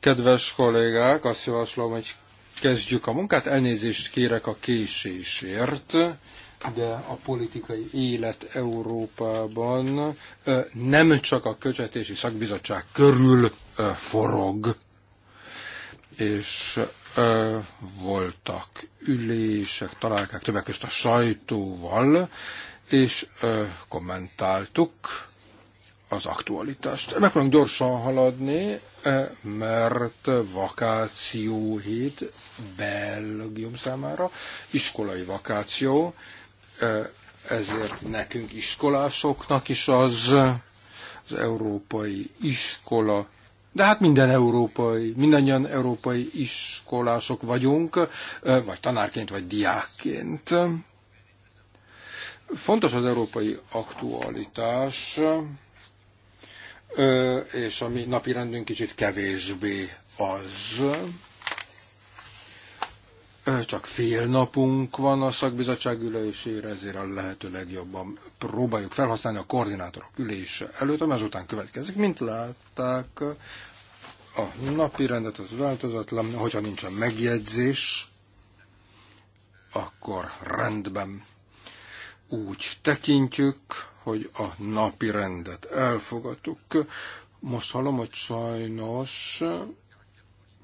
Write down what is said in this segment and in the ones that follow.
Kedves kollégák, azt javaslom, hogy kezdjük a munkát. Elnézést kérek a késésért, de a politikai élet Európában nem csak a Köcsetési Szakbizottság körül forog, és voltak ülések, találkák többek között a sajtóval, és kommentáltuk az aktualitást. Meg fogunk gyorsan haladni, eh, mert vakáció hét Belgium számára, iskolai vakáció, eh, ezért nekünk iskolásoknak is az, az európai iskola, de hát minden európai, mindannyian európai iskolások vagyunk, eh, vagy tanárként, vagy diákként. Fontos az európai aktualitás, és a mi napi rendünk kicsit kevésbé az. Csak fél napunk van a szakbizottság ülésére, ezért a lehető legjobban próbáljuk felhasználni a koordinátorok ülése előtt, ami azután következik. Mint látták, a napi rendet az változatlan, hogyha nincsen megjegyzés, akkor rendben úgy tekintjük, hogy a napi rendet elfogadtuk. Most hallom, hogy sajnos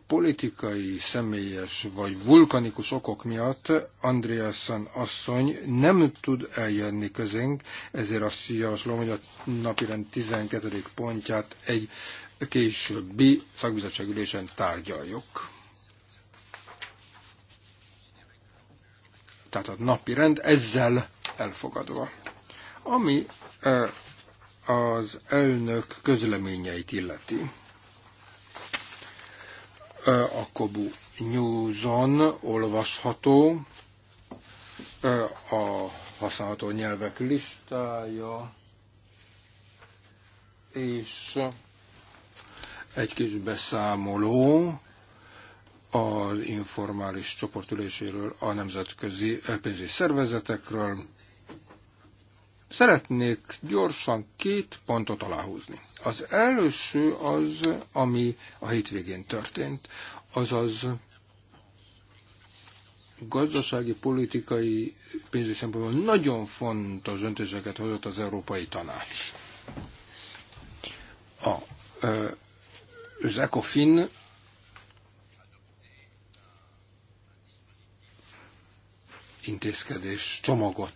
politikai, személyes vagy vulkanikus okok miatt Andreasen asszony nem tud eljönni közénk, ezért azt javaslom, hogy a napirend 12. pontját egy későbbi szakbizottságülésen tárgyaljuk. Tehát a napi rend ezzel elfogadva. Ami az elnök közleményeit illeti. A Kobu news olvasható a használható nyelvek listája, és egy kis beszámoló az informális csoportüléséről, a nemzetközi pénzügyi szervezetekről, Szeretnék gyorsan két pontot aláhúzni. Az első az, ami a hétvégén történt, azaz gazdasági, politikai, pénzügyi szempontból nagyon fontos döntéseket hozott az Európai Tanács. A, az ECOFIN intézkedés csomagot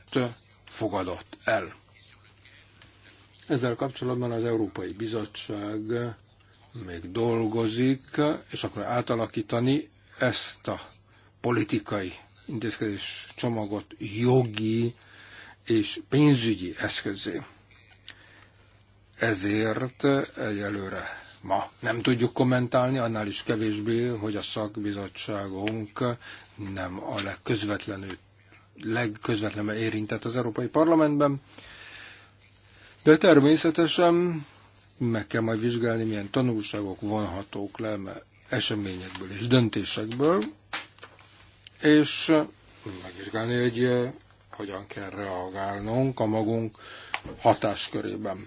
fogadott el. Ezzel kapcsolatban az Európai Bizottság még dolgozik, és akkor átalakítani ezt a politikai intézkedés csomagot jogi és pénzügyi eszközé. Ezért egyelőre ma nem tudjuk kommentálni, annál is kevésbé, hogy a szakbizottságunk nem a legközvetlenül legközvetlenül érintett az Európai Parlamentben, de természetesen meg kell majd vizsgálni, milyen tanulságok vonhatók le eseményekből és döntésekből, és megvizsgálni, hogy eh, hogyan kell reagálnunk a magunk hatáskörében,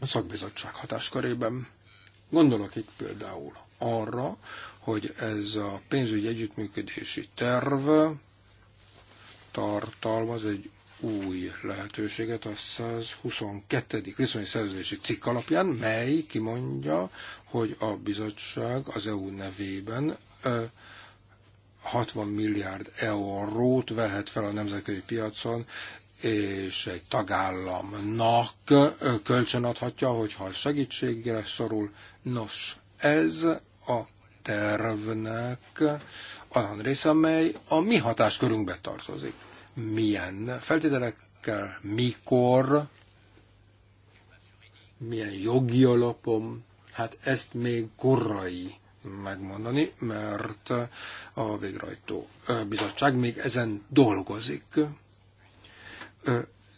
a szakbizottság hatáskörében. Gondolok itt például arra, hogy ez a pénzügyi együttműködési terv tartalmaz egy új lehetőséget a 122. viszonyi szerződési cikk alapján, mely kimondja, hogy a bizottság az EU nevében 60 milliárd eurót vehet fel a nemzetközi piacon, és egy tagállamnak kölcsönadhatja, hogyha segítségre szorul. Nos, ez a tervnek olyan része, amely a mi hatáskörünkbe tartozik. Milyen feltételekkel, mikor, milyen jogi alapom, hát ezt még korai megmondani, mert a végrehajtó bizottság még ezen dolgozik.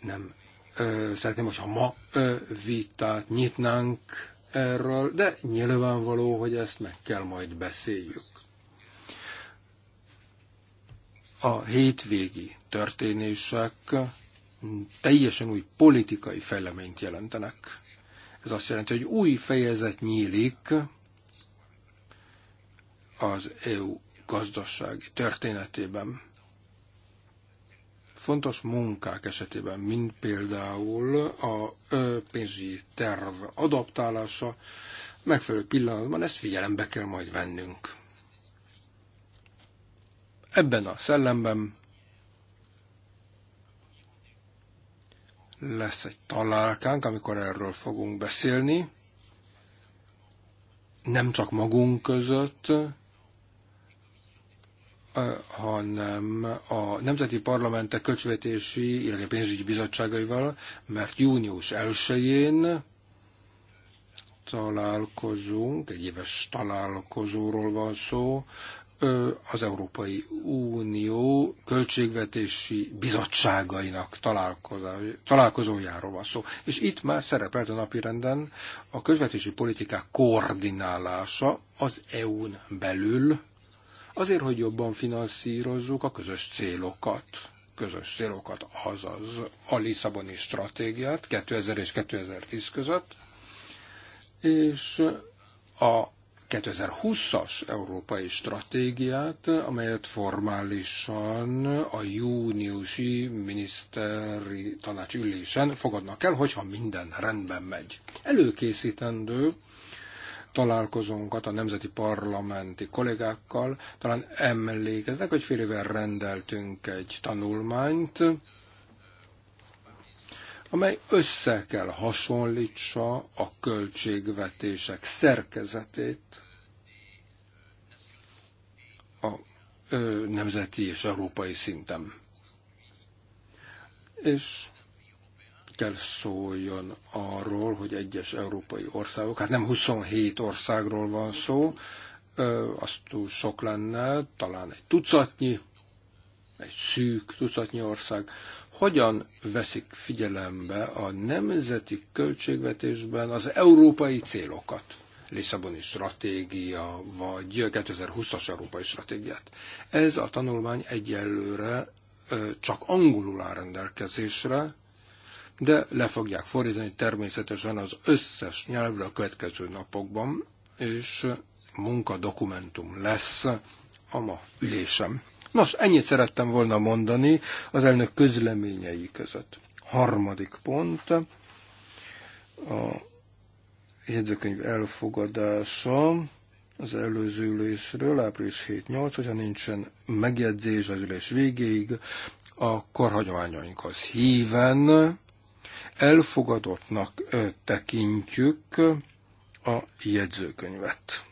Nem szeretném, hogyha ma vitát nyitnánk erről, de nyilvánvaló, hogy ezt meg kell majd beszéljük. a hétvégi történések teljesen új politikai fejleményt jelentenek. Ez azt jelenti, hogy új fejezet nyílik az EU gazdasági történetében. Fontos munkák esetében, mint például a pénzügyi terv adaptálása, megfelelő pillanatban ezt figyelembe kell majd vennünk Ebben a szellemben lesz egy találkánk, amikor erről fogunk beszélni, nem csak magunk között, hanem a Nemzeti Parlamentek Köcsvetési, illetve pénzügyi bizottságaival, mert június 1-én találkozunk, egy éves találkozóról van szó, az Európai Unió költségvetési bizottságainak találkozójáról van szó. És itt már szerepelt a napirenden a közvetési politikák koordinálása az EU-n belül, azért, hogy jobban finanszírozzuk a közös célokat közös célokat, azaz a Lisszaboni stratégiát 2000 és 2010 között, és a 2020-as európai stratégiát, amelyet formálisan a júniusi miniszteri tanácsülésen ülésen fogadnak el, hogyha minden rendben megy. Előkészítendő találkozónkat a nemzeti parlamenti kollégákkal, talán emlékeznek, hogy fél éve rendeltünk egy tanulmányt, amely össze kell hasonlítsa a költségvetések szerkezetét a ö, nemzeti és európai szinten. És kell szóljon arról, hogy egyes európai országok, hát nem 27 országról van szó, ö, az túl sok lenne, talán egy tucatnyi, egy szűk tucatnyi ország, hogyan veszik figyelembe a nemzeti költségvetésben az európai célokat? Lisszaboni stratégia, vagy 2020-as európai stratégiát. Ez a tanulmány egyelőre csak angolul áll rendelkezésre, de le fogják fordítani természetesen az összes nyelvre a következő napokban, és munkadokumentum lesz a ma ülésem. Nos, ennyit szerettem volna mondani az elnök közleményei között. Harmadik pont, a jegyzőkönyv elfogadása az előző ülésről, április 7-8, hogyha nincsen megjegyzés az ülés végéig, a korhagyományainkhoz híven elfogadottnak tekintjük a jegyzőkönyvet.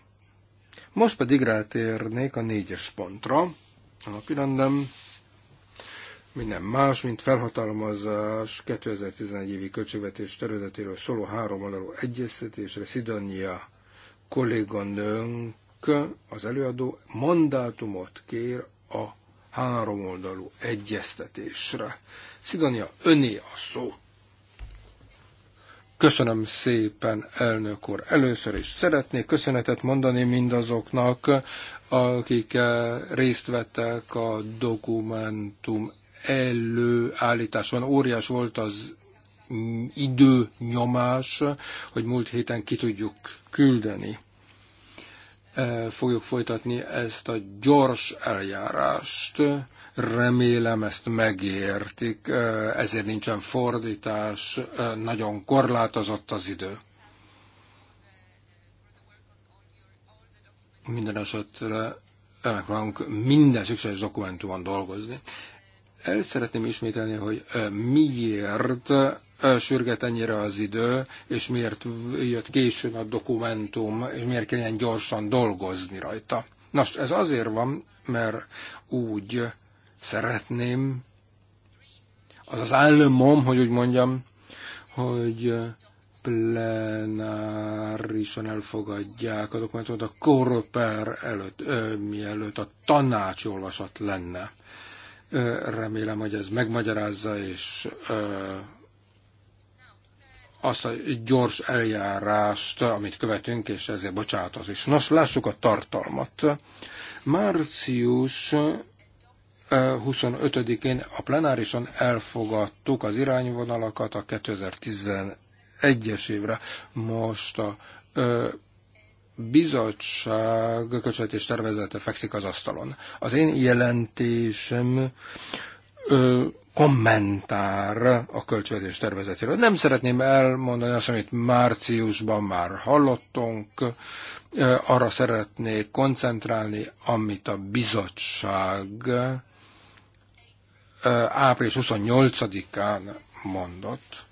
Most pedig rátérnék a négyes pontra, a napirendem. Minden más, mint felhatalmazás 2011 évi költségvetés területéről szóló három oldalú egyeztetésre Szidania kolléganőnk, az előadó mandátumot kér a három oldalú egyeztetésre. Szidania öné a szót. Köszönöm szépen, elnök úr. Először is szeretnék köszönetet mondani mindazoknak, akik eh, részt vettek a dokumentum előállításon. Óriás volt az időnyomás, hogy múlt héten ki tudjuk küldeni. Eh, fogjuk folytatni ezt a gyors eljárást Remélem ezt megértik, ezért nincsen fordítás, nagyon korlátozott az idő. Minden esetre megpróbálunk minden szükséges dokumentumon dolgozni. El szeretném ismételni, hogy miért sürget ennyire az idő, és miért jött későn a dokumentum, és miért kell ilyen gyorsan dolgozni rajta. Nos, ez azért van, mert úgy szeretném, az az álmom, hogy úgy mondjam, hogy plenárisan elfogadják a dokumentumot a korper előtt, ö, mielőtt a tanácsolvasat lenne. Ö, remélem, hogy ez megmagyarázza, és ö, azt a gyors eljárást, amit követünk, és ezért bocsánatot is. Nos, lássuk a tartalmat. Március 25-én a plenárison elfogadtuk az irányvonalakat a 2011-es évre. Most a bizottság költségvetés tervezete fekszik az asztalon. Az én jelentésem ö, kommentár a költségvetés tervezetéről. Nem szeretném elmondani azt, amit márciusban már hallottunk, arra szeretnék koncentrálni, amit a bizottság április 28-án mondott.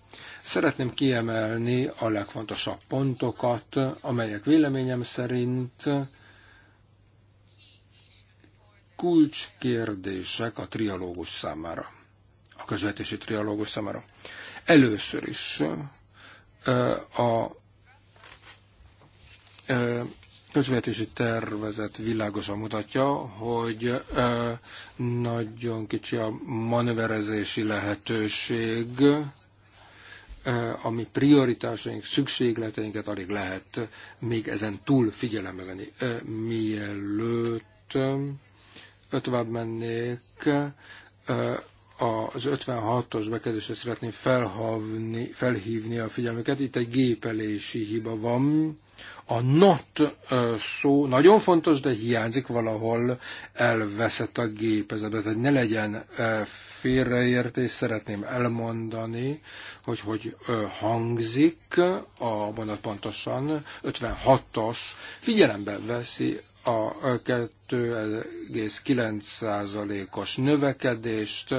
Szeretném kiemelni a legfontosabb pontokat, amelyek véleményem szerint kulcskérdések a trialógus számára, a közvetési trialógus számára. Először is a közvetési tervezet világosan mutatja, hogy nagyon kicsi a manöverezési lehetőség, ami prioritásaink, szükségleteinket alig lehet még ezen túl figyelembe venni. Mielőtt tovább mennék, az 56-os bekezdésre szeretném felhavni, felhívni a figyelmüket. Itt egy gépelési hiba van. A not szó nagyon fontos, de hiányzik valahol, elveszett a gépezetbe. Tehát ne legyen félreértés, szeretném elmondani, hogy hogy hangzik a mondat pontosan. 56-os figyelembe veszi a 2,9%-os növekedést,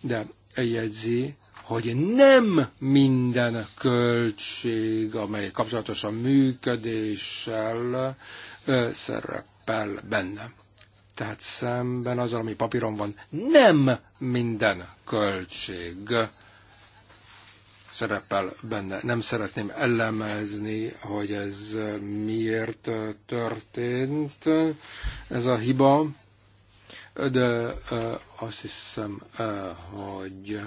de jegyzi, hogy nem minden költség, amely kapcsolatos a működéssel szerepel benne. Tehát szemben az, ami papíron van, nem minden költség szerepel benne. Nem szeretném ellemezni, hogy ez miért történt ez a hiba, de azt hiszem, hogy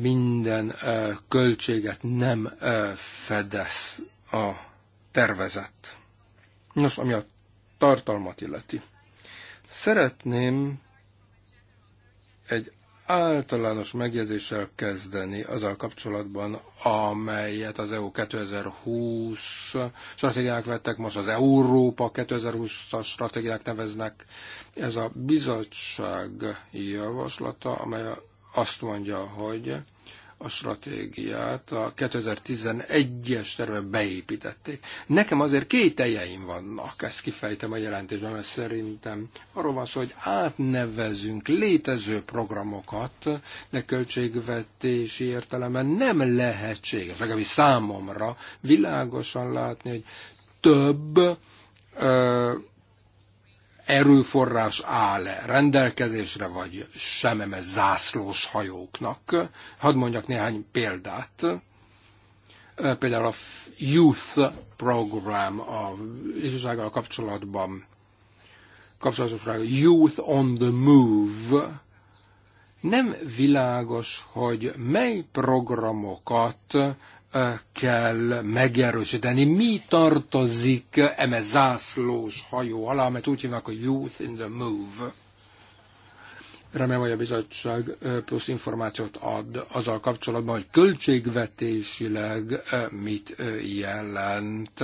minden költséget nem fedez a tervezet. Nos, ami a tartalmat illeti. Szeretném egy általános megjegyzéssel kezdeni azzal kapcsolatban, amelyet az EU 2020 stratégiák vettek, most az Európa 2020-as stratégiák neveznek. Ez a bizottság javaslata, amely azt mondja, hogy a stratégiát a 2011-es terve beépítették. Nekem azért kételjeim vannak, ezt kifejtem a jelentésben, mert szerintem arról van szó, hogy átnevezünk létező programokat, de költségvetési értelemben nem lehetséges, legalábbis számomra világosan látni, hogy több ö, erőforrás áll-e rendelkezésre, vagy sem ez zászlós hajóknak. Hadd mondjak néhány példát. Például a Youth Program a ifjúsággal kapcsolatban a Youth on the Move nem világos, hogy mely programokat kell megerősíteni. Mi tartozik eme zászlós hajó alá, mert úgy hívnak, hogy Youth in the Move. Remélem, hogy a bizottság plusz információt ad azzal kapcsolatban, hogy költségvetésileg mit jelent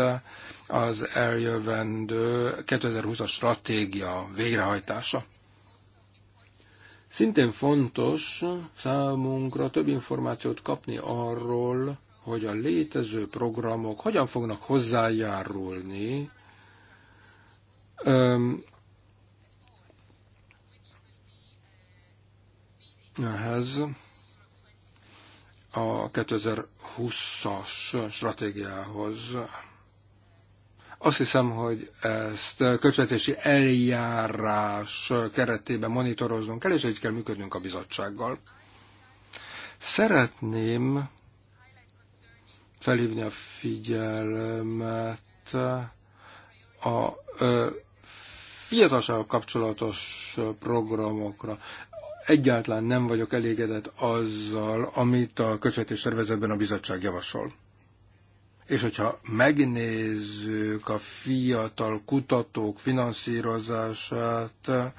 az eljövendő 2020-as stratégia végrehajtása. Szintén fontos számunkra több információt kapni arról, hogy a létező programok hogyan fognak hozzájárulni um, ehhez a 2020-as stratégiához. Azt hiszem, hogy ezt költségvetési eljárás keretében monitoroznunk kell, és együtt kell működnünk a bizottsággal. Szeretném felhívni a figyelmet a fiatalsággal kapcsolatos programokra. Egyáltalán nem vagyok elégedett azzal, amit a közvetés szervezetben a bizottság javasol. És hogyha megnézzük a fiatal kutatók finanszírozását,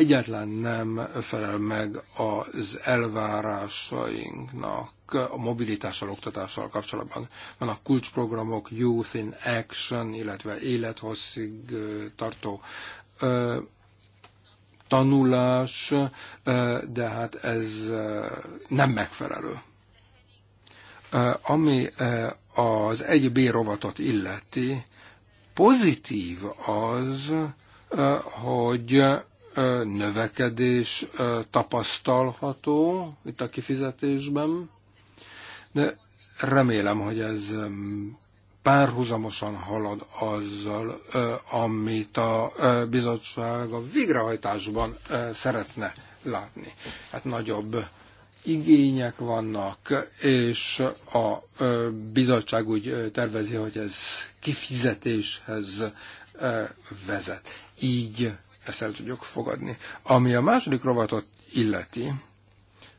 egyáltalán nem felel meg az elvárásainknak a mobilitással, oktatással kapcsolatban. Vannak kulcsprogramok, Youth in Action, illetve élethosszig tartó ö, tanulás, ö, de hát ez nem megfelelő. Ö, ami az 1B rovatot illeti, pozitív az, hogy növekedés tapasztalható itt a kifizetésben, de remélem, hogy ez párhuzamosan halad azzal, amit a bizottság a végrehajtásban szeretne látni. Hát nagyobb igények vannak, és a bizottság úgy tervezi, hogy ez kifizetéshez vezet. Így ezt el tudjuk fogadni. Ami a második rovatot illeti,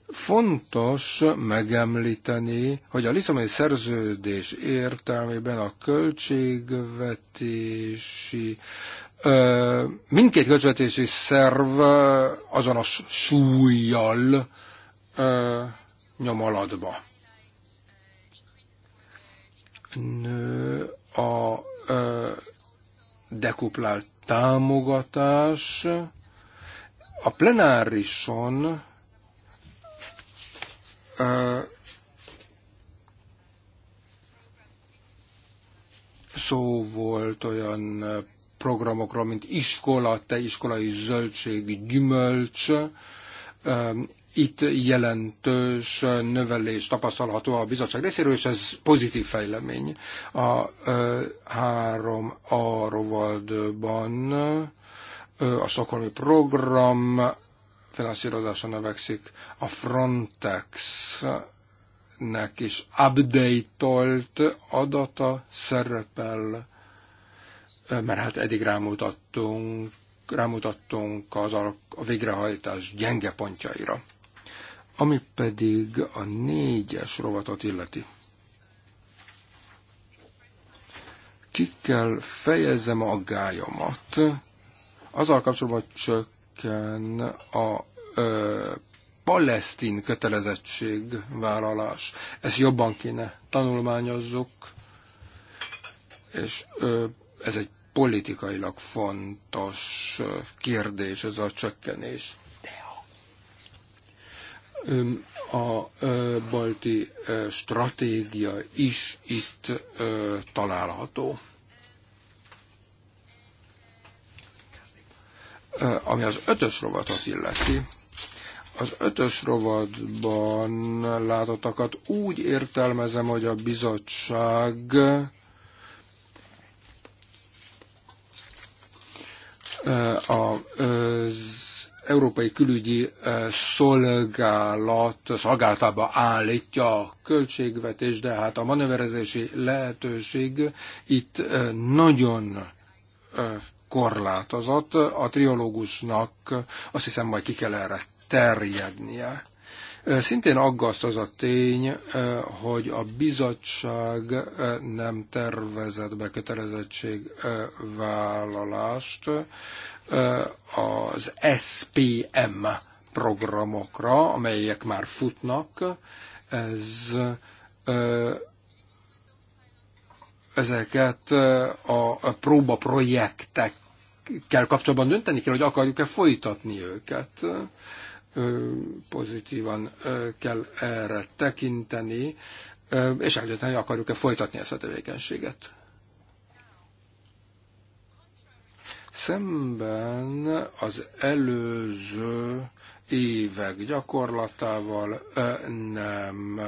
fontos megemlíteni, hogy a liszomai szerződés értelmében a költségvetési mindkét költségvetési szerv azonos súlyjal nyom alatba. Nő a dekuplált támogatás a plenárison szó volt olyan programokról, mint iskola, te iskolai zöldség, gyümölcs, itt jelentős növelés tapasztalható a bizottság részéről, és ez pozitív fejlemény. A három a rovaldban a Stockholmi program finanszírozása növekszik, a Frontexnek is update adata szerepel, mert hát eddig rámutattunk rámutattunk az a végrehajtás gyenge pontjaira. Ami pedig a négyes rovatot illeti. Ki kell fejezem a gályomat azzal kapcsolatban, csökken a ö, palesztin vállalás. Ezt jobban kéne tanulmányozzuk, és ö, ez egy politikailag fontos kérdés, ez a csökkenés a balti stratégia is itt található. Ami az ötös rovatot illeti, az ötös rovatban látottakat úgy értelmezem, hogy a bizottság a, az Európai Külügyi eh, Szolgálat szolgáltába állítja a költségvetés, de hát a manőverezési lehetőség itt eh, nagyon eh, korlátozott. A triológusnak azt hiszem majd ki kell erre terjednie. Szintén aggaszt az a tény, hogy a bizottság nem tervezett be kötelezettségvállalást az SPM programokra, amelyek már futnak. Ez ezeket a próba projektekkel kapcsolatban dönteni kell, hogy akarjuk-e folytatni őket. Pozitívan kell erre tekinteni, és eldönteni, hogy akarjuk-e folytatni ezt a tevékenységet. Szemben az előző évek gyakorlatával nem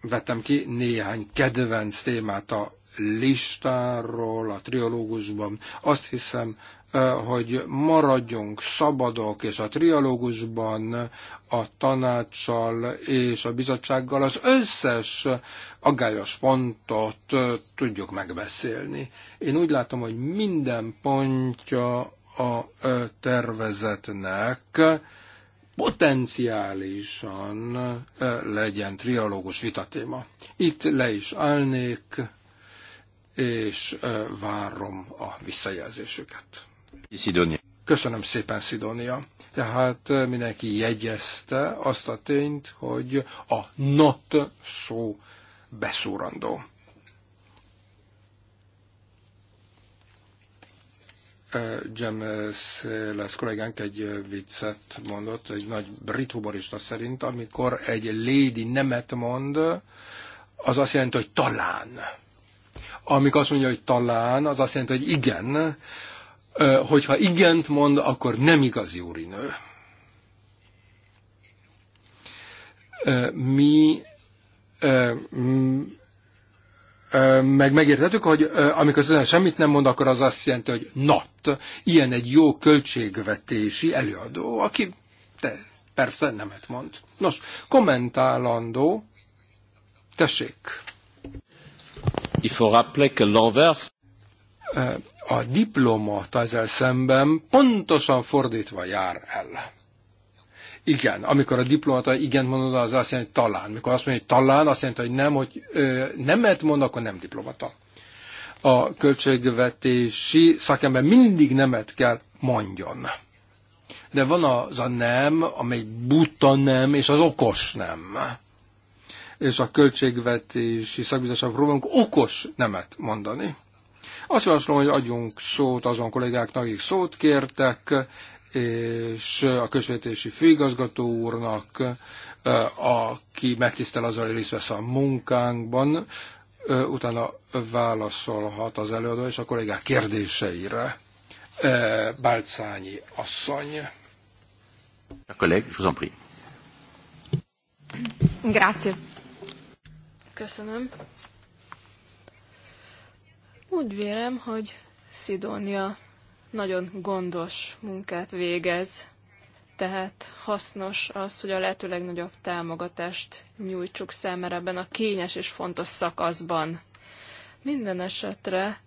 vettem ki néhány kedvenc témát a listáról, a triológusban. Azt hiszem, hogy maradjunk szabadok, és a trialógusban a tanácssal és a bizottsággal az összes aggályos pontot tudjuk megbeszélni. Én úgy látom, hogy minden pontja a tervezetnek potenciálisan legyen trialógus vitatéma. Itt le is állnék, és várom a visszajelzésüket. Szidonia. Köszönöm szépen, Szidónia. Tehát eh, mindenki jegyezte azt a tényt, hogy a not szó beszúrandó. Eh, James lesz kollégánk egy viccet mondott, egy nagy brit humorista szerint, amikor egy lady nemet mond, az azt jelenti, hogy talán. Amikor azt mondja, hogy talán, az azt jelenti, hogy igen, hogyha igent mond, akkor nem igazi úrinő. Mi meg megértettük, hogy amikor Szüzen semmit nem mond, akkor az azt jelenti, hogy not. Ilyen egy jó költségvetési előadó, aki te persze nemet mond. Nos, kommentálandó, tessék. Il faut rappeler que l'envers a diplomata ezzel szemben pontosan fordítva jár el. Igen, amikor a diplomata igen mondod, az azt jelenti, hogy talán. Mikor azt mondja, hogy talán, azt jelenti, hogy nem, hogy ö, nemet mond, akkor nem diplomata. A költségvetési szakember mindig nemet kell mondjon. De van az a nem, amely buta nem, és az okos nem. És a költségvetési szakbizottság próbálunk okos nemet mondani azt javaslom, hogy adjunk szót azon kollégáknak, akik szót kértek, és a közvetési főigazgató úrnak, eh, aki megtisztel azzal, hogy részt vesz a munkánkban, eh, utána válaszolhat az előadó és a kollégák kérdéseire. Eh, Bálcányi asszony. A kollég, je vous en prie. Grazie. Köszönöm. Úgy vélem, hogy Szidónia nagyon gondos munkát végez, tehát hasznos az, hogy a lehető legnagyobb támogatást nyújtsuk számára ebben a kényes és fontos szakaszban. Minden esetre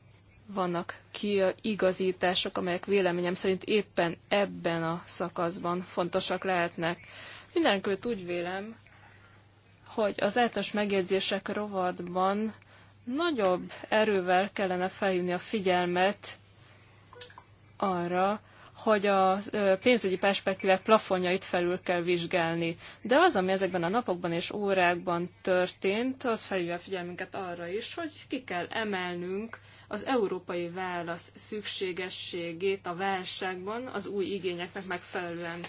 vannak kiigazítások, amelyek véleményem szerint éppen ebben a szakaszban fontosak lehetnek. Mindenkült úgy vélem, hogy az általános megjegyzések rovadban. Nagyobb erővel kellene felhívni a figyelmet arra, hogy a pénzügyi perspektívek plafonjait felül kell vizsgálni. De az, ami ezekben a napokban és órákban történt, az felhívja a figyelmünket arra is, hogy ki kell emelnünk az európai válasz szükségességét a válságban az új igényeknek megfelelően.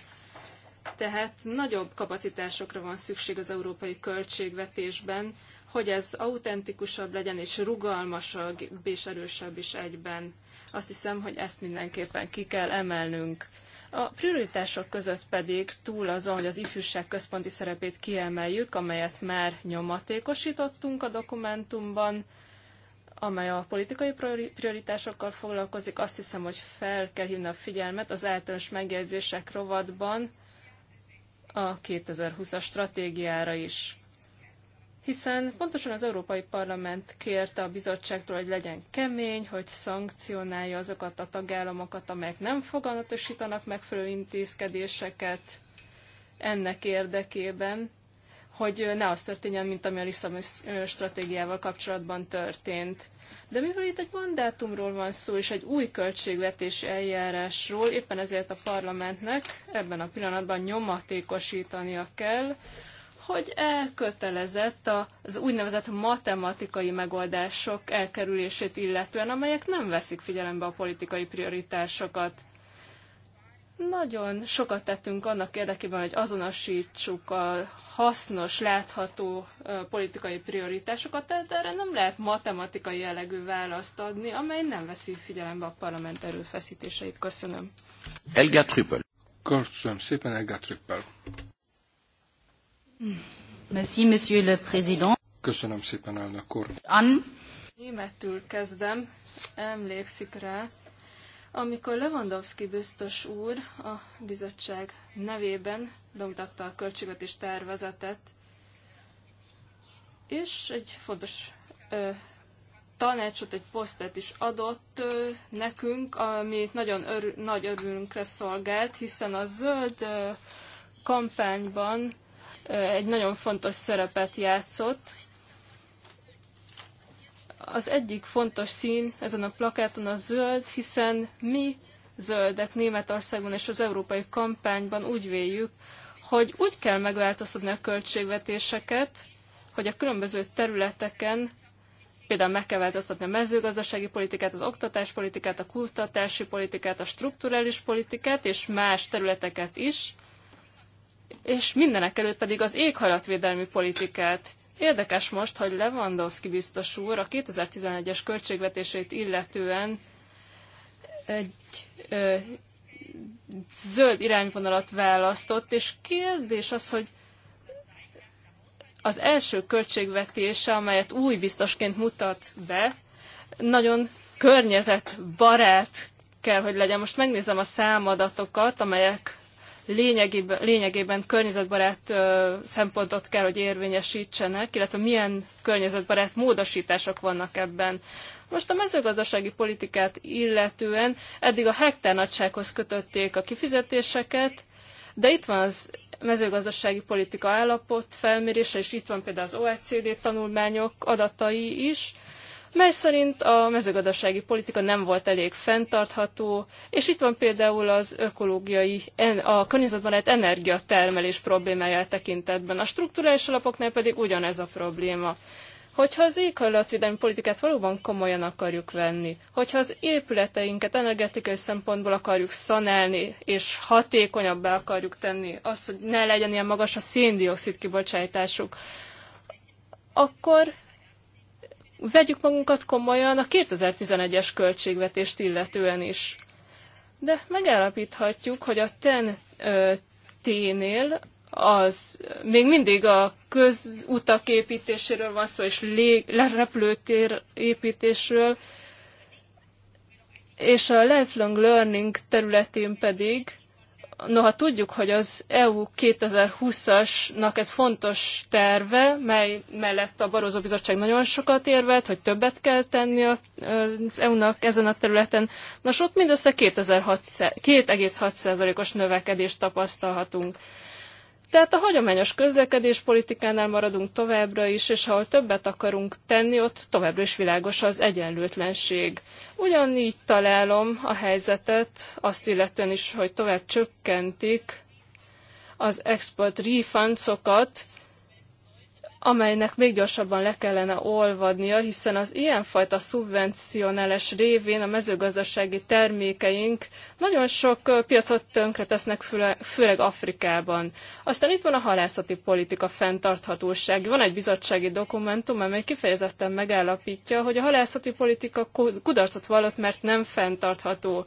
Tehát nagyobb kapacitásokra van szükség az európai költségvetésben, hogy ez autentikusabb legyen, és rugalmasabb, és erősebb is egyben. Azt hiszem, hogy ezt mindenképpen ki kell emelnünk. A prioritások között pedig túl azon, hogy az ifjúság központi szerepét kiemeljük, amelyet már nyomatékosítottunk a dokumentumban, amely a politikai prioritásokkal foglalkozik, azt hiszem, hogy fel kell hívni a figyelmet az általános megjegyzések rovatban a 2020-as stratégiára is hiszen pontosan az Európai Parlament kérte a bizottságtól, hogy legyen kemény, hogy szankcionálja azokat a tagállamokat, amelyek nem foganatosítanak megfelelő intézkedéseket ennek érdekében, hogy ne az történjen, mint ami a Lisszaboni stratégiával kapcsolatban történt. De mivel itt egy mandátumról van szó, és egy új költségvetési eljárásról, éppen ezért a parlamentnek ebben a pillanatban nyomatékosítania kell, hogy elkötelezett az úgynevezett matematikai megoldások elkerülését illetően, amelyek nem veszik figyelembe a politikai prioritásokat. Nagyon sokat tettünk annak érdekében, hogy azonosítsuk a hasznos, látható politikai prioritásokat, tehát erre nem lehet matematikai jellegű választ adni, amely nem veszi figyelembe a parlament erőfeszítéseit. Köszönöm. Elga Trüppel. Köszönöm szépen, Elga Trüppel. Merci, monsieur le président. Köszönöm szépen, elnök úr. An. Németül kezdem, emlékszik rá, amikor Lewandowski biztos úr a bizottság nevében bemutatta a költségvetés tervezetet, és egy fontos ö, tanácsot, egy posztet is adott ö, nekünk, ami nagyon örül, nagy örülünkre szolgált, hiszen a zöld ö, kampányban egy nagyon fontos szerepet játszott. Az egyik fontos szín ezen a plakáton a zöld, hiszen mi zöldek Németországban és az európai kampányban úgy véljük, hogy úgy kell megváltoztatni a költségvetéseket, hogy a különböző területeken például meg kell változtatni a mezőgazdasági politikát, az oktatáspolitikát, a kutatási politikát, a strukturális politikát és más területeket is, és mindenek előtt pedig az éghajlatvédelmi politikát. Érdekes most, hogy Lewandowski biztos úr a 2011-es költségvetését illetően egy ö, zöld irányvonalat választott, és kérdés az, hogy az első költségvetése, amelyet új biztosként mutat be, nagyon környezetbarát kell, hogy legyen. Most megnézem a számadatokat, amelyek lényegében, lényegében környezetbarát szempontot kell, hogy érvényesítsenek, illetve milyen környezetbarát módosítások vannak ebben. Most a mezőgazdasági politikát illetően eddig a hektár nagysághoz kötötték a kifizetéseket, de itt van az mezőgazdasági politika állapot felmérése, és itt van például az OECD tanulmányok adatai is, mely szerint a mezőgazdasági politika nem volt elég fenntartható, és itt van például az ökológiai, a környezetbarát energiatermelés problémája e tekintetben. A strukturális alapoknál pedig ugyanez a probléma hogyha az éghajlatvédelmi politikát valóban komolyan akarjuk venni, hogyha az épületeinket energetikai szempontból akarjuk szanálni, és hatékonyabbá akarjuk tenni azt, hogy ne legyen ilyen magas a széndiokszid kibocsátásuk, akkor vegyük magunkat komolyan a 2011-es költségvetést illetően is. De megállapíthatjuk, hogy a TEN-T-nél az még mindig a közutak építéséről van szó, és lég, lerepülőtér építésről, és a lifelong learning területén pedig Noha tudjuk, hogy az EU 2020-asnak ez fontos terve, mely mellett a Barozó Bizottság nagyon sokat érvelt, hogy többet kell tenni az EU-nak ezen a területen. Nos, ott mindössze 2,6%-os növekedést tapasztalhatunk. Tehát a hagyományos közlekedéspolitikánál maradunk továbbra is, és ahol többet akarunk tenni, ott továbbra is világos az egyenlőtlenség. Ugyanígy találom a helyzetet, azt illetően is, hogy tovább csökkentik az export refundsokat, amelynek még gyorsabban le kellene olvadnia, hiszen az ilyenfajta szubvencionális révén a mezőgazdasági termékeink nagyon sok piacot tönkretesznek, főleg Afrikában. Aztán itt van a halászati politika fenntarthatóság. Van egy bizottsági dokumentum, amely kifejezetten megállapítja, hogy a halászati politika kudarcot vallott, mert nem fenntartható.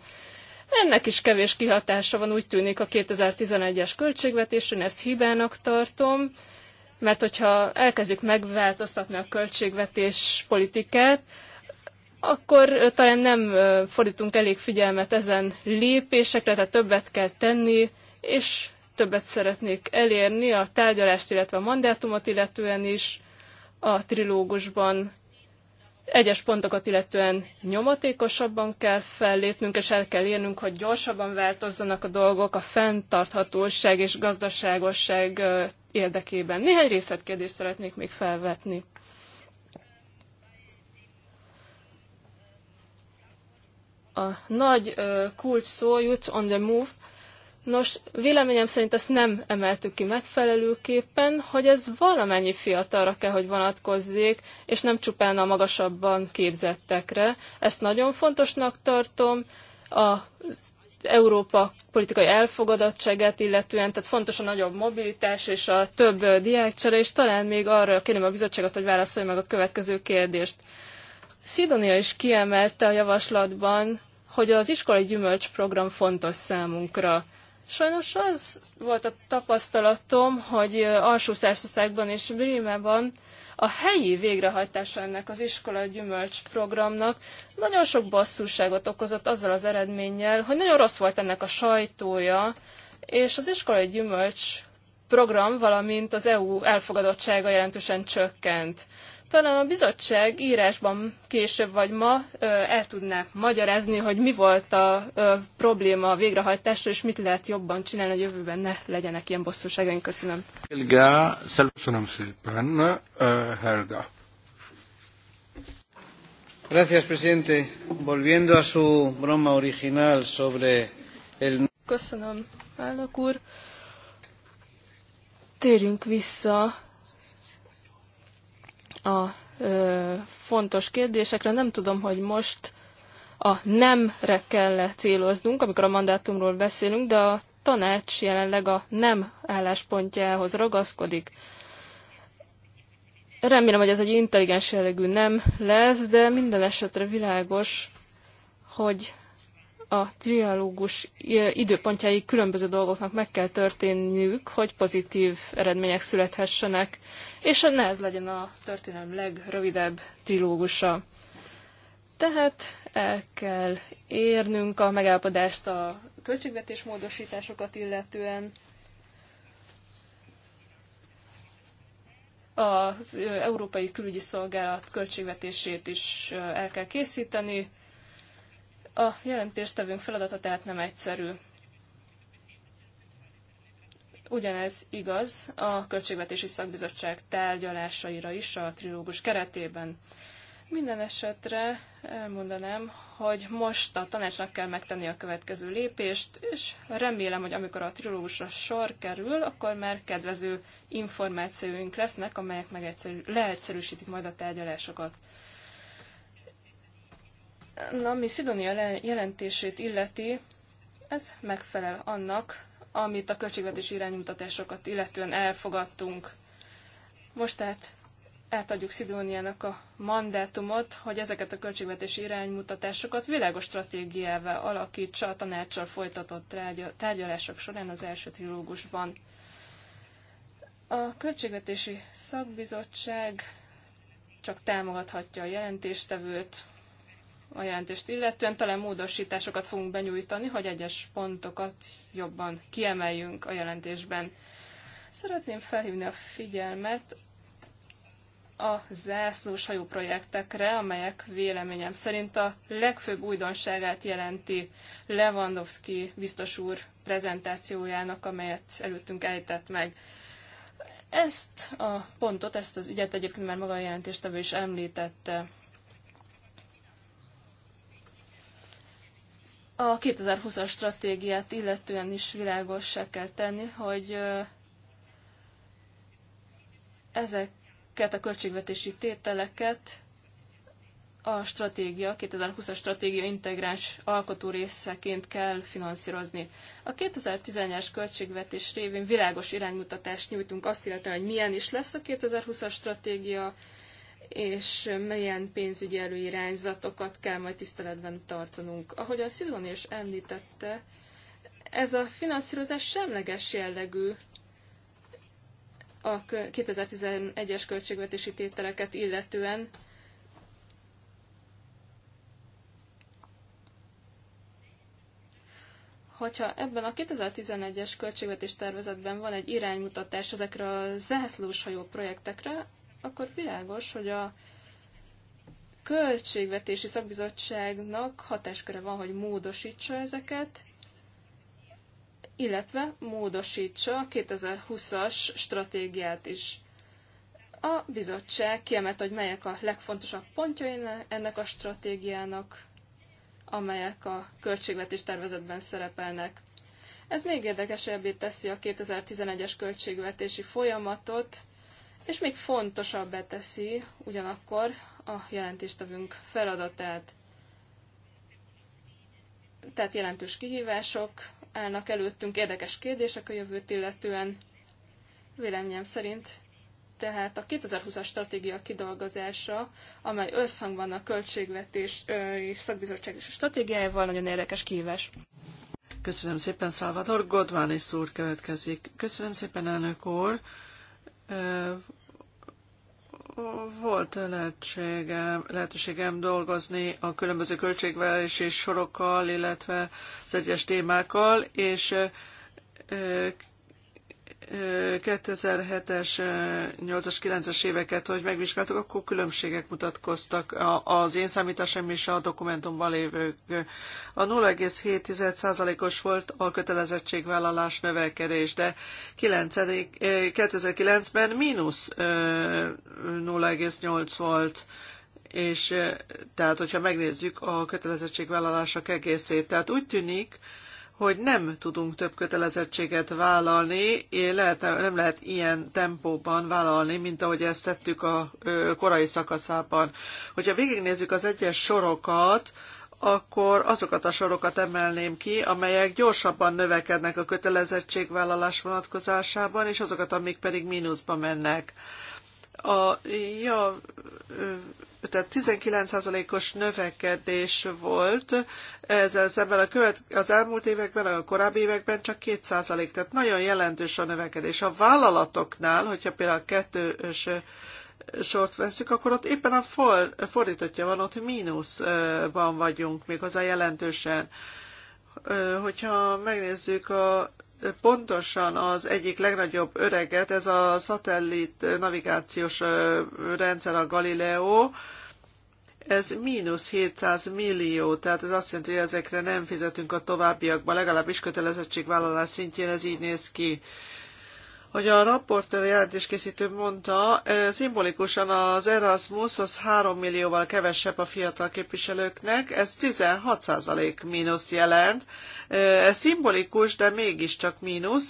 Ennek is kevés kihatása van, úgy tűnik a 2011-es költségvetésen, ezt hibának tartom mert hogyha elkezdjük megváltoztatni a költségvetés politikát, akkor talán nem fordítunk elég figyelmet ezen lépésekre, tehát többet kell tenni, és többet szeretnék elérni a tárgyalást, illetve a mandátumot illetően is a trilógusban. Egyes pontokat illetően nyomatékosabban kell fellépnünk, és el kell érnünk, hogy gyorsabban változzanak a dolgok a fenntarthatóság és gazdaságosság érdekében. Néhány részletkérdést szeretnék még felvetni. A nagy kulcs szó Youth on the Move Nos, véleményem szerint ezt nem emeltük ki megfelelőképpen, hogy ez valamennyi fiatalra kell, hogy vonatkozzék, és nem csupán a magasabban képzettekre. Ezt nagyon fontosnak tartom. A Európa politikai elfogadottságát illetően, tehát fontos a nagyobb mobilitás és a több diákcsere, és talán még arra kérném a bizottságot, hogy válaszolja meg a következő kérdést. Szidonia is kiemelte a javaslatban, hogy az iskolai gyümölcsprogram fontos számunkra. Sajnos az volt a tapasztalatom, hogy alsó szerszországban és Brímában a helyi végrehajtása ennek az iskola gyümölcs programnak nagyon sok basszúságot okozott azzal az eredménnyel, hogy nagyon rossz volt ennek a sajtója, és az iskolai gyümölcs program, valamint az EU elfogadottsága jelentősen csökkent. Talán a bizottság írásban később vagy ma el tudná magyarázni, hogy mi volt a probléma a végrehajtásra, és mit lehet jobban csinálni, hogy jövőben ne legyenek ilyen bosszúságaink. Köszönöm. köszönöm szépen. Helga. Gracias, presidente. Volviendo a su broma original sobre el... Köszönöm, elnök úr. Térjünk vissza a ö, fontos kérdésekre. Nem tudom, hogy most a nemre kell céloznunk, amikor a mandátumról beszélünk, de a tanács jelenleg a nem álláspontjához ragaszkodik. Remélem, hogy ez egy intelligens jellegű nem lesz, de minden esetre világos, hogy a trialógus időpontjai különböző dolgoknak meg kell történniük, hogy pozitív eredmények születhessenek, és ne ez legyen a történelem legrövidebb trilógusa. Tehát el kell érnünk a megállapodást a költségvetés módosításokat illetően, az Európai Külügyi Szolgálat költségvetését is el kell készíteni, a jelentéstevünk feladata tehát nem egyszerű. Ugyanez igaz a Költségvetési Szakbizottság tárgyalásaira is a trilógus keretében. Minden esetre elmondanám, hogy most a tanácsnak kell megtenni a következő lépést, és remélem, hogy amikor a trilógusra sor kerül, akkor már kedvező információink lesznek, amelyek leegyszerűsítik majd a tárgyalásokat. Na, ami Szidonia jelentését illeti, ez megfelel annak, amit a költségvetési iránymutatásokat illetően elfogadtunk. Most tehát átadjuk Szidóniának a mandátumot, hogy ezeket a költségvetési iránymutatásokat világos stratégiával alakítsa a tanácssal folytatott tárgyalások során az első trilógusban. A Költségvetési Szakbizottság csak támogathatja a jelentéstevőt, a jelentést illetően. Talán módosításokat fogunk benyújtani, hogy egyes pontokat jobban kiemeljünk a jelentésben. Szeretném felhívni a figyelmet a zászlós hajó projektekre, amelyek véleményem szerint a legfőbb újdonságát jelenti Lewandowski biztos úr prezentációjának, amelyet előttünk ejtett meg. Ezt a pontot, ezt az ügyet egyébként már maga a jelentéstevő is említette. A 2020-as stratégiát illetően is világossá kell tenni, hogy ezeket a költségvetési tételeket a stratégia, 2020-as stratégia integráns alkotó részeként kell finanszírozni. A 2010-es költségvetés révén világos iránymutatást nyújtunk azt illetően, hogy milyen is lesz a 2020-as stratégia, és milyen pénzügyi előirányzatokat kell majd tiszteletben tartanunk. Ahogy a Szilvani is említette, ez a finanszírozás semleges jellegű a 2011-es költségvetési tételeket illetően, hogyha ebben a 2011-es költségvetés tervezetben van egy iránymutatás ezekre a zászlóshajó projektekre, akkor világos, hogy a költségvetési szakbizottságnak hatásköre van, hogy módosítsa ezeket, illetve módosítsa a 2020-as stratégiát is. A bizottság kiemelt, hogy melyek a legfontosabb pontjai ennek a stratégiának, amelyek a költségvetés tervezetben szerepelnek. Ez még érdekesebbé teszi a 2011-es költségvetési folyamatot, és még fontosabb teszi ugyanakkor a jelentéstevünk feladatát. Tehát jelentős kihívások állnak előttünk, érdekes kérdések a jövőt illetően. Véleményem szerint tehát a 2020-as stratégia kidolgozása, amely összhangban a költségvetés és szakbizottság és stratégiájával nagyon érdekes kihívás. Köszönöm szépen, Salvador. Godvánis úr következik. Köszönöm szépen, elnök úr. Volt lehetségem, lehetőségem dolgozni a különböző költségvelési sorokkal, illetve az egyes témákkal, és 2007-es, 8-as, 9-es éveket, hogy megvizsgáltuk, akkor különbségek mutatkoztak az én számításom és a dokumentumban lévők. A 0,7%-os volt a kötelezettségvállalás növekedés, de 2009-ben mínusz 0,8 volt és tehát, hogyha megnézzük a kötelezettségvállalások egészét, tehát úgy tűnik, hogy nem tudunk több kötelezettséget vállalni, és lehet, nem lehet ilyen tempóban vállalni, mint ahogy ezt tettük a korai szakaszában. Hogyha végignézzük az egyes sorokat, akkor azokat a sorokat emelném ki, amelyek gyorsabban növekednek a kötelezettségvállalás vonatkozásában, és azokat, amik pedig mínuszba mennek. A, ja, tehát 19%-os növekedés volt, ezzel szemben a követ, az elmúlt években, a korábbi években csak 2%, tehát nagyon jelentős a növekedés. A vállalatoknál, hogyha például kettős sort veszük, akkor ott éppen a for, fordítottja van, ott mínuszban vagyunk méghozzá jelentősen. Hogyha megnézzük a pontosan az egyik legnagyobb öreget, ez a szatellit navigációs rendszer, a Galileo, ez mínusz 700 millió, tehát ez azt jelenti, hogy ezekre nem fizetünk a továbbiakban, legalábbis kötelezettségvállalás szintjén ez így néz ki hogy a raportőr jelentéskészítő mondta, szimbolikusan az Erasmus az 3 millióval kevesebb a fiatal képviselőknek, ez 16% mínusz jelent. Ez szimbolikus, de mégiscsak mínusz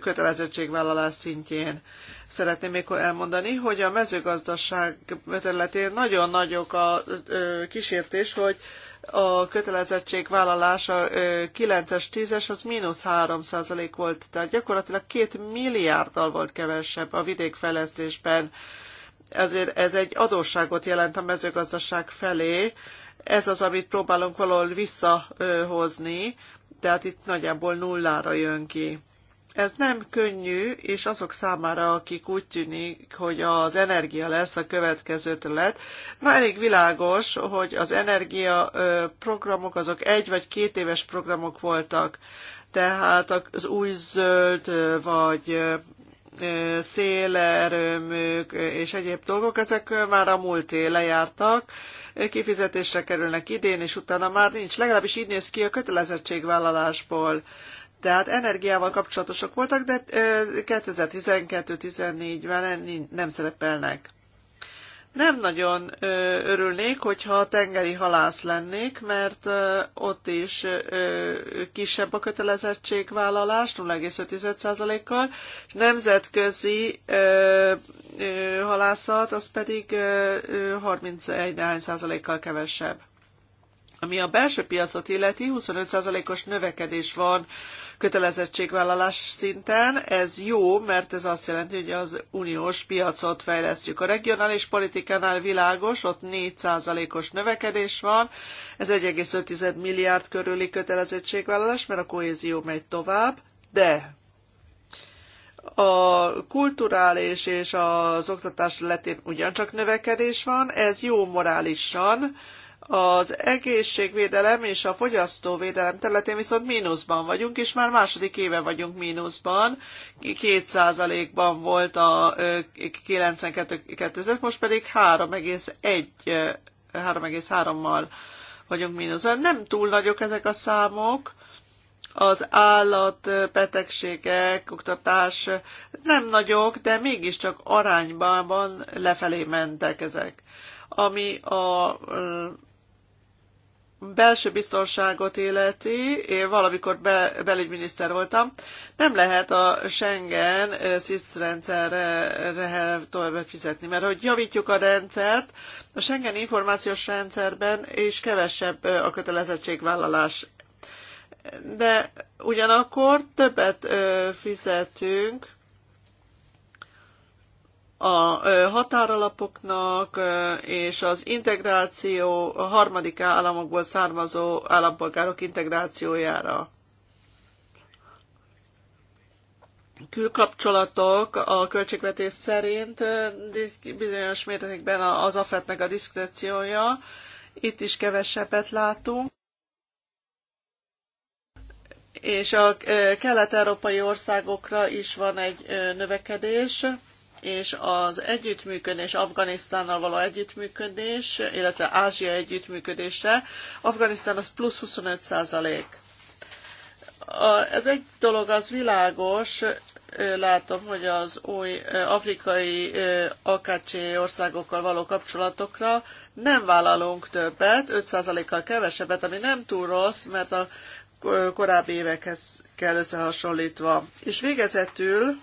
kötelezettségvállalás szintjén. Szeretném még elmondani, hogy a mezőgazdaság területén nagyon nagyok a kísértés, hogy a kötelezettség vállalása 9-es, 10-es, az mínusz 3 százalék volt, tehát gyakorlatilag két milliárddal volt kevesebb a vidékfejlesztésben. Ezért ez egy adósságot jelent a mezőgazdaság felé, ez az, amit próbálunk valahol visszahozni, tehát itt nagyjából nullára jön ki. Ez nem könnyű, és azok számára, akik úgy tűnik, hogy az energia lesz a következő terület, na elég világos, hogy az energia programok azok egy vagy két éves programok voltak. Tehát az új zöld vagy szélerőmük és egyéb dolgok, ezek már a múlté lejártak, kifizetésre kerülnek idén, és utána már nincs. Legalábbis így néz ki a kötelezettségvállalásból tehát energiával kapcsolatosak voltak, de 2012-14-ben nem szerepelnek. Nem nagyon örülnék, hogyha tengeri halász lennék, mert ott is kisebb a kötelezettségvállalás 0,5%-kal, és nemzetközi halászat az pedig 31 kal kevesebb. Ami a belső piacot illeti, 25%-os növekedés van kötelezettségvállalás szinten. Ez jó, mert ez azt jelenti, hogy az uniós piacot fejlesztjük. A regionális politikánál világos, ott 4%-os növekedés van, ez 1,5 milliárd körüli kötelezettségvállalás, mert a kohézió megy tovább, de a kulturális és az oktatás letén ugyancsak növekedés van, ez jó morálisan, az egészségvédelem és a fogyasztóvédelem területén viszont mínuszban vagyunk, és már második éve vagyunk mínuszban. 2%-ban volt a 92 között, most pedig 3,1 3,3-mal vagyunk mínuszban. Nem túl nagyok ezek a számok, az állatbetegségek, oktatás nem nagyok, de mégiscsak arányban lefelé mentek ezek. Ami a belső biztonságot életi, én valamikor be, belügyminiszter voltam, nem lehet a Schengen SZISZ rendszerre tovább fizetni, mert hogy javítjuk a rendszert, a Schengen információs rendszerben és kevesebb a kötelezettségvállalás. De ugyanakkor többet fizetünk, a határalapoknak és az integráció a harmadik államokból származó állampolgárok integrációjára. Külkapcsolatok a költségvetés szerint bizonyos mértékben az AFET-nek a diszkreciója. Itt is kevesebbet látunk és a kelet-európai országokra is van egy növekedés és az együttműködés, Afganisztánnal való együttműködés, illetve Ázsia együttműködésre, Afganisztán az plusz 25 százalék. Ez egy dolog, az világos, látom, hogy az új afrikai AKC országokkal való kapcsolatokra nem vállalunk többet, 5%-kal kevesebbet, ami nem túl rossz, mert a korábbi évekhez kell összehasonlítva. És végezetül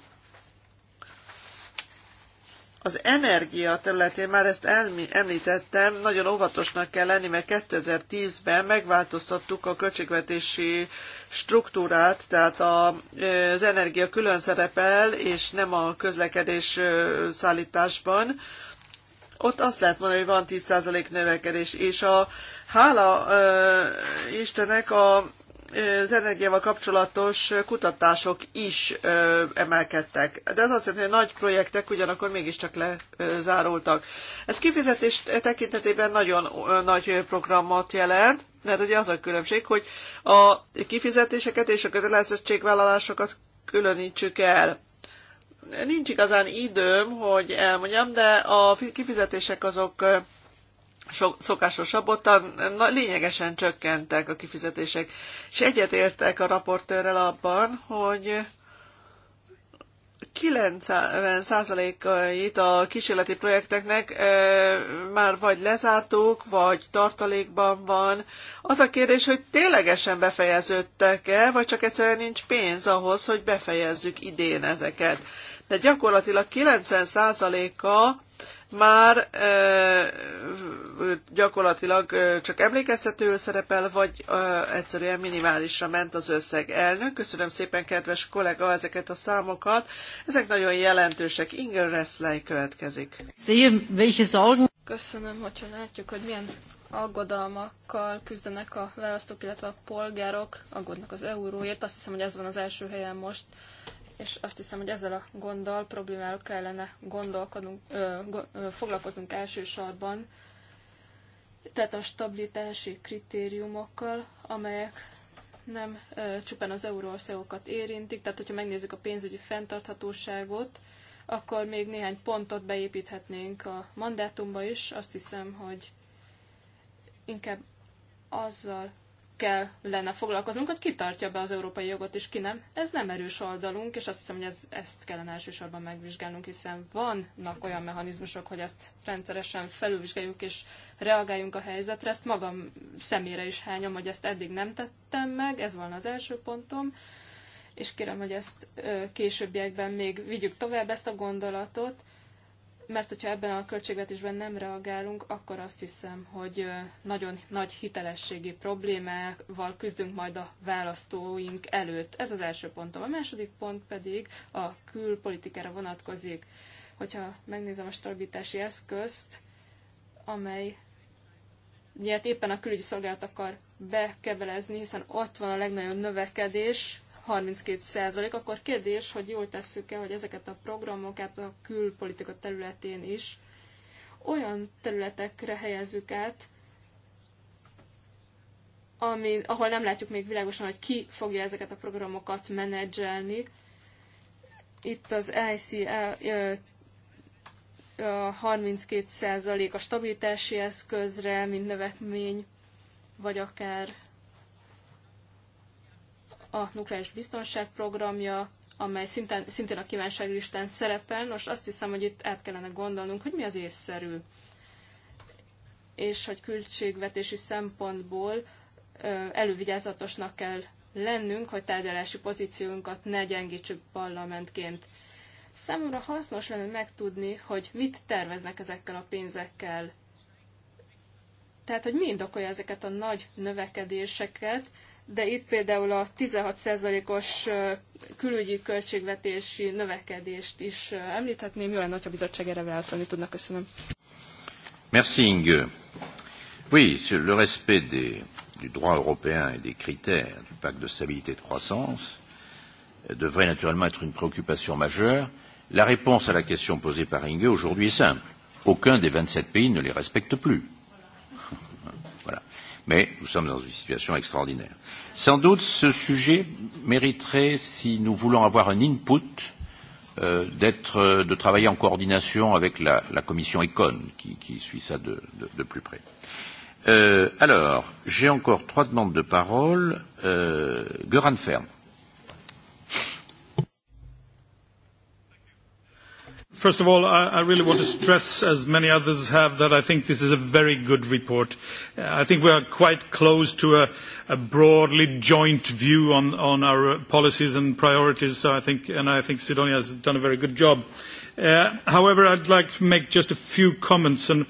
az energia területén már ezt említettem, nagyon óvatosnak kell lenni, mert 2010-ben megváltoztattuk a költségvetési struktúrát, tehát az energia külön szerepel, és nem a közlekedés szállításban. Ott azt lehet mondani, hogy van 10% növekedés, és a hála istenek Istennek a az energiával kapcsolatos kutatások is emelkedtek. De ez azt jelenti, hogy nagy projektek ugyanakkor mégiscsak lezárultak. Ez kifizetés tekintetében nagyon nagy programot jelent, mert ugye az a különbség, hogy a kifizetéseket és a kötelezettségvállalásokat különítsük el. Nincs igazán időm, hogy elmondjam, de a kifizetések azok so, szokásosabb, ottan na, lényegesen csökkentek a kifizetések. És egyetértek a raportőrrel abban, hogy 90%-ait a kísérleti projekteknek már vagy lezártuk, vagy tartalékban van. Az a kérdés, hogy ténylegesen befejeződtek-e, vagy csak egyszerűen nincs pénz ahhoz, hogy befejezzük idén ezeket. De gyakorlatilag 90%-a már gyakorlatilag csak emlékeztető szerepel, vagy egyszerűen minimálisra ment az összeg. Elnök, köszönöm szépen, kedves kollega, ezeket a számokat. Ezek nagyon jelentősek. Inger Reszlej következik. Köszönöm, hogyha látjuk, hogy milyen aggodalmakkal küzdenek a választók, illetve a polgárok, aggódnak az euróért. Azt hiszem, hogy ez van az első helyen most és azt hiszem, hogy ezzel a gonddal, problémával kellene gondolkodunk, ö, ö, foglalkozunk elsősorban, tehát a stabilitási kritériumokkal, amelyek nem ö, csupán az euróországokat érintik, tehát hogyha megnézzük a pénzügyi fenntarthatóságot, akkor még néhány pontot beépíthetnénk a mandátumba is. Azt hiszem, hogy inkább azzal kellene foglalkoznunk, hogy ki tartja be az európai jogot, és ki nem. Ez nem erős oldalunk, és azt hiszem, hogy ez, ezt kellene elsősorban megvizsgálnunk, hiszen vannak olyan mechanizmusok, hogy ezt rendszeresen felülvizsgáljuk és reagáljunk a helyzetre. Ezt magam szemére is hányom, hogy ezt eddig nem tettem meg, ez volna az első pontom és kérem, hogy ezt későbbiekben még vigyük tovább ezt a gondolatot, mert hogyha ebben a költségvetésben nem reagálunk, akkor azt hiszem, hogy nagyon nagy hitelességi problémával küzdünk majd a választóink előtt. Ez az első pontom. A második pont pedig a külpolitikára vonatkozik. Hogyha megnézem a stabilitási eszközt, amely ilyet éppen a külügyi szolgálat akar bekebelezni, hiszen ott van a legnagyobb növekedés, 32%, akkor kérdés, hogy jól tesszük-e, hogy ezeket a programokat a külpolitika területén is olyan területekre helyezzük át, ami, ahol nem látjuk még világosan, hogy ki fogja ezeket a programokat menedzselni. Itt az ICA 32% a stabilitási eszközre, mint növekmény, vagy akár a nukleáris biztonság programja, amely szinten, szintén a kívánságlistán szerepel. Nos, azt hiszem, hogy itt át kellene gondolnunk, hogy mi az észszerű. És hogy költségvetési szempontból elővigyázatosnak kell lennünk, hogy tárgyalási pozíciónkat ne gyengítsük parlamentként. Számomra hasznos lenne megtudni, hogy mit terveznek ezekkel a pénzekkel. Tehát, hogy mi indokolja ezeket a nagy növekedéseket, de itt például a 16%-os külügyi költségvetési növekedést is említhetném. Jó lenne, hogyha a bizottság erre válaszolni tudnak. Köszönöm. Merci Inge. Oui, sur le respect des, du droit européen et des critères du pacte de stabilité et de croissance euh, devrait naturellement être une préoccupation majeure. La réponse à la question posée par Inge aujourd'hui est simple. Aucun des 27 pays ne les respecte plus. Voilà. Mais nous sommes dans une situation extraordinaire. Sans doute, ce sujet mériterait, si nous voulons avoir un input, euh, euh, de travailler en coordination avec la, la commission ECON, qui, qui suit ça de, de, de plus près. Euh, alors, j'ai encore trois demandes de parole. Euh, Göran Fern. First of all, I, I really want to stress, as many others have, that I think this is a very good report. Uh, I think we are quite close to a, a broadly joint view on, on our policies and priorities, so I think, and I think Sidonia has done a very good job. Uh, however, I'd like to make just a few comments, and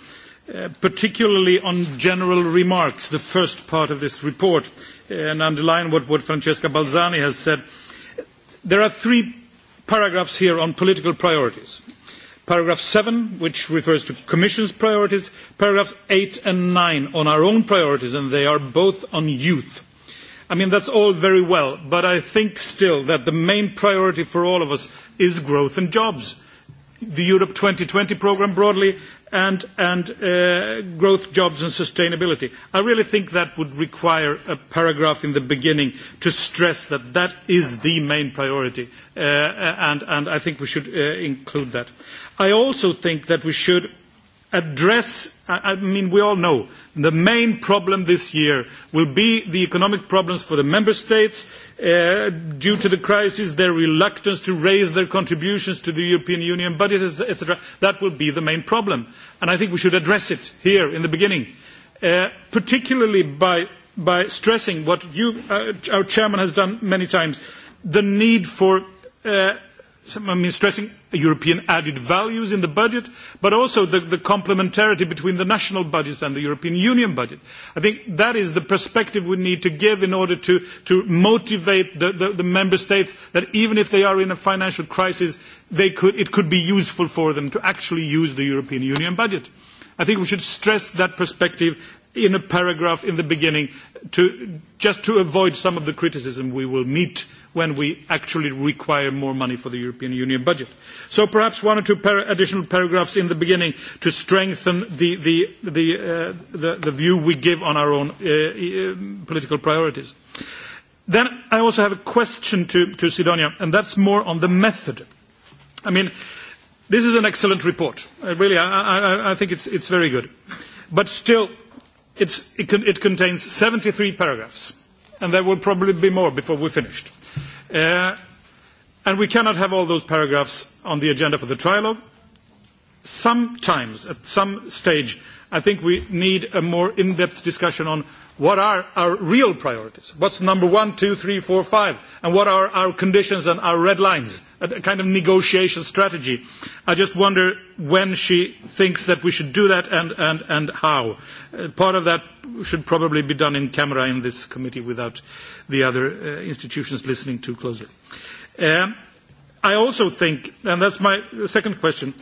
uh, particularly on general remarks, the first part of this report, and underline what, what Francesca Balzani has said. There are three paragraphs here on political priorities paragraph 7, which refers to Commission's priorities, paragraphs 8 and 9 on our own priorities, and they are both on youth. I mean, that's all very well, but I think still that the main priority for all of us is growth and jobs. The Europe 2020 programme broadly and, and uh, growth, jobs and sustainability. I really think that would require a paragraph in the beginning to stress that that is the main priority, uh, and, and I think we should uh, include that. I also think that we should address, I mean, we all know the main problem this year will be the economic problems for the member states uh, due to the crisis, their reluctance to raise their contributions to the European Union budget, etc. That will be the main problem. And I think we should address it here in the beginning, uh, particularly by, by stressing what you, uh, our chairman has done many times, the need for uh, I mean, stressing European added values in the budget, but also the, the complementarity between the national budgets and the European Union budget. I think that is the perspective we need to give in order to, to motivate the, the, the member states that even if they are in a financial crisis, they could, it could be useful for them to actually use the European Union budget. I think we should stress that perspective in a paragraph in the beginning to, just to avoid some of the criticism we will meet when we actually require more money for the European Union budget. So perhaps one or two para additional paragraphs in the beginning to strengthen the, the, the, uh, the, the view we give on our own uh, uh, political priorities. Then I also have a question to, to Sidonia, and that's more on the method. I mean, this is an excellent report. Uh, really, I, I, I think it's, it's very good. But still, It's, it, con it contains 73 paragraphs, and there will probably be more before we're finished. Uh, and we cannot have all those paragraphs on the agenda for the trilogue. Sometimes, at some stage, I think we need a more in-depth discussion on what are our real priorities? What's number one, two, three, four, five? And what are our conditions and our red lines? A kind of negotiation strategy. I just wonder when she thinks that we should do that and, and, and how. Uh, part of that should probably be done in camera in this committee without the other uh, institutions listening too closely. Um, I also think, and that's my second question,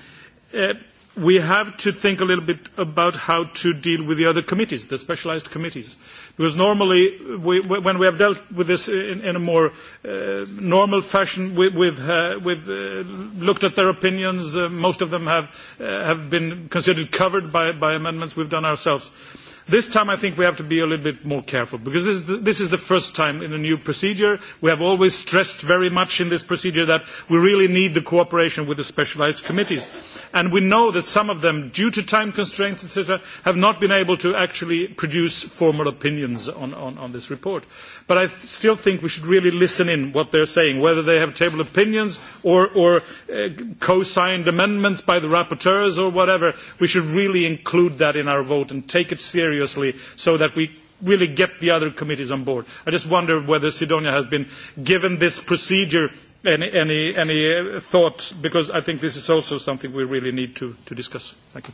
uh, we have to think a little bit about how to deal with the other committees, the specialized committees. Because normally, we, when we have dealt with this in, in a more uh, normal fashion, we, we've, uh, we've uh, looked at their opinions. Uh, most of them have, uh, have been considered covered by, by amendments we've done ourselves. Uh, This time I think we have to be a little bit more careful because this is, the, this is the first time in a new procedure. We have always stressed very much in this procedure that we really need the cooperation with the specialized committees. And we know that some of them, due to time constraints, etc., have not been able to actually produce formal opinions on, on, on this report. Uh, But I still think we should really listen in what they're saying, whether they have tabled opinions or, or uh, co-signed amendments by the rapporteurs or whatever. We should really include that in our vote and take it seriously so that we really get the other committees on board. I just wonder whether Sidonia has been given this procedure any, any, any uh, thoughts, because I think this is also something we really need to, to discuss. Thank you.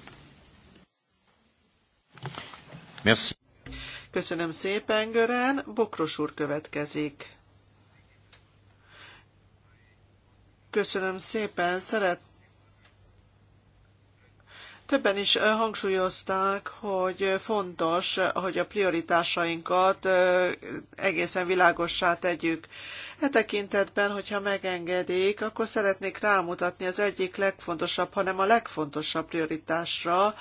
Merci. Köszönöm szépen, Gören. Bokros úr következik. Köszönöm szépen, szeret. Többen is hangsúlyozták, hogy fontos, hogy a prioritásainkat egészen világossá tegyük. E tekintetben, hogyha megengedik, akkor szeretnék rámutatni az egyik legfontosabb, hanem a legfontosabb prioritásra,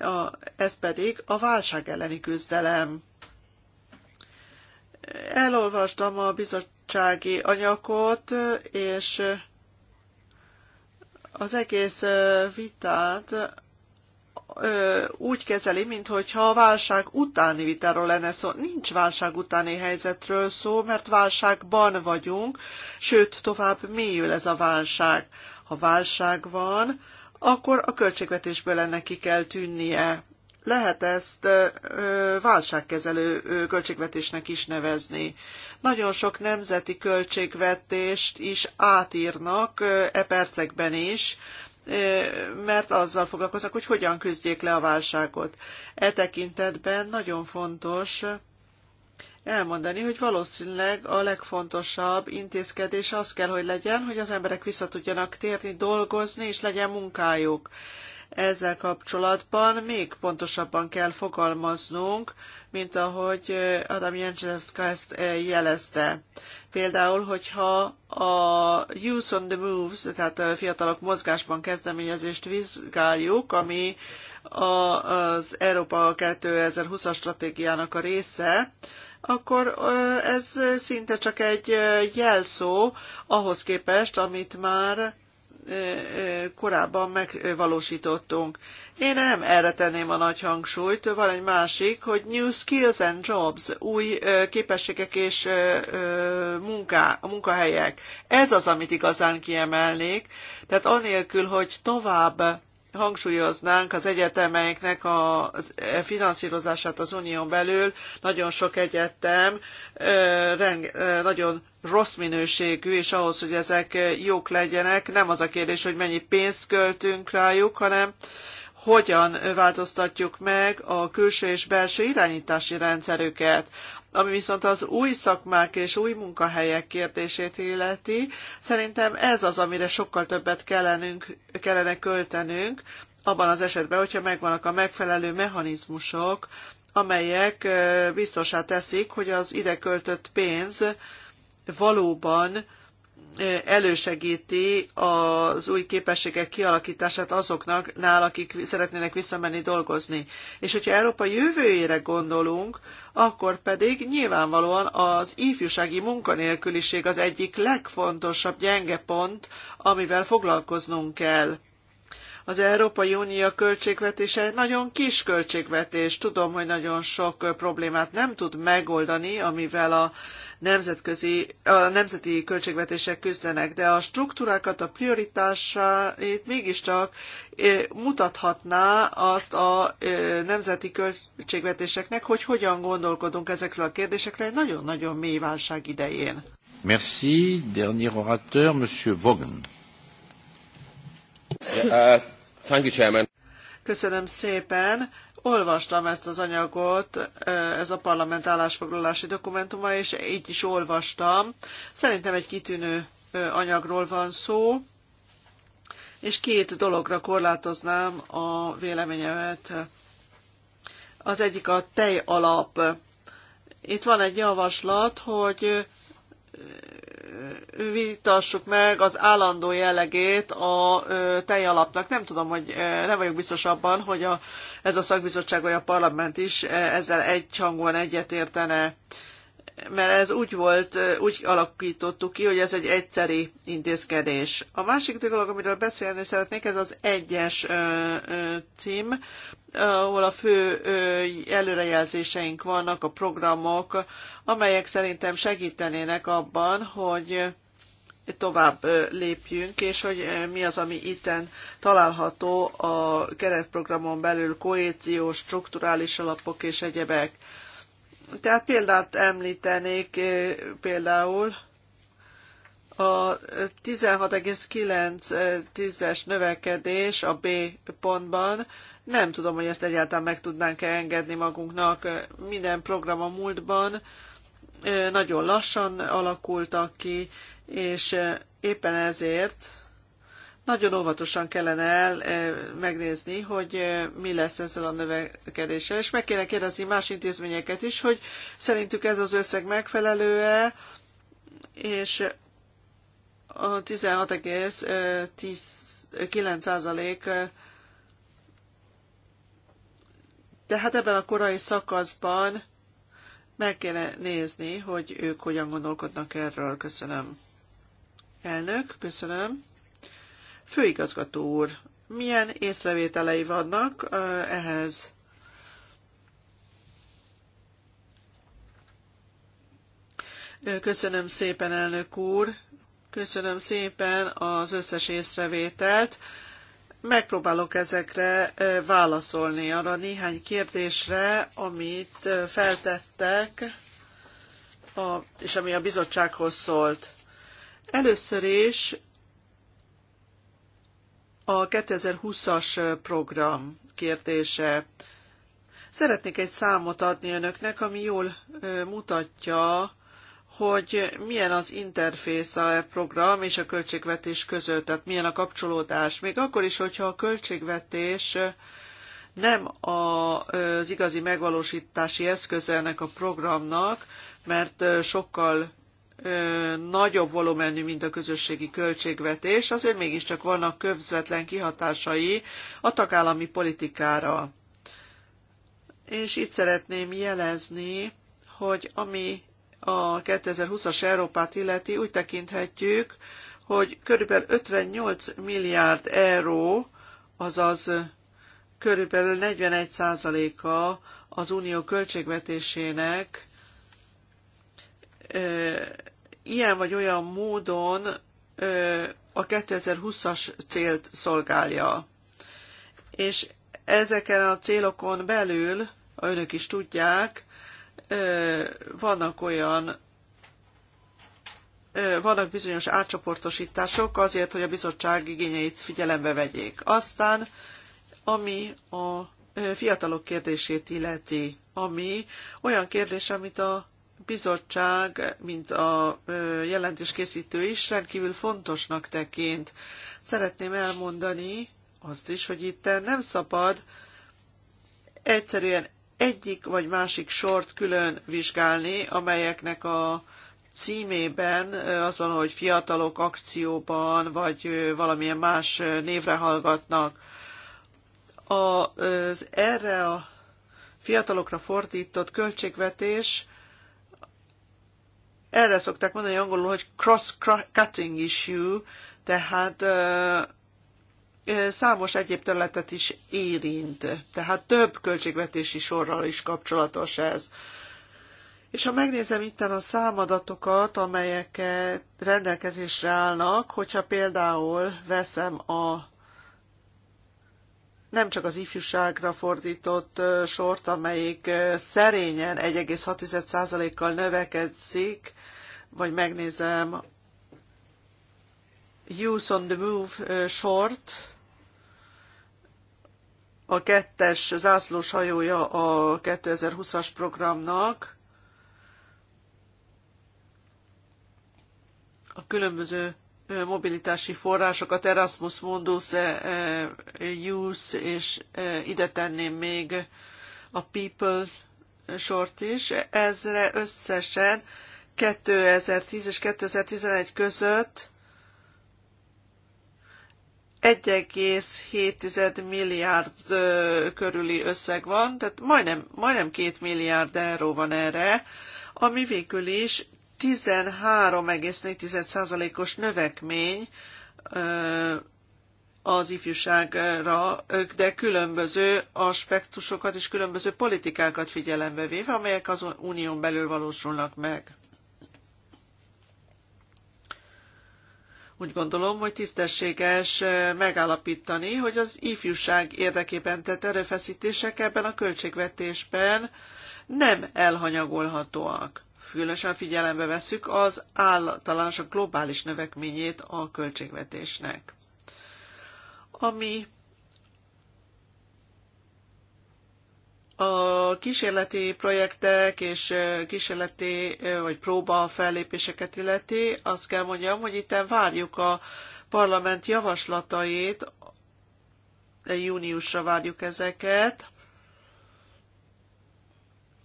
a, ez pedig a válság elleni küzdelem. Elolvastam a bizottsági anyagot, és az egész vitát úgy kezeli, mintha a válság utáni vitáról lenne szó. Nincs válság utáni helyzetről szó, mert válságban vagyunk, sőt, tovább mélyül ez a válság. Ha válság van, akkor a költségvetésből ennek ki kell tűnnie. Lehet ezt válságkezelő költségvetésnek is nevezni. Nagyon sok nemzeti költségvetést is átírnak e percekben is, mert azzal foglalkoznak, hogy hogyan küzdjék le a válságot. E tekintetben nagyon fontos, elmondani, hogy valószínűleg a legfontosabb intézkedés az kell, hogy legyen, hogy az emberek vissza tudjanak térni, dolgozni, és legyen munkájuk. Ezzel kapcsolatban még pontosabban kell fogalmaznunk, mint ahogy Adam Jenczewska ezt e, jelezte. Például, hogyha a Youth on the Moves, tehát a fiatalok mozgásban kezdeményezést vizsgáljuk, ami az Európa 2020-as stratégiának a része, akkor ez szinte csak egy jelszó ahhoz képest, amit már korábban megvalósítottunk. Én nem erre tenném a nagy hangsúlyt, van egy másik, hogy New Skills and Jobs, új képességek és munká, munkahelyek. Ez az, amit igazán kiemelnék, tehát anélkül, hogy tovább hangsúlyoznánk az egyetemeinknek a e, finanszírozását az unión belül. Nagyon sok egyetem nagyon rossz minőségű, és ahhoz, hogy ezek jók legyenek, nem az a kérdés, hogy mennyi pénzt költünk rájuk, hanem hogyan változtatjuk meg a külső és belső irányítási rendszerüket. Ami viszont az új szakmák és új munkahelyek kérdését illeti, szerintem ez az, amire sokkal többet kellenünk, kellene költenünk, abban az esetben, hogyha megvannak a megfelelő mechanizmusok, amelyek biztosá teszik, hogy az ide költött pénz valóban elősegíti az új képességek kialakítását azoknak, nál, akik szeretnének visszamenni dolgozni. És hogyha Európa jövőjére gondolunk, akkor pedig nyilvánvalóan az ifjúsági munkanélküliség az egyik legfontosabb gyenge pont, amivel foglalkoznunk kell. Az Európai Unió költségvetése nagyon kis költségvetés. Tudom, hogy nagyon sok problémát nem tud megoldani, amivel a nemzetközi, a nemzeti költségvetések küzdenek, de a struktúrákat, a prioritásait mégiscsak eh, mutathatná azt a eh, nemzeti költségvetéseknek, hogy hogyan gondolkodunk ezekről a kérdésekről egy nagyon-nagyon mély válság idején. Merci. Dernier orateur, Monsieur Vaughan. Uh, thank you, Chairman. Köszönöm szépen. Olvastam ezt az anyagot, ez a parlament állásfoglalási dokumentuma, és így is olvastam. Szerintem egy kitűnő anyagról van szó, és két dologra korlátoznám a véleményemet. Az egyik a tej alap. Itt van egy javaslat, hogy vitassuk meg az állandó jellegét a tejalapnak. Nem tudom, hogy nem vagyok biztos abban, hogy a, ez a szakbizottság vagy a parlament is ezzel egyhangúan egyetértene mert ez úgy volt, úgy alakítottuk ki, hogy ez egy egyszeri intézkedés. A másik dolog, amiről beszélni szeretnék, ez az egyes cím, ahol a fő előrejelzéseink vannak, a programok, amelyek szerintem segítenének abban, hogy tovább lépjünk, és hogy mi az, ami itten található a keretprogramon belül, kohézió, strukturális alapok és egyebek. Tehát példát említenék például a 16,9-es növekedés a B pontban, nem tudom, hogy ezt egyáltalán meg tudnánk-e engedni magunknak. Minden program a múltban nagyon lassan alakultak ki, és éppen ezért nagyon óvatosan kellene el megnézni, hogy mi lesz ezzel a növekedéssel, és meg kéne kérdezni más intézményeket is, hogy szerintük ez az összeg megfelelő-e, és a 16,9% tehát ebben a korai szakaszban meg kéne nézni, hogy ők hogyan gondolkodnak erről. Köszönöm. Elnök, köszönöm. Főigazgató úr, milyen észrevételei vannak ehhez? Köszönöm szépen, elnök úr. Köszönöm szépen az összes észrevételt. Megpróbálok ezekre válaszolni arra néhány kérdésre, amit feltettek, a, és ami a bizottsághoz szólt. Először is a 2020-as program kérdése. Szeretnék egy számot adni önöknek, ami jól mutatja hogy milyen az interfész a program és a költségvetés között, tehát milyen a kapcsolódás. Még akkor is, hogyha a költségvetés nem az igazi megvalósítási eszköze ennek a programnak, mert sokkal nagyobb volumenű, mint a közösségi költségvetés, azért mégiscsak vannak közvetlen kihatásai a tagállami politikára. És itt szeretném jelezni, hogy ami a 2020-as Európát illeti, úgy tekinthetjük, hogy körülbelül 58 milliárd euró, azaz körülbelül 41%-a az unió költségvetésének ilyen vagy olyan módon a 2020-as célt szolgálja. És ezeken a célokon belül, önök is tudják, vannak olyan vannak bizonyos átcsoportosítások azért, hogy a bizottság igényeit figyelembe vegyék. Aztán, ami a fiatalok kérdését illeti, ami olyan kérdés, amit a bizottság, mint a jelentés készítő is rendkívül fontosnak tekint. Szeretném elmondani azt is, hogy itt nem szabad egyszerűen egyik vagy másik sort külön vizsgálni, amelyeknek a címében az van, hogy fiatalok akcióban, vagy valamilyen más névre hallgatnak. Az erre a fiatalokra fordított költségvetés erre szokták mondani angolul, hogy cross-cutting issue, tehát számos egyéb területet is érint, tehát több költségvetési sorral is kapcsolatos ez. És ha megnézem itten a számadatokat, amelyek rendelkezésre állnak, hogyha például veszem a nem csak az ifjúságra fordított sort, amelyik szerényen 1,6%-kal növekedszik, vagy megnézem Youth on the Move sort, a kettes zászlós hajója a 2020-as programnak. A különböző mobilitási forrásokat, Erasmus Mundus, Youth, e, e, és e, ide tenném még a People sort is. Ezre összesen 2010 és 2011 között 1,7 milliárd körüli összeg van, tehát majdnem, majdnem 2 milliárd euró van erre, ami végül is 13,4%-os növekmény az ifjúságra, de különböző aspektusokat és különböző politikákat figyelembe véve, amelyek az unión belül valósulnak meg. úgy gondolom, hogy tisztességes megállapítani, hogy az ifjúság érdekében tett erőfeszítések ebben a költségvetésben nem elhanyagolhatóak. Különösen figyelembe veszük az általános a globális növekményét a költségvetésnek. Ami A kísérleti projektek és kísérleti vagy próba fellépéseket illeti, azt kell mondjam, hogy itten várjuk a parlament javaslatait, júniusra várjuk ezeket,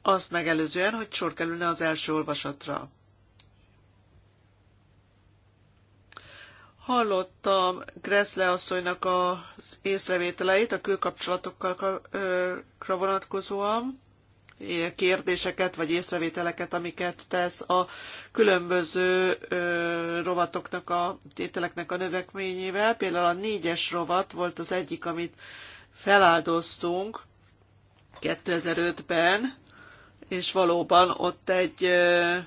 azt megelőzően, hogy sor kerülne az első olvasatra. Hallottam Gressle asszonynak az észrevételeit a külkapcsolatokra vonatkozóan, kérdéseket vagy észrevételeket, amiket tesz a különböző rovatoknak, a tételeknek a növekményével. Például a négyes rovat volt az egyik, amit feláldoztunk 2005-ben, és valóban ott egy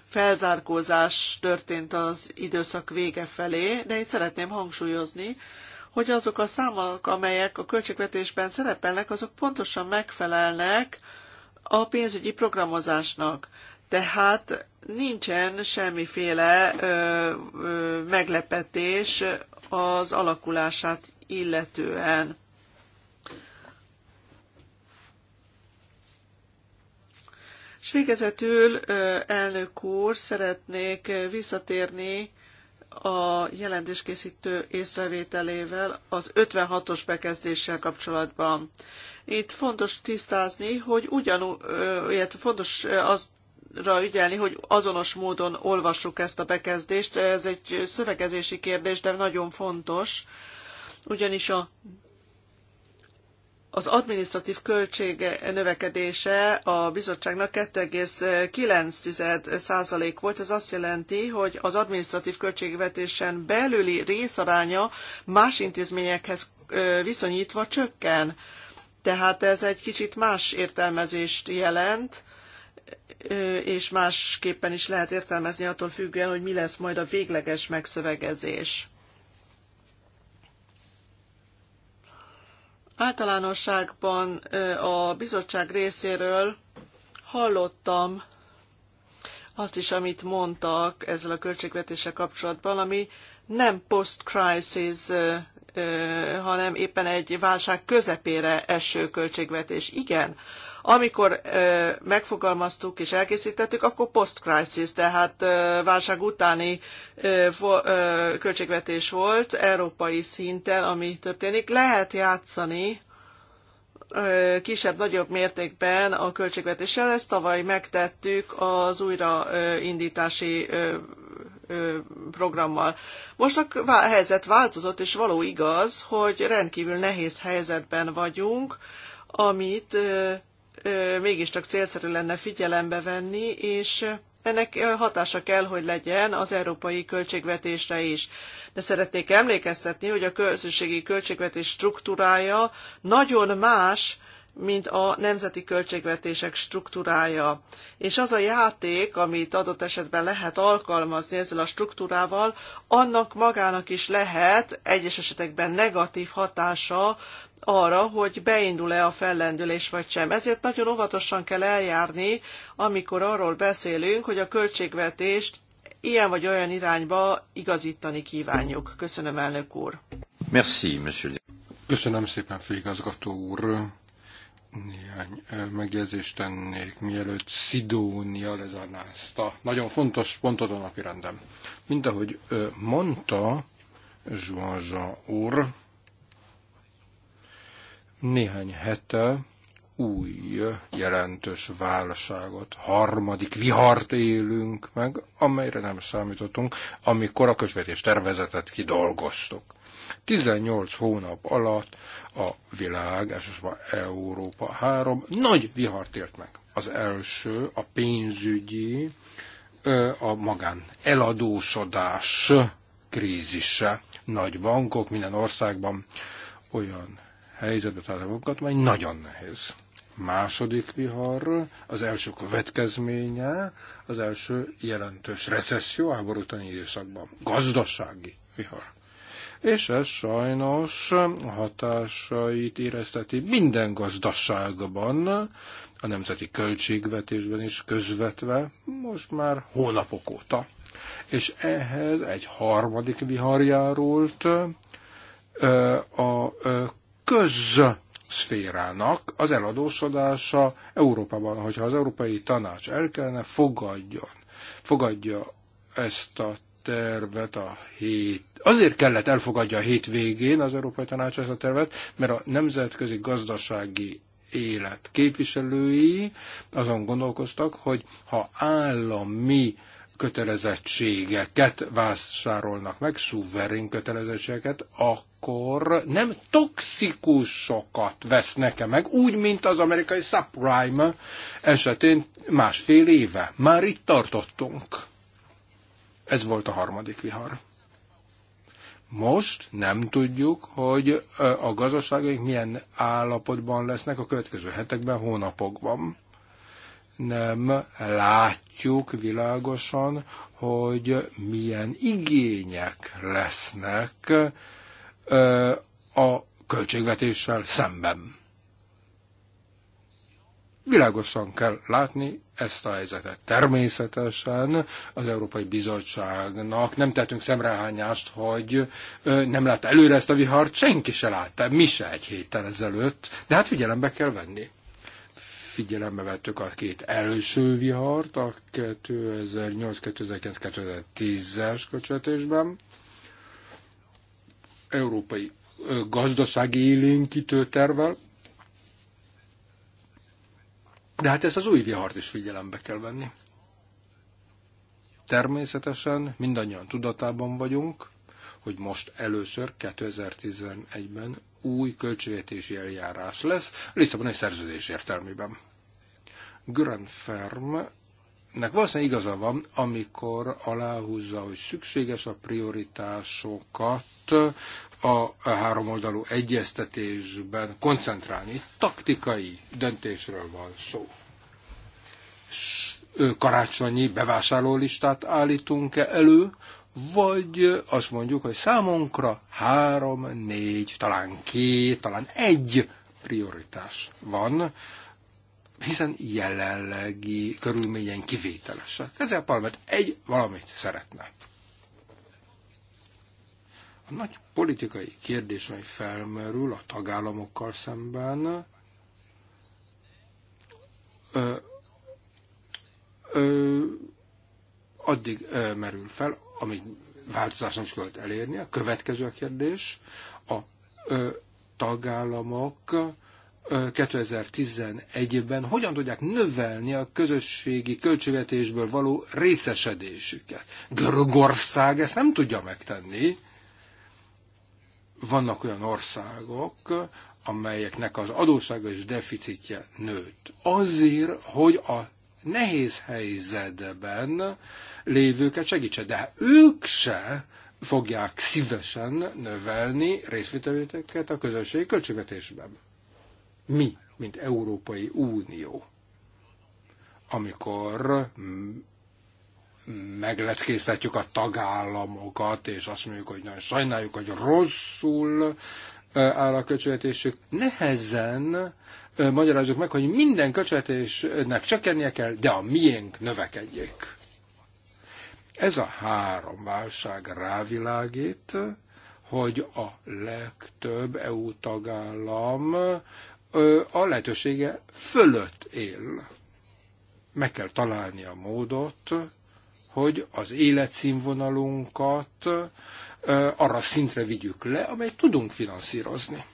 felzárkózás történt az időszak vége felé, de itt szeretném hangsúlyozni, hogy azok a számok, amelyek a költségvetésben szerepelnek, azok pontosan megfelelnek a pénzügyi programozásnak. Tehát nincsen semmiféle ö, ö, meglepetés az alakulását illetően. És végezetül, elnök úr, szeretnék visszatérni a jelentéskészítő észrevételével az 56-os bekezdéssel kapcsolatban. Itt fontos tisztázni, hogy ugyanúgy, illetve fontos az ügyelni, hogy azonos módon olvassuk ezt a bekezdést. Ez egy szövegezési kérdés, de nagyon fontos, ugyanis a az adminisztratív költsége növekedése a bizottságnak 2,9% volt. Ez azt jelenti, hogy az adminisztratív költségvetésen belüli részaránya más intézményekhez viszonyítva csökken. Tehát ez egy kicsit más értelmezést jelent, és másképpen is lehet értelmezni attól függően, hogy mi lesz majd a végleges megszövegezés. Általánosságban a bizottság részéről hallottam azt is, amit mondtak ezzel a költségvetéssel kapcsolatban, ami nem post-crisis, hanem éppen egy válság közepére eső költségvetés. Igen, amikor megfogalmaztuk és elkészítettük, akkor post-crisis, tehát válság utáni költségvetés volt európai szinten, ami történik. Lehet játszani kisebb-nagyobb mértékben a költségvetéssel. Ezt tavaly megtettük az újraindítási programmal. Most a helyzet változott, és való igaz, hogy rendkívül nehéz helyzetben vagyunk, amit mégiscsak célszerű lenne figyelembe venni, és ennek hatása kell, hogy legyen az európai költségvetésre is. De szeretnék emlékeztetni, hogy a közösségi költségvetés struktúrája nagyon más, mint a nemzeti költségvetések struktúrája. És az a játék, amit adott esetben lehet alkalmazni ezzel a struktúrával, annak magának is lehet egyes esetekben negatív hatása arra, hogy beindul-e a fellendülés vagy sem. Ezért nagyon óvatosan kell eljárni, amikor arról beszélünk, hogy a költségvetést ilyen vagy olyan irányba igazítani kívánjuk. Köszönöm, elnök úr. Merci, monsieur. Köszönöm szépen, főigazgató úr. Néhány megjegyzést tennék, mielőtt Szidónia lezárná ezt a nagyon fontos pontot a napi rendem. Mint ahogy mondta Zsuazsa úr, néhány hete új jelentős válságot, harmadik vihart élünk meg, amelyre nem számítottunk, amikor a közvetés tervezetet kidolgoztuk. 18 hónap alatt a világ, elsősorban Európa három nagy vihart élt meg. Az első a pénzügyi, a magán eladósodás krízise. Nagy bankok minden országban olyan helyzetbe találja magukat, majd nagyon nehéz. Második vihar, az első következménye, az első jelentős recesszió háborútani időszakban. Gazdasági vihar. És ez sajnos hatásait érezteti minden gazdaságban, a nemzeti költségvetésben is közvetve, most már hónapok óta. És ehhez egy harmadik vihar járult, a köz szférának az eladósodása Európában, hogyha az Európai Tanács el kellene fogadjon, fogadja ezt a tervet a hét. Azért kellett elfogadja a hétvégén az Európai Tanács ezt a tervet, mert a nemzetközi gazdasági élet képviselői azon gondolkoztak, hogy ha állami kötelezettségeket vásárolnak meg, szuverén kötelezettségeket, akkor nem toxikusokat vesznek nekem meg, úgy, mint az amerikai subprime esetén másfél éve. Már itt tartottunk. Ez volt a harmadik vihar. Most nem tudjuk, hogy a gazdaságaik milyen állapotban lesznek a következő hetekben, hónapokban nem látjuk világosan, hogy milyen igények lesznek a költségvetéssel szemben. Világosan kell látni ezt a helyzetet. Természetesen az Európai Bizottságnak nem tettünk szemrehányást, hogy nem látta előre ezt a vihart, senki se látta, mi se egy héttel ezelőtt, de hát figyelembe kell venni figyelembe vettük a két első vihart a 2008-2009-2010-es köcsötésben. Európai gazdasági élénkítő tervel. De hát ezt az új vihart is figyelembe kell venni. Természetesen mindannyian tudatában vagyunk, hogy most először 2011-ben új költségvetési eljárás lesz a Lisszaboni szerződés értelmében. Grand Ferm Nek valószínűleg igaza van, amikor aláhúzza, hogy szükséges a prioritásokat a háromoldalú egyeztetésben koncentrálni. Taktikai döntésről van szó. karácsonyi bevásárlólistát állítunk -e elő, vagy azt mondjuk, hogy számunkra három, négy, talán két, talán egy prioritás van, hiszen jelenlegi körülményen kivételesek. Ezért a parlament egy valamit szeretne. A nagy politikai kérdés, ami felmerül a tagállamokkal szemben, ö, ö, addig merül fel, amíg változás nem sikerült elérni. A következő a kérdés, a tagállamok 2011-ben hogyan tudják növelni a közösségi költségvetésből való részesedésüket. Görögország ezt nem tudja megtenni. Vannak olyan országok, amelyeknek az adósságos deficitje nőtt. Azért, hogy a nehéz helyzetben lévőket segítse, de ők se fogják szívesen növelni részvételőket a közösségi költségvetésben. Mi, mint Európai Unió, amikor megleckésztetjük a tagállamokat, és azt mondjuk, hogy nagyon sajnáljuk, hogy rosszul áll a költségvetésük, nehezen magyarázzuk meg, hogy minden költségvetésnek csökkennie kell, de a miénk növekedjék. Ez a három válság rávilágít, hogy a legtöbb EU tagállam a lehetősége fölött él. Meg kell találni a módot, hogy az életszínvonalunkat arra szintre vigyük le, amely tudunk finanszírozni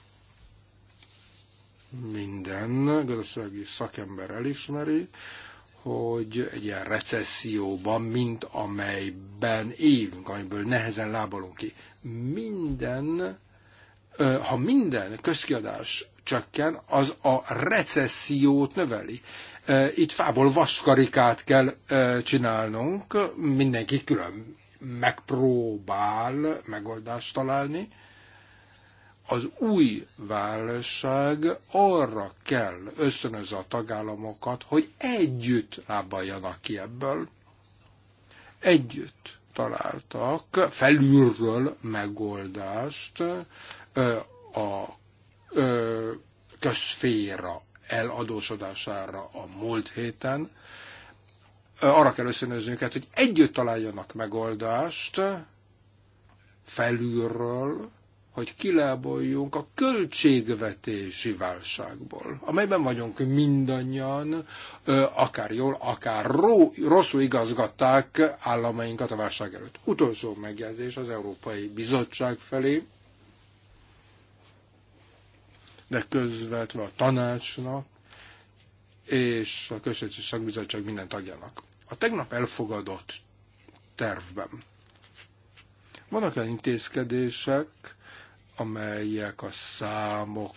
minden gazdasági szakember elismeri, hogy egy ilyen recesszióban, mint amelyben élünk, amiből nehezen lábalunk ki, minden, ha minden közkiadás csökken, az a recessziót növeli. Itt fából vaskarikát kell csinálnunk, mindenki külön megpróbál megoldást találni, az új válság arra kell ösztönözze a tagállamokat, hogy együtt lábaljanak ki ebből. Együtt találtak felülről megoldást a közféra eladósodására a múlt héten. Arra kell összenőzni őket, hogy együtt találjanak megoldást felülről, hogy kiláboljunk a költségvetési válságból, amelyben vagyunk mindannyian, akár jól, akár ró, rosszul igazgatták államainkat a válság előtt. Utolsó megjegyzés az Európai Bizottság felé, de közvetve a tanácsnak és a Közvetési Szakbizottság minden tagjának. A tegnap elfogadott tervben vannak olyan intézkedések, amelyek a számok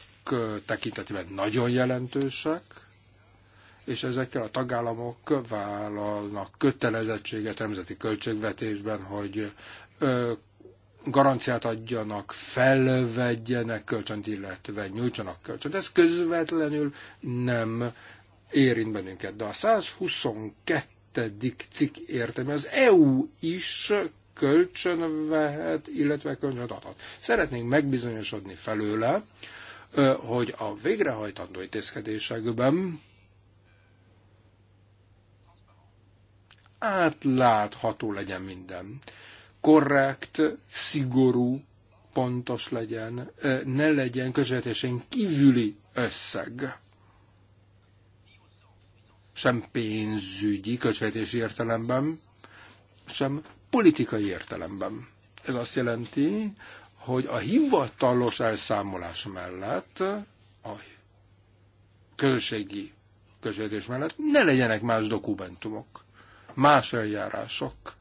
tekintetében nagyon jelentősek, és ezekkel a tagállamok vállalnak kötelezettséget nemzeti költségvetésben, hogy garanciát adjanak, felvegyenek kölcsönt, illetve nyújtsanak kölcsönt. Ez közvetlenül nem érint bennünket. De a 122. cikk értelme az EU is kölcsön vehet, illetve kölcsön adhat. Szeretnénk megbizonyosodni felőle, hogy a végrehajtandó intézkedésekben átlátható legyen minden. Korrekt, szigorú, pontos legyen, ne legyen közvetésén kívüli összeg. Sem pénzügyi közvetési értelemben, sem politikai értelemben. Ez azt jelenti, hogy a hivatalos elszámolás mellett, a közösségi közvetés mellett ne legyenek más dokumentumok, más eljárások,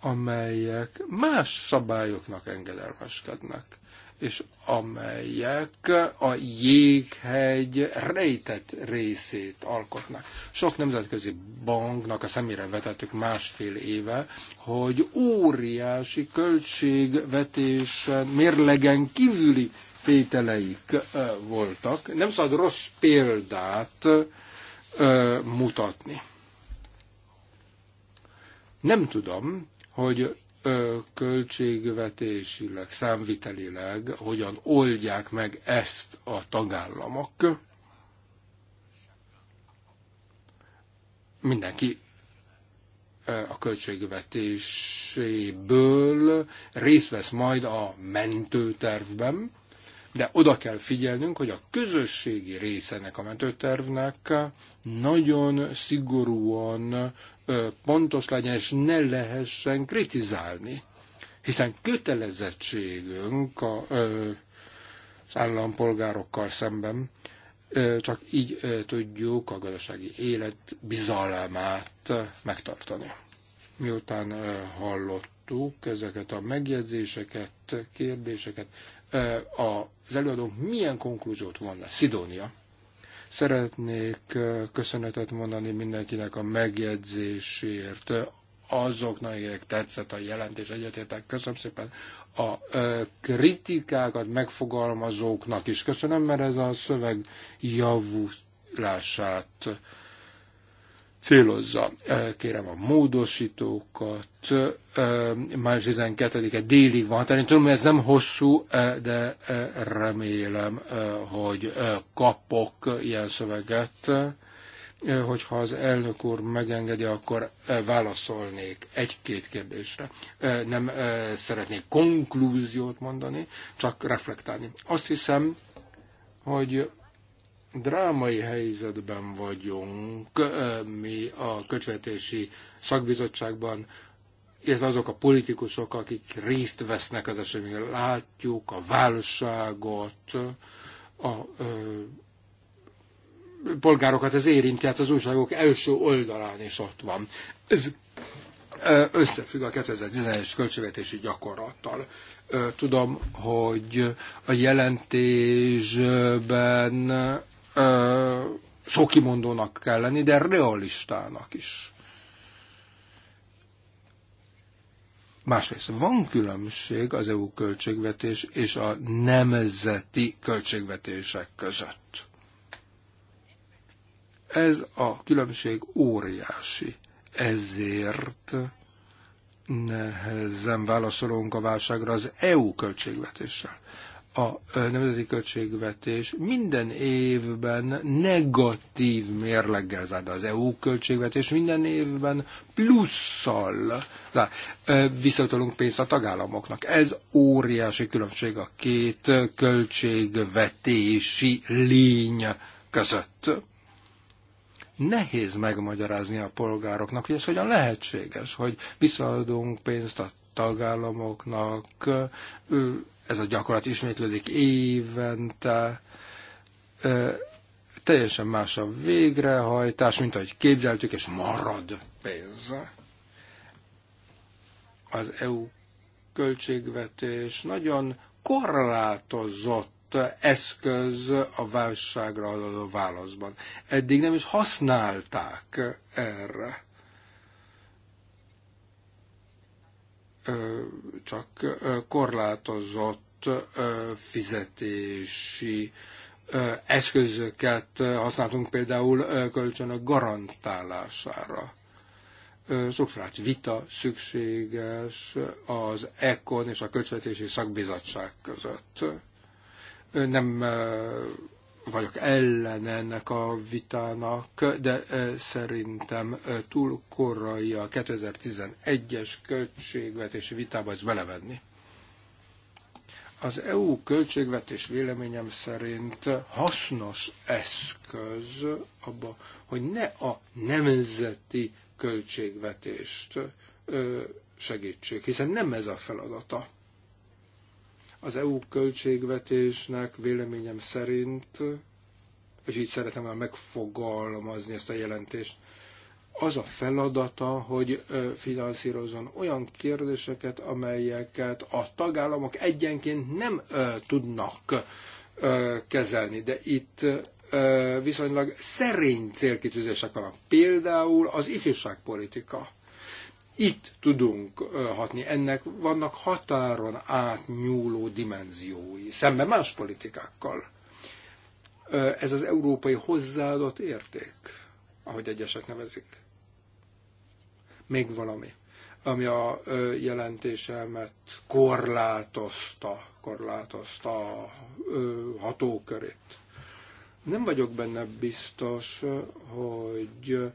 amelyek más szabályoknak engedelmeskednek és amelyek a jéghegy rejtett részét alkotnak. Sok nemzetközi banknak a szemére vetettük másfél éve, hogy óriási költségvetés mérlegen kívüli tételeik voltak. Nem szabad rossz példát mutatni. Nem tudom, hogy költségvetésileg, számvitelileg hogyan oldják meg ezt a tagállamok. Mindenki a költségvetéséből részt vesz majd a mentőtervben, de oda kell figyelnünk, hogy a közösségi részenek a mentőtervnek nagyon szigorúan pontos legyen, és ne lehessen kritizálni. Hiszen kötelezettségünk a, az állampolgárokkal szemben, csak így tudjuk a gazdasági élet bizalmát megtartani. Miután hallott meghallgattuk ezeket a megjegyzéseket, kérdéseket. Az előadónk milyen konklúziót von le? Szidónia. Szeretnék köszönetet mondani mindenkinek a megjegyzésért, azoknak, akik tetszett a jelentés, egyetértek, köszönöm szépen a kritikákat megfogalmazóknak is köszönöm, mert ez a szöveg javulását célozza. Kérem a módosítókat, május 12-e délig van határidő. Tudom, hogy ez nem hosszú, de remélem, hogy kapok ilyen szöveget. Hogyha az elnök úr megengedi, akkor válaszolnék egy-két kérdésre. Nem szeretnék konklúziót mondani, csak reflektálni. Azt hiszem, hogy drámai helyzetben vagyunk mi a köcsvetési szakbizottságban, illetve azok a politikusok, akik részt vesznek az eseményen. Látjuk a válságot, a ö, polgárokat ez érinti, tehát az újságok első oldalán is ott van. Ez összefügg a 2011-es költségvetési gyakorlattal. Tudom, hogy a jelentésben szókimondónak kell lenni, de realistának is. Másrészt van különbség az EU költségvetés és a nemzeti költségvetések között. Ez a különbség óriási. Ezért nehezen válaszolunk a válságra az EU költségvetéssel a nemzeti költségvetés minden évben negatív mérleggel zárt az EU költségvetés minden évben plusszal visszatolunk pénzt a tagállamoknak. Ez óriási különbség a két költségvetési lény között. Nehéz megmagyarázni a polgároknak, hogy ez hogyan lehetséges, hogy visszaadunk pénzt a tagállamoknak, ez a gyakorlat ismétlődik évente, teljesen más a végrehajtás, mint ahogy képzeltük, és marad pénz. Az EU költségvetés nagyon korlátozott eszköz a válságra adó válaszban. Eddig nem is használták erre. csak korlátozott fizetési eszközöket használtunk például kölcsönök garantálására. hát vita szükséges az ECON és a Költségvetési Szakbizottság között. Nem vagyok ellen ennek a vitának, de szerintem túl korai a 2011-es költségvetési vitába ezt belevenni. Az EU költségvetés véleményem szerint hasznos eszköz abba, hogy ne a nemzeti költségvetést segítsék, hiszen nem ez a feladata az EU költségvetésnek véleményem szerint, és így szeretem már megfogalmazni ezt a jelentést, az a feladata, hogy finanszírozon olyan kérdéseket, amelyeket a tagállamok egyenként nem tudnak kezelni, de itt viszonylag szerény célkitűzések vannak. Például az ifjúságpolitika itt tudunk hatni. Ennek vannak határon átnyúló dimenziói, szemben más politikákkal. Ez az európai hozzáadott érték, ahogy egyesek nevezik. Még valami, ami a jelentésemet korlátozta, korlátozta a hatókörét. Nem vagyok benne biztos, hogy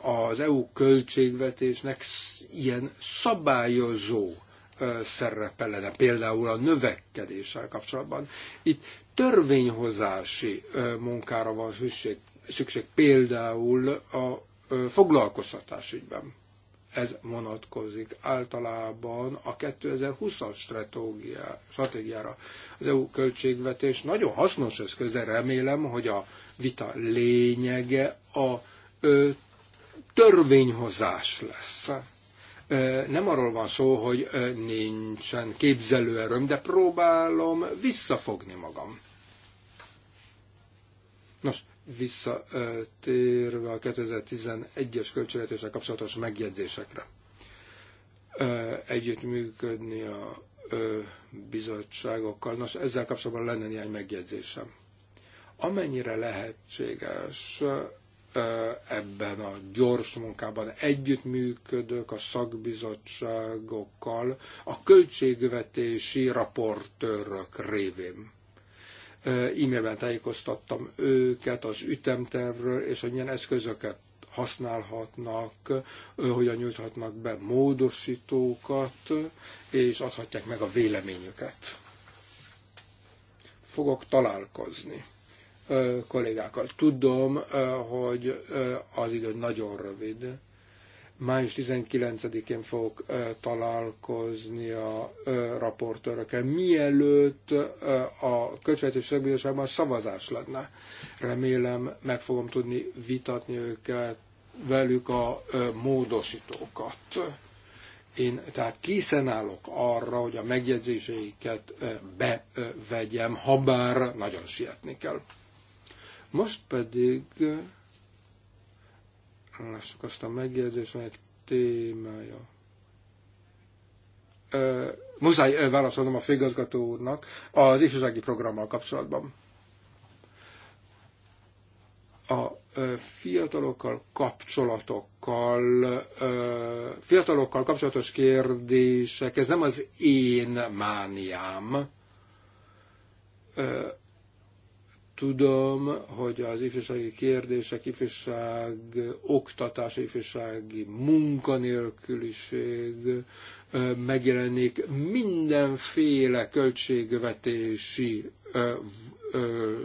az EU költségvetésnek ilyen szabályozó szerepe lenne, például a növekedéssel kapcsolatban. Itt törvényhozási munkára van szükség, szükség például a foglalkoztatás ügyben. Ez vonatkozik általában a 2020-as stratégiára. Az EU költségvetés nagyon hasznos eszköze, remélem, hogy a vita lényege a törvényhozás lesz. Nem arról van szó, hogy nincsen képzelőerőm, de próbálom visszafogni magam. Nos, visszatérve a 2011-es költségvetéssel kapcsolatos megjegyzésekre. Együttműködni a bizottságokkal. Nos, ezzel kapcsolatban lenne néhány megjegyzésem. Amennyire lehetséges, ebben a gyors munkában együttműködök a szakbizottságokkal, a költségvetési raportőrök révén. E-mailben tájékoztattam őket az ütemtervről, és hogy milyen eszközöket használhatnak, hogyan nyújthatnak be módosítókat, és adhatják meg a véleményüket. Fogok találkozni kollégákkal. Tudom, hogy az idő nagyon rövid. Május 19-én fogok találkozni a raportőrökkel, mielőtt a Költségvetés Szakbizottságban szavazás lenne. Remélem meg fogom tudni vitatni őket, velük a módosítókat. Én tehát készen állok arra, hogy a megjegyzéseiket bevegyem, ha bár nagyon sietni kell. Most pedig lássuk azt a megjegyzést, egy témája. muszáj válaszolnom a főigazgató úrnak az ifjúsági programmal kapcsolatban. A fiatalokkal kapcsolatokkal, fiatalokkal kapcsolatos kérdések, ez nem az én mániám. Tudom, hogy az ifjúsági kérdések, ifjúság oktatás, ifjúsági munkanélküliség megjelenik mindenféle költségvetési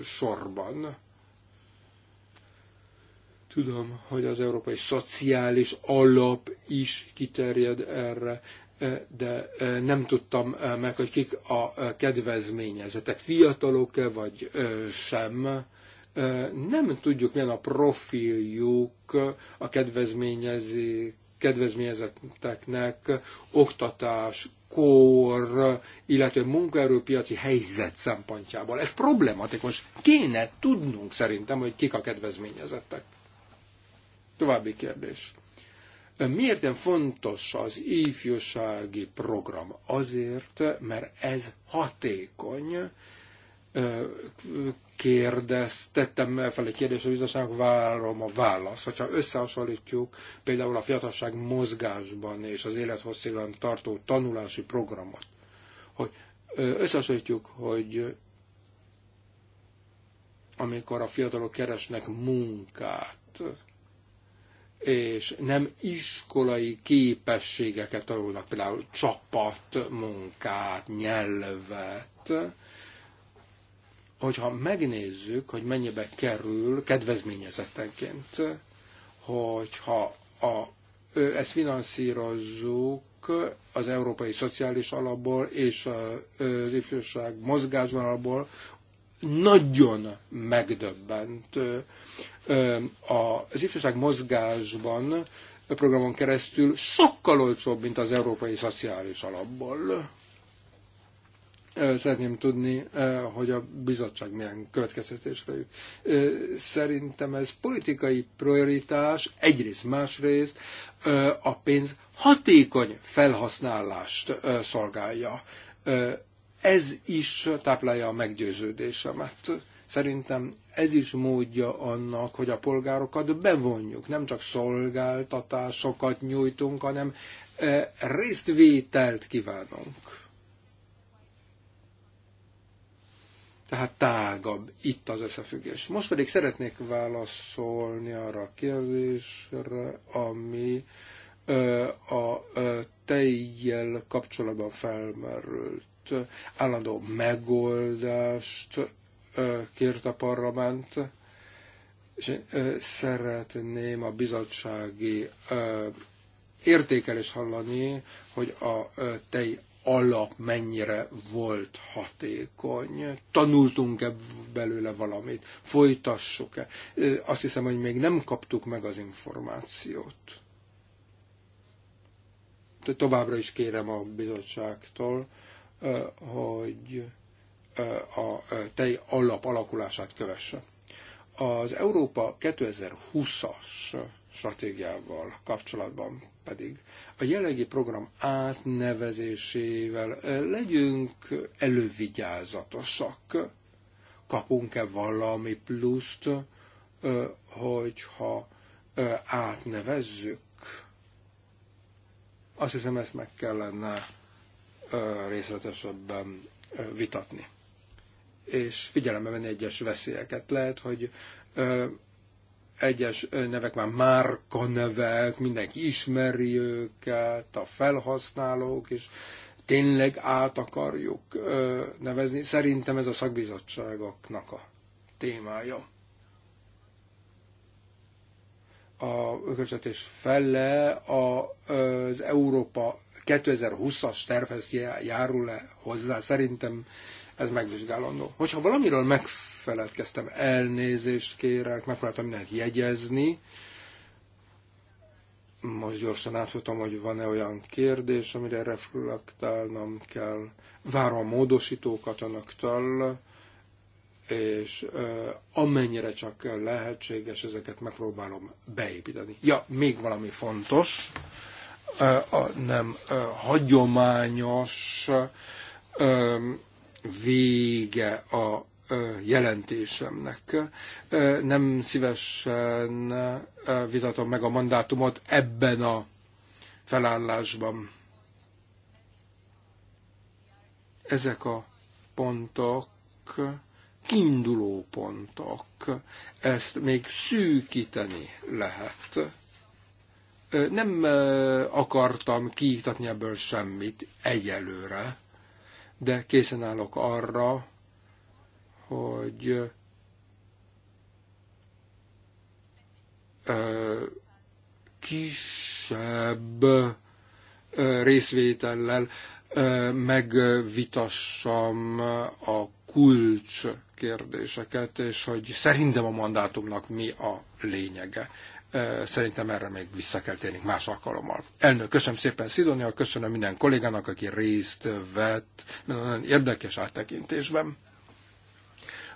sorban. Tudom, hogy az európai szociális alap is kiterjed erre, de nem tudtam meg, hogy kik a kedvezményezetek, fiatalok-e vagy sem. Nem tudjuk, milyen a profiljuk a kedvezményezetteknek, oktatás, kor, illetve munkaerőpiaci helyzet szempontjából. Ez problematikus. Kéne tudnunk szerintem, hogy kik a kedvezményezettek. További kérdés. Miért nem fontos az ifjúsági program? Azért, mert ez hatékony. Kérdeztettem fel egy kérdést a bizottságnak, várom a választ. Hogyha összehasonlítjuk például a fiatalság mozgásban és az élethosszígan tartó tanulási programot, hogy összehasonlítjuk, hogy amikor a fiatalok keresnek munkát, és nem iskolai képességeket tanulnak, például csapatmunkát, nyelvet. Hogyha megnézzük, hogy mennyibe kerül kedvezményezettenként, hogyha a, ezt finanszírozzuk az Európai Szociális Alapból és az ifjúság mozgásban alapból, nagyon megdöbbent az ifjúság mozgásban programon keresztül sokkal olcsóbb, mint az Európai Szociális Alapból. Szeretném tudni, hogy a bizottság milyen következtetésre jut. Szerintem ez politikai prioritás, egyrészt, másrészt a pénz hatékony felhasználást szolgálja ez is táplálja a meggyőződésemet. Szerintem ez is módja annak, hogy a polgárokat bevonjuk. Nem csak szolgáltatásokat nyújtunk, hanem e, résztvételt kívánunk. tehát tágabb itt az összefüggés. Most pedig szeretnék válaszolni arra a kérdésre, ami e, a e, tejjel kapcsolatban felmerült állandó megoldást kért a parlament, és szeretném a bizottsági értékelést hallani, hogy a tej alap mennyire volt hatékony, tanultunk-e belőle valamit, folytassuk-e. Azt hiszem, hogy még nem kaptuk meg az információt. továbbra is kérem a bizottságtól, hogy a tej alap alakulását kövesse. Az Európa 2020-as stratégiával kapcsolatban pedig a jelenlegi program átnevezésével legyünk elővigyázatosak. Kapunk-e valami pluszt, hogyha átnevezzük? Azt hiszem, ezt meg kellene részletesebben vitatni. És figyelembe venni egyes veszélyeket. Lehet, hogy egyes nevek már márka nevek, mindenki ismeri őket, a felhasználók, és tényleg át akarjuk nevezni. Szerintem ez a szakbizottságoknak a témája. A ököcsetés felle az Európa 2020-as tervhez járul -e hozzá. Szerintem ez megvizsgálandó. Hogyha valamiről megfeledkeztem, elnézést kérek, megpróbáltam mindent jegyezni, most gyorsan átfutom, hogy van-e olyan kérdés, amire reflektálnom kell. Várom a módosítókat önöktől, és amennyire csak lehetséges, ezeket megpróbálom beépíteni. Ja, még valami fontos, a nem hagyományos vége a jelentésemnek. Nem szívesen vitatom meg a mandátumot ebben a felállásban. Ezek a pontok kiinduló pontok. Ezt még szűkíteni lehet nem akartam kiiktatni ebből semmit egyelőre, de készen állok arra, hogy kisebb részvétellel megvitassam a kulcs kérdéseket, és hogy szerintem a mandátumnak mi a lényege. Szerintem erre még vissza kell térnünk más alkalommal. Elnök, köszönöm szépen Szidónia, köszönöm minden kollégának, aki részt vett nagyon érdekes áttekintésben.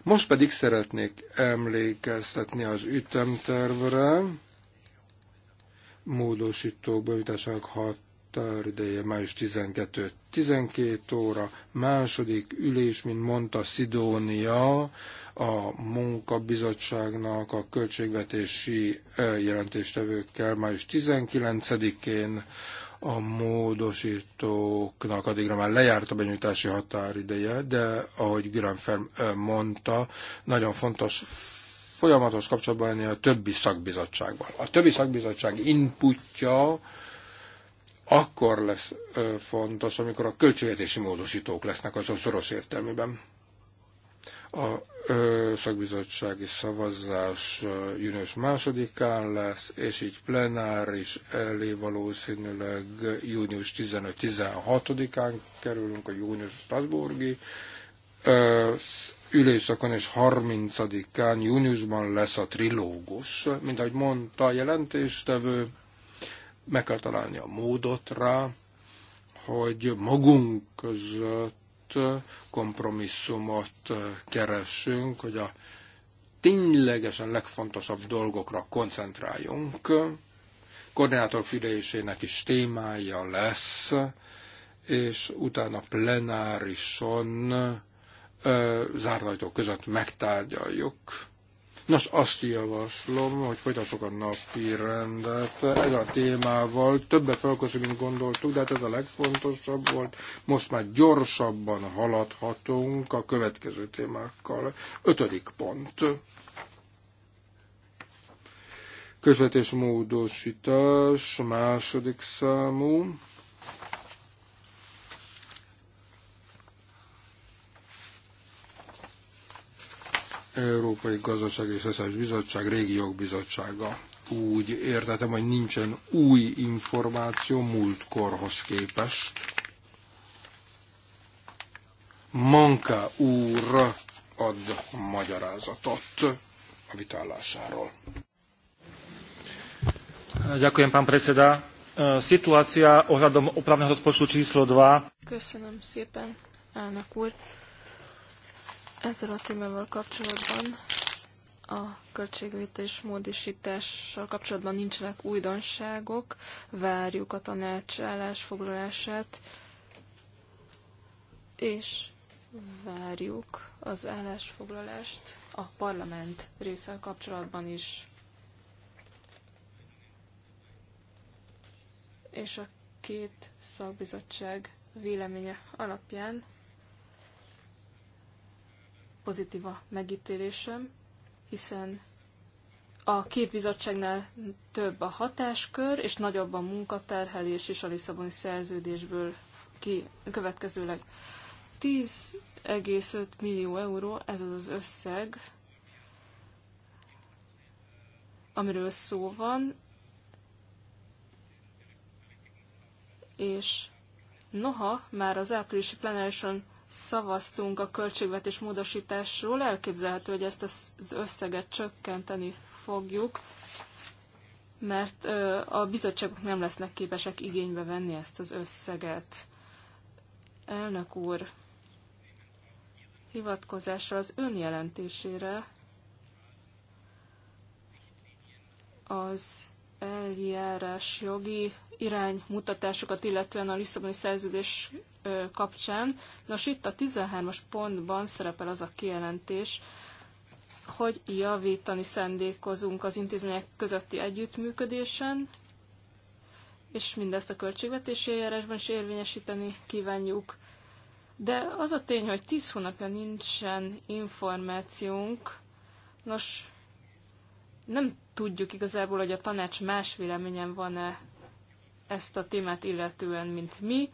Most pedig szeretnék emlékeztetni az ütemtervre módosító bejutásának hat ideje május 12 12 óra, második ülés, mint mondta Szidónia, a munkabizottságnak a költségvetési jelentéstevőkkel május 19-én a módosítóknak addigra már lejárt a benyújtási határideje, de ahogy Gülen mondta, nagyon fontos folyamatos kapcsolatban lenni a többi szakbizottságban. A többi szakbizottság inputja akkor lesz fontos, amikor a költségvetési módosítók lesznek azon szoros értelmében. A szakbizottsági szavazás június másodikán lesz, és így plenáris elé valószínűleg június 15-16-án kerülünk a június Strasburgi ülésszakon, és 30-án júniusban lesz a trilógus. Mint ahogy mondta a jelentéstevő, meg kell találni a módot rá, hogy magunk között kompromisszumot keresünk, hogy a ténylegesen legfontosabb dolgokra koncentráljunk. Koordinátor ülésének is témája lesz, és utána plenárison zárlajtó között megtárgyaljuk Nos, azt javaslom, hogy folytassuk a napi rendet. Ez a témával többet foglalkozunk, mint gondoltuk, de hát ez a legfontosabb volt. Most már gyorsabban haladhatunk a következő témákkal. Ötödik pont. Közvetés módosítás, második számú. Európai Gazdaság és Szociális Bizottság, Régiók Bizottsága. Úgy értetem, hogy nincsen új információ múltkorhoz képest. Manka úr ad magyarázatot a vitállásáról. Ďakujem, pán predseda. E, situácia ohľadom opravného rozpočtu číslo 2. Köszönöm szépen, elnök úr. Ezzel a témával kapcsolatban a költségvetés módosítással kapcsolatban nincsenek újdonságok, várjuk a tanács állásfoglalását, és várjuk az állásfoglalást a parlament részsel kapcsolatban is. És a két szakbizottság véleménye alapján pozitív a megítélésem, hiszen a két bizottságnál több a hatáskör, és nagyobb a munkaterhelés és a Lisszaboni szerződésből ki következőleg. 10,5 millió euró, ez az az összeg, amiről szó van, és noha már az áprilisi plenárison szavaztunk a költségvetés módosításról, elképzelhető, hogy ezt az összeget csökkenteni fogjuk, mert a bizottságok nem lesznek képesek igénybe venni ezt az összeget. Elnök úr, hivatkozásra az önjelentésére az eljárás jogi iránymutatásokat, illetően a Lisszaboni szerződés kapcsán. Nos, itt a 13-as pontban szerepel az a kijelentés, hogy javítani szándékozunk az intézmények közötti együttműködésen, és mindezt a költségvetési eljárásban is érvényesíteni kívánjuk. De az a tény, hogy 10 hónapja nincsen információnk, nos, nem tudjuk igazából, hogy a tanács más véleményen van-e ezt a témát illetően, mint mi.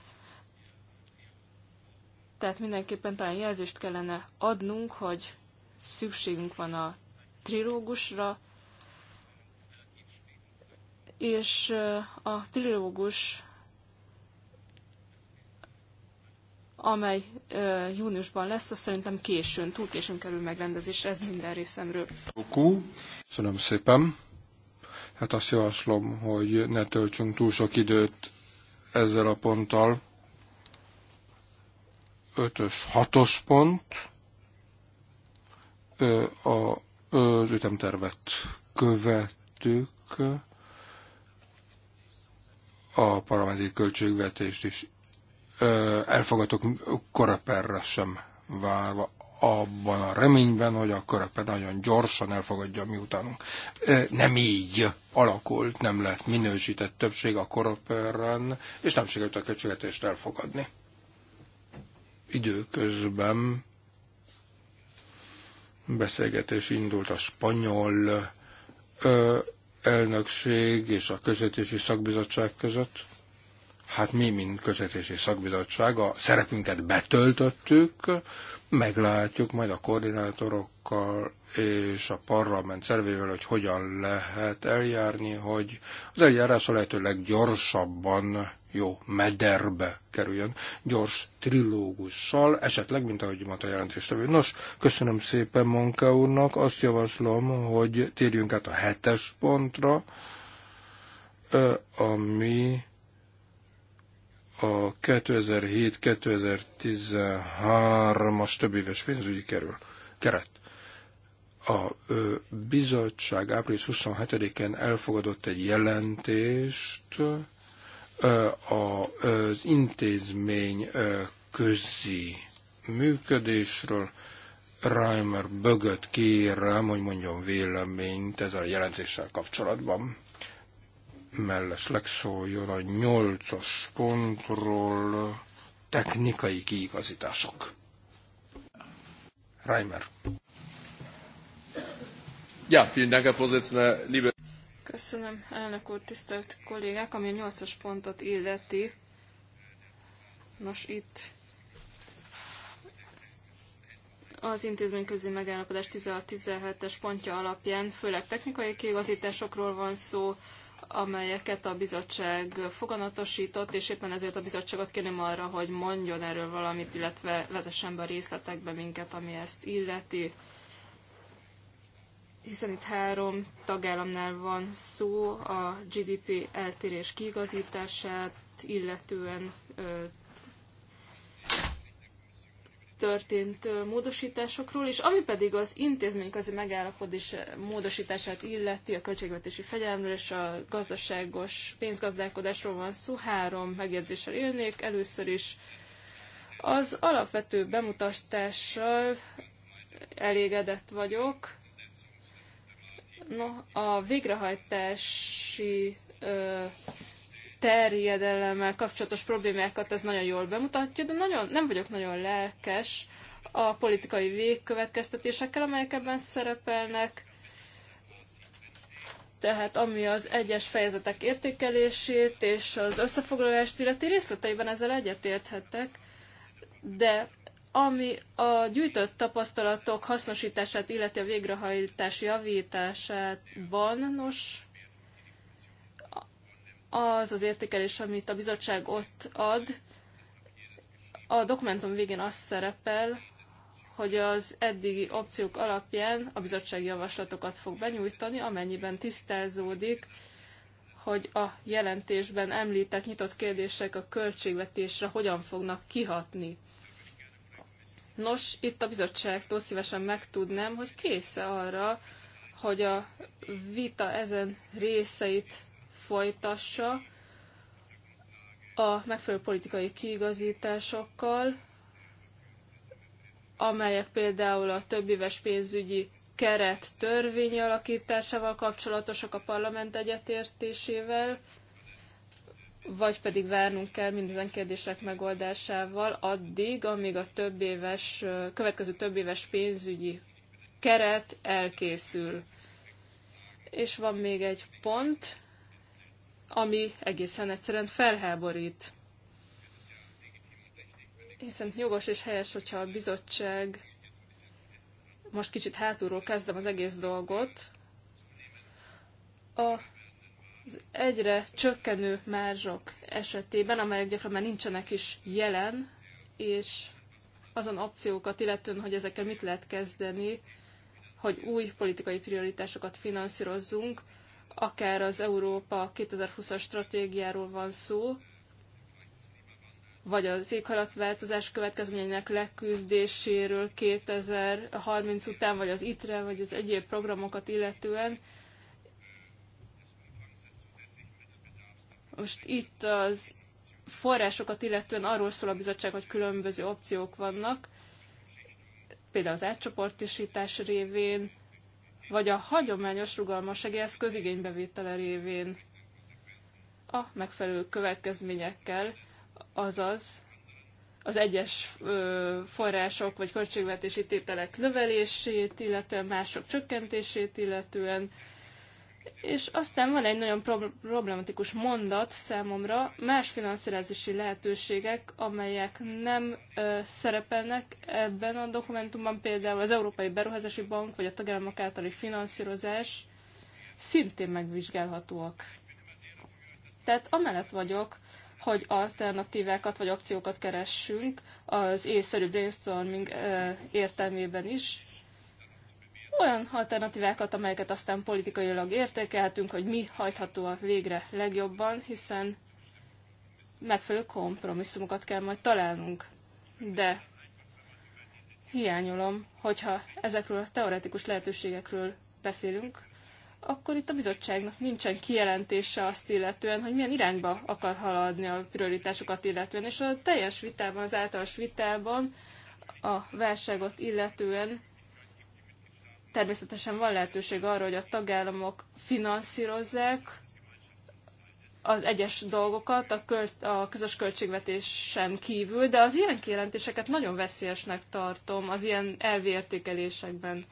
Tehát mindenképpen talán jelzést kellene adnunk, hogy szükségünk van a trilógusra, és a trilógus, amely júniusban lesz, az szerintem későn, túl későn kerül megrendezésre, ez minden részemről. Köszönöm szépen. Hát azt javaslom, hogy ne töltsünk túl sok időt ezzel a ponttal. ötös hatos pont a, az ütemtervet követtük, a parlamenti költségvetést is elfogadok koraperre sem várva abban a reményben, hogy a körepe nagyon gyorsan elfogadja mi utánunk. Nem így alakult, nem lett minősített többség a koröpörön, és nem sikerült a köcsögetést elfogadni. Időközben beszélgetés indult a spanyol ö, elnökség és a közvetési szakbizottság között. Hát mi, mint közvetési szakbizottság, a szerepünket betöltöttük, meglátjuk majd a koordinátorokkal és a parlament szervével, hogy hogyan lehet eljárni, hogy az eljárás a lehető leggyorsabban jó mederbe kerüljön, gyors trilógussal, esetleg, mint ahogy mondta a jelentéstevő. Nos, köszönöm szépen Monka úrnak, azt javaslom, hogy térjünk át a hetes pontra, ami a 2007-2013-as többéves pénzügyi kerül, keret. A ö, bizottság április 27-én elfogadott egy jelentést ö, a, az intézmény ö, közi működésről. Reimer Bögöt kérem, hogy mondjon véleményt ezzel a jelentéssel kapcsolatban mellesleg szóljon a nyolcas pontról technikai kiigazítások. Reimer. Ja, vielen Dank, liebe... Köszönöm, elnök úr, tisztelt kollégák, ami a nyolcas pontot illeti. Nos, itt az intézményközi megállapodás 16-17-es pontja alapján főleg technikai kiigazításokról van szó, amelyeket a bizottság foganatosított, és éppen ezért a bizottságot kérném arra, hogy mondjon erről valamit, illetve vezessen be részletekbe minket, ami ezt illeti. Hiszen itt három tagállamnál van szó a GDP eltérés kiigazítását, illetően történt módosításokról, és ami pedig az intézményközi megállapodás módosítását illeti, a költségvetési fegyelmről és a gazdaságos pénzgazdálkodásról van szó, három megjegyzéssel élnék. Először is az alapvető bemutatással elégedett vagyok. No, a végrehajtási ö, terjedelemmel kapcsolatos problémákat ez nagyon jól bemutatja, de nagyon, nem vagyok nagyon lelkes a politikai végkövetkeztetésekkel, amelyek ebben szerepelnek. Tehát ami az egyes fejezetek értékelését és az összefoglalást illeti részleteiben ezzel egyetérthetek, de ami a gyűjtött tapasztalatok hasznosítását, illeti a végrehajtás javításában, nos, az az értékelés, amit a bizottság ott ad, a dokumentum végén azt szerepel, hogy az eddigi opciók alapján a bizottság javaslatokat fog benyújtani, amennyiben tisztázódik, hogy a jelentésben említett nyitott kérdések a költségvetésre hogyan fognak kihatni. Nos, itt a bizottságtól szívesen megtudnám, hogy kész arra, hogy a vita ezen részeit folytassa a megfelelő politikai kiigazításokkal, amelyek például a éves pénzügyi keret törvény alakításával kapcsolatosak a parlament egyetértésével, vagy pedig várnunk kell mindezen kérdések megoldásával addig, amíg a több éves, következő több éves pénzügyi keret elkészül. És van még egy pont, ami egészen egyszerűen felháborít. Hiszen jogos és helyes, hogyha a bizottság most kicsit hátulról kezdem az egész dolgot, a az egyre csökkenő márzsok esetében, amelyek gyakran már nincsenek is jelen, és azon opciókat illetően, hogy ezekkel mit lehet kezdeni, hogy új politikai prioritásokat finanszírozzunk, akár az Európa 2020-as stratégiáról van szó, vagy az éghajlatváltozás következményeinek leküzdéséről 2030 után, vagy az ITRE, vagy az egyéb programokat illetően. Most itt az forrásokat illetően arról szól a bizottság, hogy különböző opciók vannak, például az átcsoportosítás révén, vagy a hagyományos rugalmas egész közigénybevétele révén a megfelelő következményekkel, azaz az egyes ö, források vagy költségvetési tételek növelését, illetően mások csökkentését, illetően és aztán van egy nagyon problematikus mondat számomra, más finanszírozási lehetőségek, amelyek nem ö, szerepelnek ebben a dokumentumban, például az Európai Beruházási Bank vagy a tagállamok általi finanszírozás szintén megvizsgálhatóak. Tehát amellett vagyok, hogy alternatívákat vagy opciókat keressünk az észszerű brainstorming ö, értelmében is, olyan alternatívákat, amelyeket aztán politikailag értékelhetünk, hogy mi hajtható a végre legjobban, hiszen megfelelő kompromisszumokat kell majd találnunk. De hiányolom, hogyha ezekről a teoretikus lehetőségekről beszélünk, akkor itt a bizottságnak nincsen kijelentése azt illetően, hogy milyen irányba akar haladni a prioritásokat illetően, és a teljes vitában, az általános vitában a válságot illetően Természetesen van lehetőség arra, hogy a tagállamok finanszírozzák az egyes dolgokat a, költ, a közös költségvetésen kívül, de az ilyen kijelentéseket nagyon veszélyesnek tartom az ilyen elvértékelésekben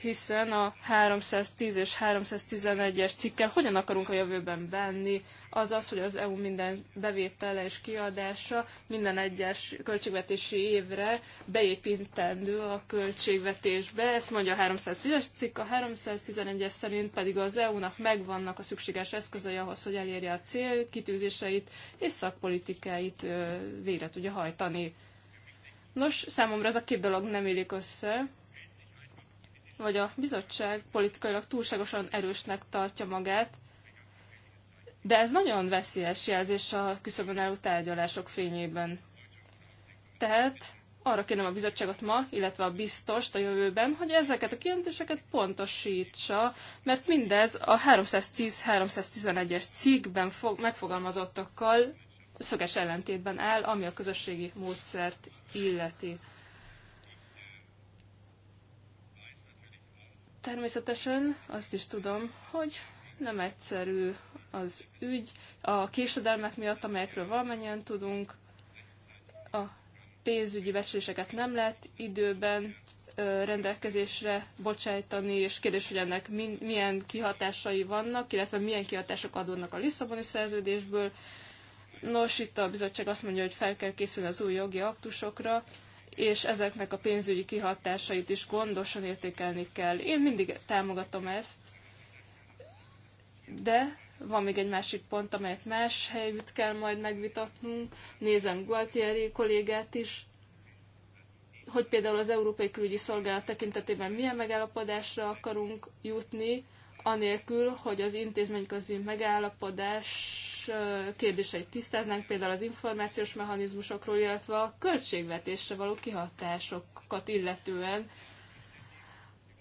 hiszen a 310 és 311-es cikkel hogyan akarunk a jövőben benni az az, hogy az EU minden bevétele és kiadása minden egyes költségvetési évre beépítendő a költségvetésbe. Ezt mondja a 310-es cikk, a 311-es szerint pedig az EU-nak megvannak a szükséges eszközei ahhoz, hogy elérje a cél kitűzéseit és szakpolitikáit végre tudja hajtani. Nos, számomra ez a két dolog nem élik össze vagy a bizottság politikailag túlságosan erősnek tartja magát, de ez nagyon veszélyes jelzés a küszöbön álló tárgyalások fényében. Tehát arra kérem a bizottságot ma, illetve a biztost a jövőben, hogy ezeket a kijelentéseket pontosítsa, mert mindez a 310-311-es cikkben fog, megfogalmazottakkal szöges ellentétben áll, ami a közösségi módszert illeti. Természetesen azt is tudom, hogy nem egyszerű az ügy, a késedelmek miatt, amelyekről valamennyien tudunk, a pénzügyi becsléseket nem lehet időben rendelkezésre bocsájtani, és kérdés, hogy ennek milyen kihatásai vannak, illetve milyen kihatások adódnak a Lisszaboni szerződésből. Nos, itt a bizottság azt mondja, hogy fel kell készülni az új jogi aktusokra, és ezeknek a pénzügyi kihatásait is gondosan értékelni kell. Én mindig támogatom ezt, de van még egy másik pont, amelyet más helyütt kell majd megvitatnunk. Nézem Gualtieri kollégát is, hogy például az Európai Külügyi Szolgálat tekintetében milyen megállapodásra akarunk jutni, anélkül, hogy az intézményközi megállapodás kérdéseit tisztáznánk, például az információs mechanizmusokról, illetve a költségvetésre való kihatásokat illetően,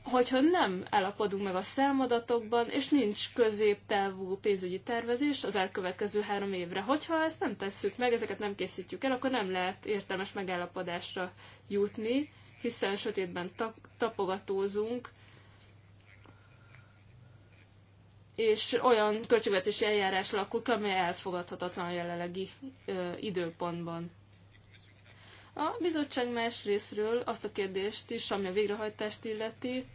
hogyha nem állapodunk meg a számadatokban, és nincs középtávú pénzügyi tervezés az elkövetkező három évre. Hogyha ezt nem tesszük meg, ezeket nem készítjük el, akkor nem lehet értelmes megállapodásra jutni, hiszen sötétben tapogatózunk, és olyan költségvetési eljárás alakul ki, amely elfogadhatatlan a jelenlegi ö, időpontban. A bizottság más részről azt a kérdést is, ami a végrehajtást illeti,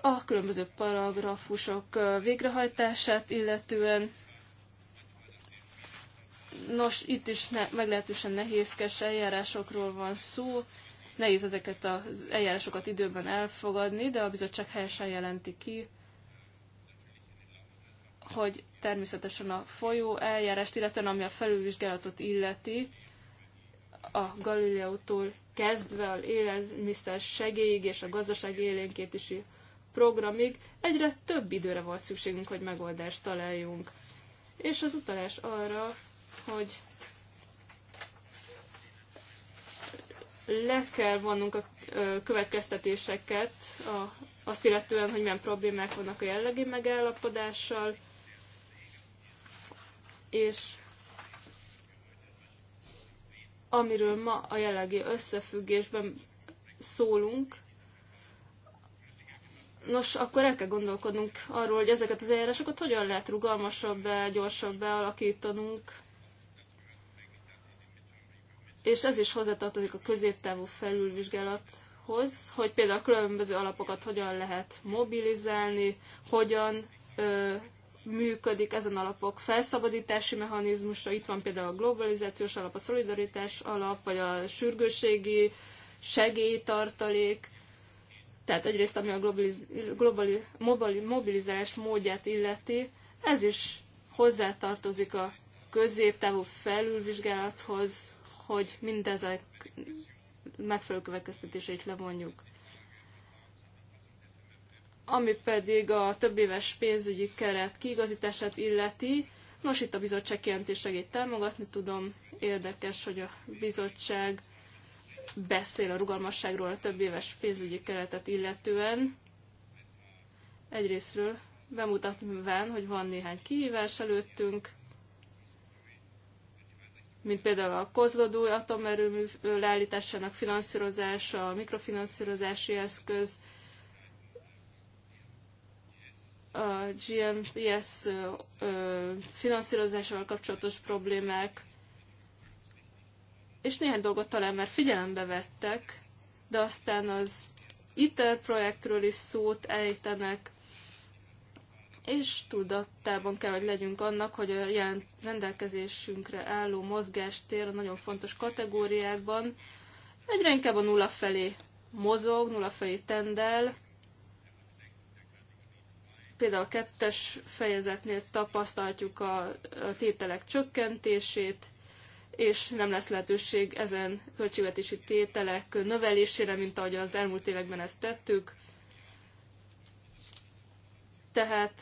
a különböző paragrafusok végrehajtását illetően. Nos, itt is ne, meglehetősen nehézkes eljárásokról van szó. Nehéz ezeket az eljárásokat időben elfogadni, de a bizottság helyesen jelenti ki, hogy természetesen a folyó eljárást, illetve ami a felülvizsgálatot illeti, a Galileótól kezdve az élelmiszer segélyig és a gazdaság élénkítési programig egyre több időre volt szükségünk, hogy megoldást találjunk. És az utalás arra, hogy le kell vonnunk a következtetéseket a, azt illetően, hogy milyen problémák vannak a jellegi megállapodással, és amiről ma a jelenlegi összefüggésben szólunk, Nos, akkor el kell gondolkodnunk arról, hogy ezeket az eljárásokat hogyan lehet rugalmasabbá, gyorsabbá alakítanunk. És ez is hozzátartozik a középtávú felülvizsgálathoz, hogy például a különböző alapokat hogyan lehet mobilizálni, hogyan ö, működik ezen alapok felszabadítási mechanizmusa. Itt van például a globalizációs alap, a szolidaritás alap, vagy a sürgősségi segélytartalék. Tehát egyrészt, ami a globaliz- globali, mobili, mobilizálás módját illeti, ez is hozzátartozik a középtávú felülvizsgálathoz, hogy mindezek megfelelő következtetéseit levonjuk ami pedig a több éves pénzügyi keret kiigazítását illeti. Nos, itt a bizottság kijelentésegét támogatni tudom. Érdekes, hogy a bizottság beszél a rugalmasságról a több éves pénzügyi keretet illetően. Egyrésztről bemutatván, hogy van néhány kihívás előttünk, mint például a kozlodói atomerőmű leállításának finanszírozása, a mikrofinanszírozási eszköz, a GMPS finanszírozásával kapcsolatos problémák, és néhány dolgot talán már figyelembe vettek, de aztán az ITER projektről is szót ejtenek, és tudattában kell, hogy legyünk annak, hogy a jelen rendelkezésünkre álló mozgástér a nagyon fontos kategóriákban egyre inkább a nulla felé mozog, nulla felé tendel, Például a kettes fejezetnél tapasztalhatjuk a tételek csökkentését, és nem lesz lehetőség ezen költségvetési tételek növelésére, mint ahogy az elmúlt években ezt tettük. Tehát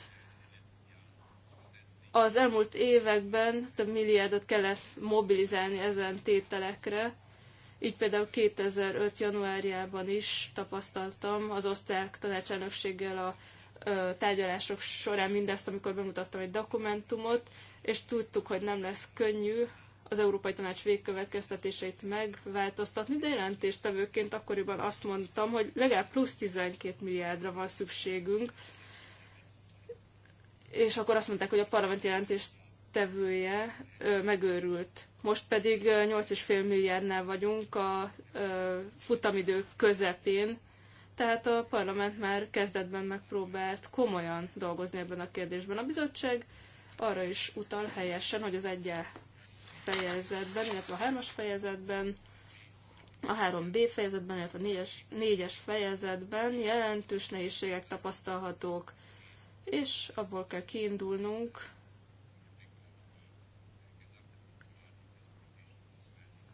az elmúlt években több milliárdot kellett mobilizálni ezen tételekre. Így például 2005. januárjában is tapasztaltam az osztrák tanácselnökséggel a tárgyalások során mindezt, amikor bemutattam egy dokumentumot, és tudtuk, hogy nem lesz könnyű az Európai Tanács végkövetkeztetéseit megváltoztatni, de jelentéstevőként akkoriban azt mondtam, hogy legalább plusz 12 milliárdra van szükségünk, és akkor azt mondták, hogy a parlament jelentéstevője megőrült. Most pedig 8,5 milliárdnál vagyunk a futamidő közepén, tehát a parlament már kezdetben megpróbált komolyan dolgozni ebben a kérdésben. A bizottság arra is utal helyesen, hogy az egyel fejezetben, illetve a hármas fejezetben, a 3B fejezetben, illetve a 4-es, 4-es fejezetben jelentős nehézségek tapasztalhatók, és abból kell kiindulnunk,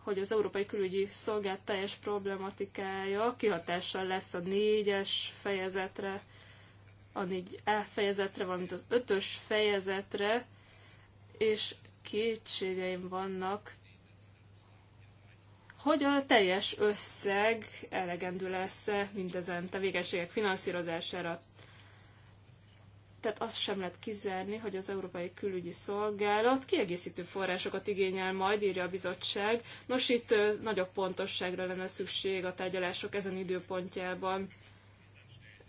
hogy az Európai Külügyi Szolgált teljes problematikája kihatással lesz a négyes fejezetre, a négy e fejezetre, valamint az ötös fejezetre, és kétségeim vannak, hogy a teljes összeg elegendő lesz-e mindezen tevékenységek finanszírozására tehát azt sem lehet kizárni, hogy az Európai Külügyi Szolgálat kiegészítő forrásokat igényel majd, írja a bizottság. Nos, itt nagyobb pontosságra lenne szükség a tárgyalások ezen időpontjában,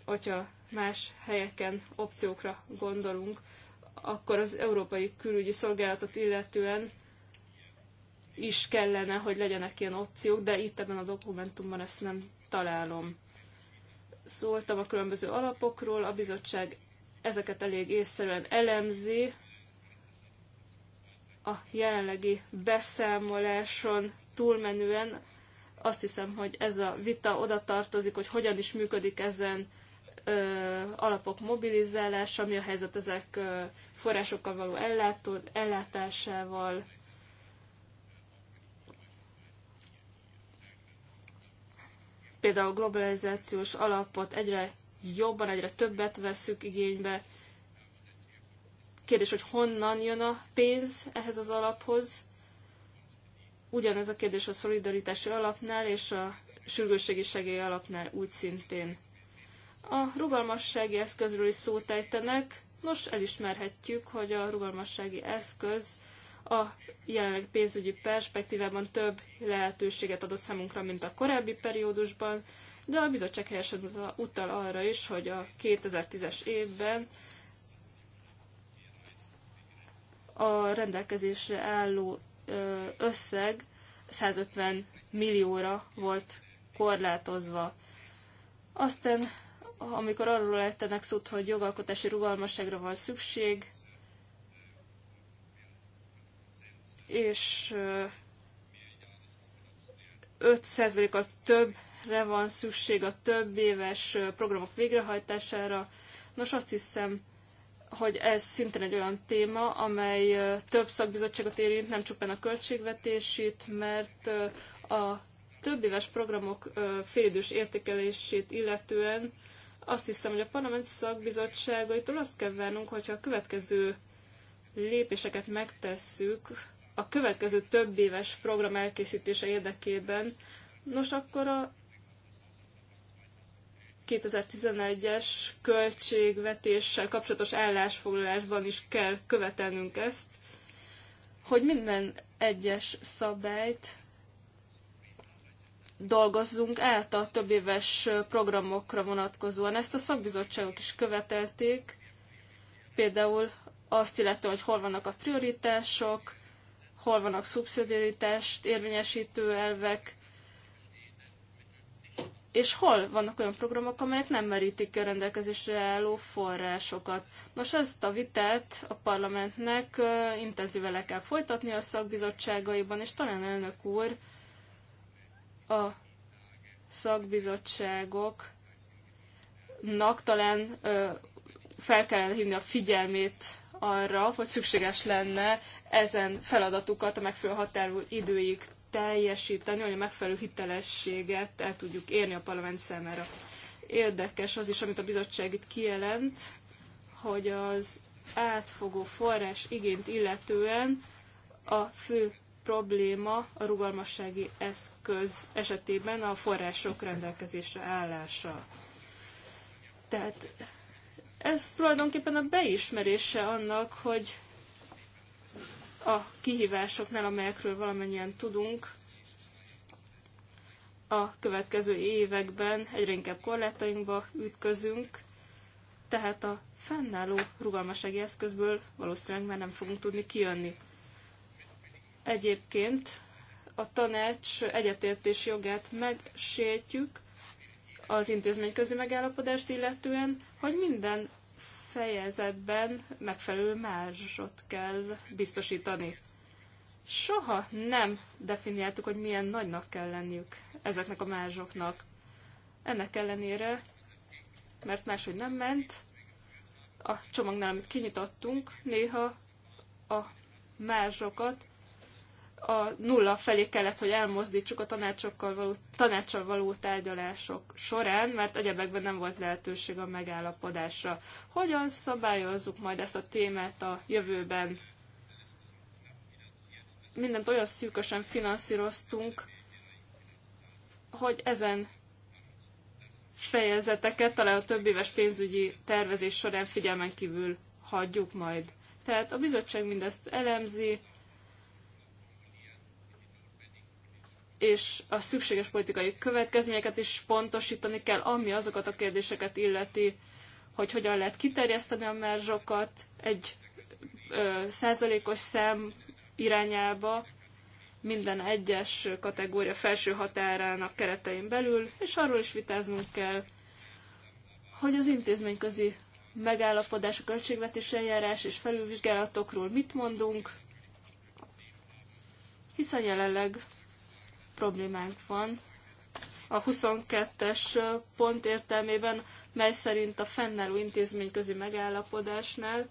hogyha más helyeken, opciókra gondolunk, akkor az Európai Külügyi Szolgálatot illetően is kellene, hogy legyenek ilyen opciók, de itt ebben a dokumentumban ezt nem találom. Szóltam a különböző alapokról, a bizottság ezeket elég észszerűen elemzi, a jelenlegi beszámoláson túlmenően azt hiszem, hogy ez a vita oda tartozik, hogy hogyan is működik ezen ö, alapok mobilizálása, mi a helyzet ezek ö, forrásokkal való ellátó, ellátásával. Például a globalizációs alapot egyre jobban, egyre többet veszük igénybe. Kérdés, hogy honnan jön a pénz ehhez az alaphoz. Ugyanez a kérdés a szolidaritási alapnál és a sürgősségi segély alapnál úgy szintén. A rugalmassági eszközről is szót ejtenek. Nos, elismerhetjük, hogy a rugalmassági eszköz a jelenleg pénzügyi perspektívában több lehetőséget adott számunkra, mint a korábbi periódusban, de a bizottság helyesen utal arra is, hogy a 2010-es évben a rendelkezésre álló összeg 150 millióra volt korlátozva. Aztán, amikor arról értenek szót, hogy jogalkotási rugalmasságra van szükség, és 5%-a több re van szükség a több éves programok végrehajtására. Nos, azt hiszem, hogy ez szintén egy olyan téma, amely több szakbizottságot érint, nem csupán a költségvetését, mert a több éves programok félidős értékelését illetően azt hiszem, hogy a parlament szakbizottságaitól azt kell várnunk, hogyha a következő lépéseket megtesszük a következő több éves program elkészítése érdekében, nos akkor a 2011-es költségvetéssel kapcsolatos állásfoglalásban is kell követelnünk ezt, hogy minden egyes szabályt dolgozzunk át a több éves programokra vonatkozóan. Ezt a szakbizottságok is követelték, például azt illetve, hogy hol vannak a prioritások, hol vannak szubszidiaritást érvényesítő elvek, és hol vannak olyan programok, amelyek nem merítik a rendelkezésre álló forrásokat. Nos, ezt a vitát a parlamentnek intenzíve le kell folytatni a szakbizottságaiban, és talán elnök úr a szakbizottságoknak talán fel kellene hívni a figyelmét arra, hogy szükséges lenne ezen feladatukat a megfelelő határú időig teljesíteni, hogy a megfelelő hitelességet el tudjuk érni a parlament számára. Érdekes az is, amit a bizottság itt kijelent, hogy az átfogó forrás igényt illetően a fő probléma a rugalmassági eszköz esetében a források rendelkezésre állása. Tehát ez tulajdonképpen a beismerése annak, hogy a kihívásoknál, amelyekről valamennyien tudunk, a következő években egyre inkább korlátainkba ütközünk, tehát a fennálló rugalmasági eszközből valószínűleg már nem fogunk tudni kijönni. Egyébként a tanács egyetértés jogát megsértjük az intézményközi megállapodást illetően, hogy minden fejezetben megfelelő mázsot kell biztosítani. Soha nem definiáltuk, hogy milyen nagynak kell lenniük ezeknek a mázsoknak. Ennek ellenére, mert máshogy nem ment, a csomagnál, amit kinyitottunk, néha a mázsokat a nulla felé kellett, hogy elmozdítsuk a tanácsokkal való, tanácssal való tárgyalások során, mert egyebekben nem volt lehetőség a megállapodásra. Hogyan szabályozzuk majd ezt a témát a jövőben? Mindent olyan szűkösen finanszíroztunk, hogy ezen fejezeteket talán a több éves pénzügyi tervezés során figyelmen kívül hagyjuk majd. Tehát a bizottság mindezt elemzi, és a szükséges politikai következményeket is pontosítani kell, ami azokat a kérdéseket illeti, hogy hogyan lehet kiterjeszteni a márzsokat egy ö, százalékos szám irányába, minden egyes kategória felső határának keretein belül, és arról is vitáznunk kell, hogy az intézményközi megállapodás, a költségvetés eljárás és felülvizsgálatokról mit mondunk, hiszen jelenleg problémánk van. A 22-es pont értelmében, mely szerint a fennálló intézményközi megállapodásnál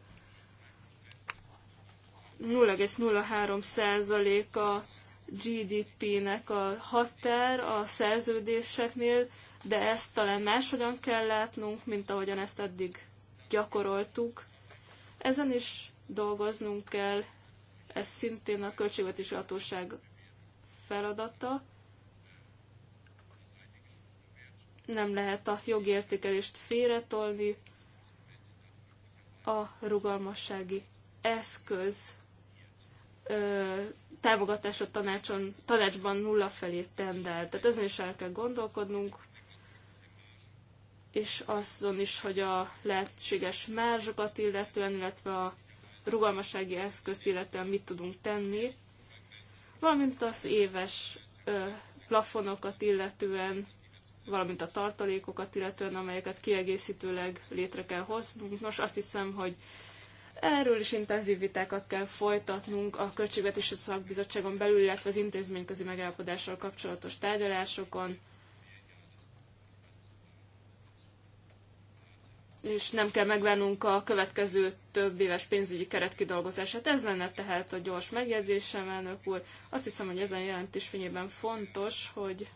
0,03% a GDP-nek a határ a szerződéseknél, de ezt talán máshogyan kell látnunk, mint ahogyan ezt eddig gyakoroltuk. Ezen is dolgoznunk kell, ez szintén a költségvetési hatóság feladata. Nem lehet a jogértékelést félretolni. A rugalmassági eszköz ö, támogatása tanácson, tanácsban nulla felé tendel. Tehát ezen is el kell gondolkodnunk, és azon is, hogy a lehetséges mázsokat illetően, illetve a rugalmassági eszközt illetően mit tudunk tenni valamint az éves ö, plafonokat illetően, valamint a tartalékokat illetően, amelyeket kiegészítőleg létre kell hoznunk. Nos, azt hiszem, hogy erről is intenzív vitákat kell folytatnunk a Költségvetési Szakbizottságon belül, illetve az intézményközi megállapodással kapcsolatos tárgyalásokon és nem kell megvennünk a következő több éves pénzügyi keret kidolgozását. Ez lenne tehát a gyors megjegyzésem, elnök úr. Azt hiszem, hogy ezen jelentés fényében fontos, hogy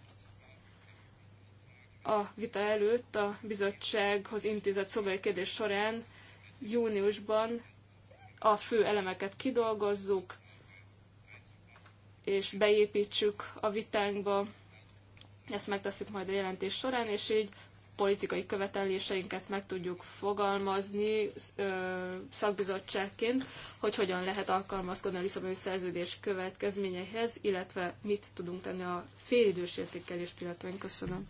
a vita előtt a bizottsághoz intézett szobai kérdés során júniusban a fő elemeket kidolgozzuk, és beépítsük a vitánkba. Ezt megteszünk majd a jelentés során, és így politikai követeléseinket meg tudjuk fogalmazni szakbizottságként, hogy hogyan lehet alkalmazkodni a Lisszaboni szerződés következményeihez, illetve mit tudunk tenni a félidős értékelést, illetve köszönöm.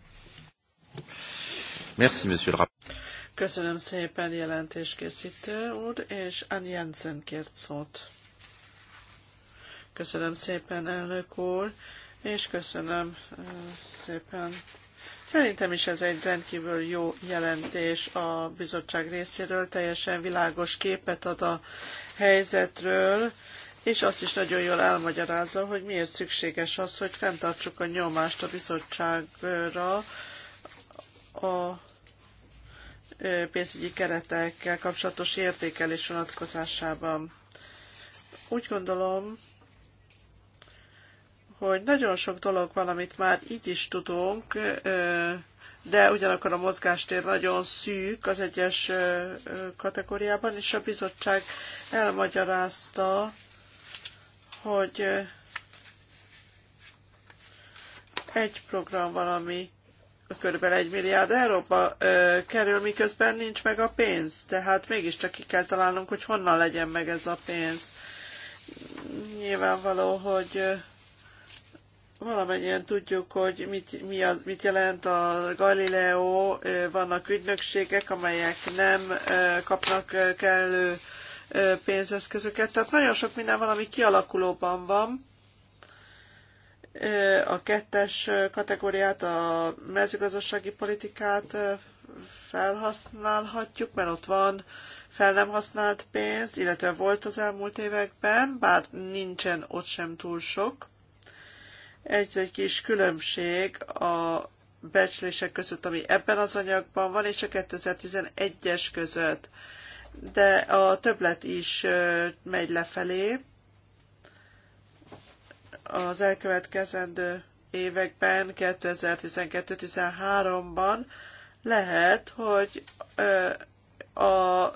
Merci, monsieur le Köszönöm szépen, jelentéskészítő úr, és Anni Jensen kért szót. Köszönöm szépen, elnök úr, és köszönöm szépen Szerintem is ez egy rendkívül jó jelentés a bizottság részéről, teljesen világos képet ad a helyzetről, és azt is nagyon jól elmagyarázza, hogy miért szükséges az, hogy fenntartsuk a nyomást a bizottságra a pénzügyi keretekkel kapcsolatos értékelés vonatkozásában. Úgy gondolom, hogy nagyon sok dolog van, amit már így is tudunk, de ugyanakkor a mozgástér nagyon szűk az egyes kategóriában, és a bizottság elmagyarázta, hogy egy program valami körülbelül egy milliárd euróba ö, kerül, miközben nincs meg a pénz. Tehát mégiscsak ki kell találnunk, hogy honnan legyen meg ez a pénz. Nyilvánvaló, hogy valamennyien tudjuk, hogy mit, mi az, mit jelent a Galileo, vannak ügynökségek, amelyek nem kapnak kellő pénzeszközöket, tehát nagyon sok minden van, ami kialakulóban van. A kettes kategóriát, a mezőgazdasági politikát felhasználhatjuk, mert ott van fel nem használt pénz, illetve volt az elmúlt években, bár nincsen ott sem túl sok egy, egy kis különbség a becslések között, ami ebben az anyagban van, és a 2011-es között. De a többlet is megy lefelé az elkövetkezendő években, 2012-13-ban lehet, hogy a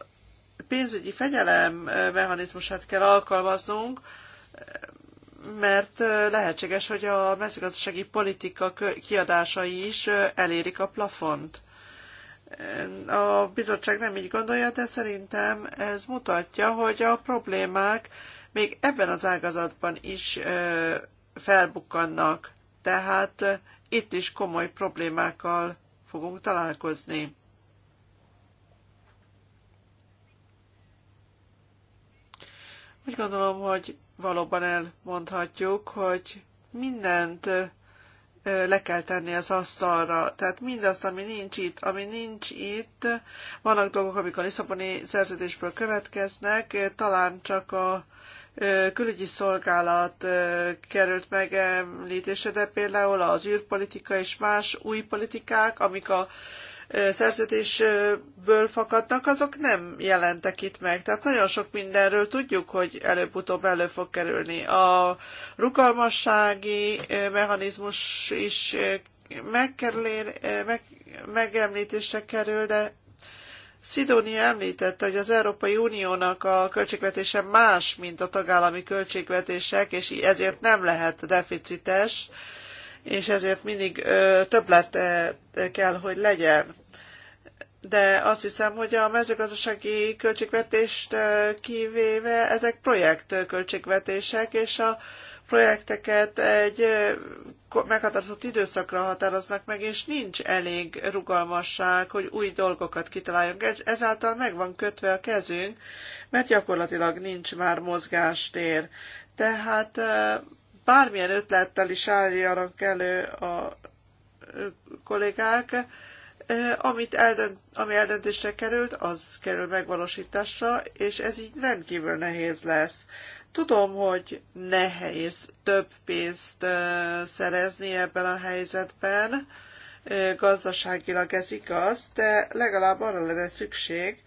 pénzügyi fegyelem mechanizmusát kell alkalmaznunk, mert lehetséges, hogy a mezőgazdasági politika kiadásai is elérik a plafont. A bizottság nem így gondolja, de szerintem ez mutatja, hogy a problémák még ebben az ágazatban is felbukkannak. Tehát itt is komoly problémákkal fogunk találkozni. Úgy gondolom, hogy valóban elmondhatjuk, hogy mindent le kell tenni az asztalra. Tehát mindazt, ami nincs itt, ami nincs itt, vannak dolgok, amik a Lisszaboni szerződésből következnek, talán csak a külügyi szolgálat került megemlítése, de például az űrpolitika és más új politikák, amik a szerződésből fakadnak, azok nem jelentek itt meg. Tehát nagyon sok mindenről tudjuk, hogy előbb-utóbb elő fog kerülni. A rugalmassági mechanizmus is megkerül, meg, megemlítésre kerül, de Szidónia említette, hogy az Európai Uniónak a költségvetése más, mint a tagállami költségvetések, és ezért nem lehet deficites és ezért mindig többlet kell, hogy legyen. De azt hiszem, hogy a mezőgazdasági költségvetést kivéve ezek projekt költségvetések és a projekteket egy meghatározott időszakra határoznak meg, és nincs elég rugalmasság, hogy új dolgokat kitaláljunk. Ezáltal meg van kötve a kezünk, mert gyakorlatilag nincs már mozgástér. Tehát bármilyen ötlettel is álljanak elő a kollégák, amit eldönt, ami eldöntésre került, az kerül megvalósításra, és ez így rendkívül nehéz lesz. Tudom, hogy nehéz több pénzt szerezni ebben a helyzetben, gazdaságilag ez igaz, de legalább arra lenne szükség,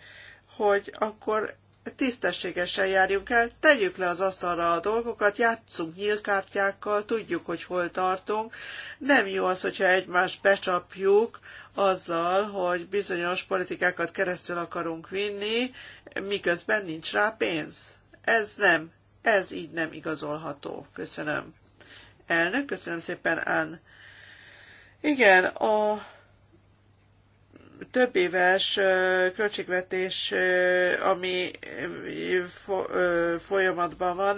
hogy akkor tisztességesen járjunk el, tegyük le az asztalra a dolgokat, játszunk nyílkártyákkal, tudjuk, hogy hol tartunk. Nem jó az, hogyha egymást becsapjuk azzal, hogy bizonyos politikákat keresztül akarunk vinni, miközben nincs rá pénz. Ez nem, ez így nem igazolható. Köszönöm. Elnök, köszönöm szépen, Ann. Igen, a több éves költségvetés, ami folyamatban van,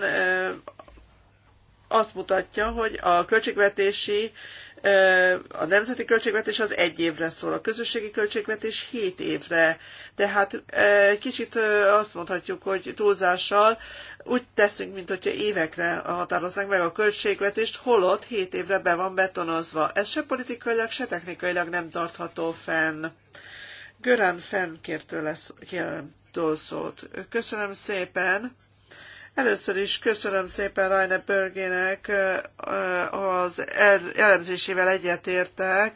azt mutatja, hogy a költségvetési a nemzeti költségvetés az egy évre szól, a közösségi költségvetés hét évre. Tehát egy kicsit azt mondhatjuk, hogy túlzással úgy teszünk, mint hogyha évekre határoznánk meg a költségvetést, holott hét évre be van betonozva. Ez se politikailag, se technikailag nem tartható fenn. Görán fenn kértől szót. Köszönöm szépen. Először is köszönöm szépen Rainer Börgének az elemzésével egyetértek,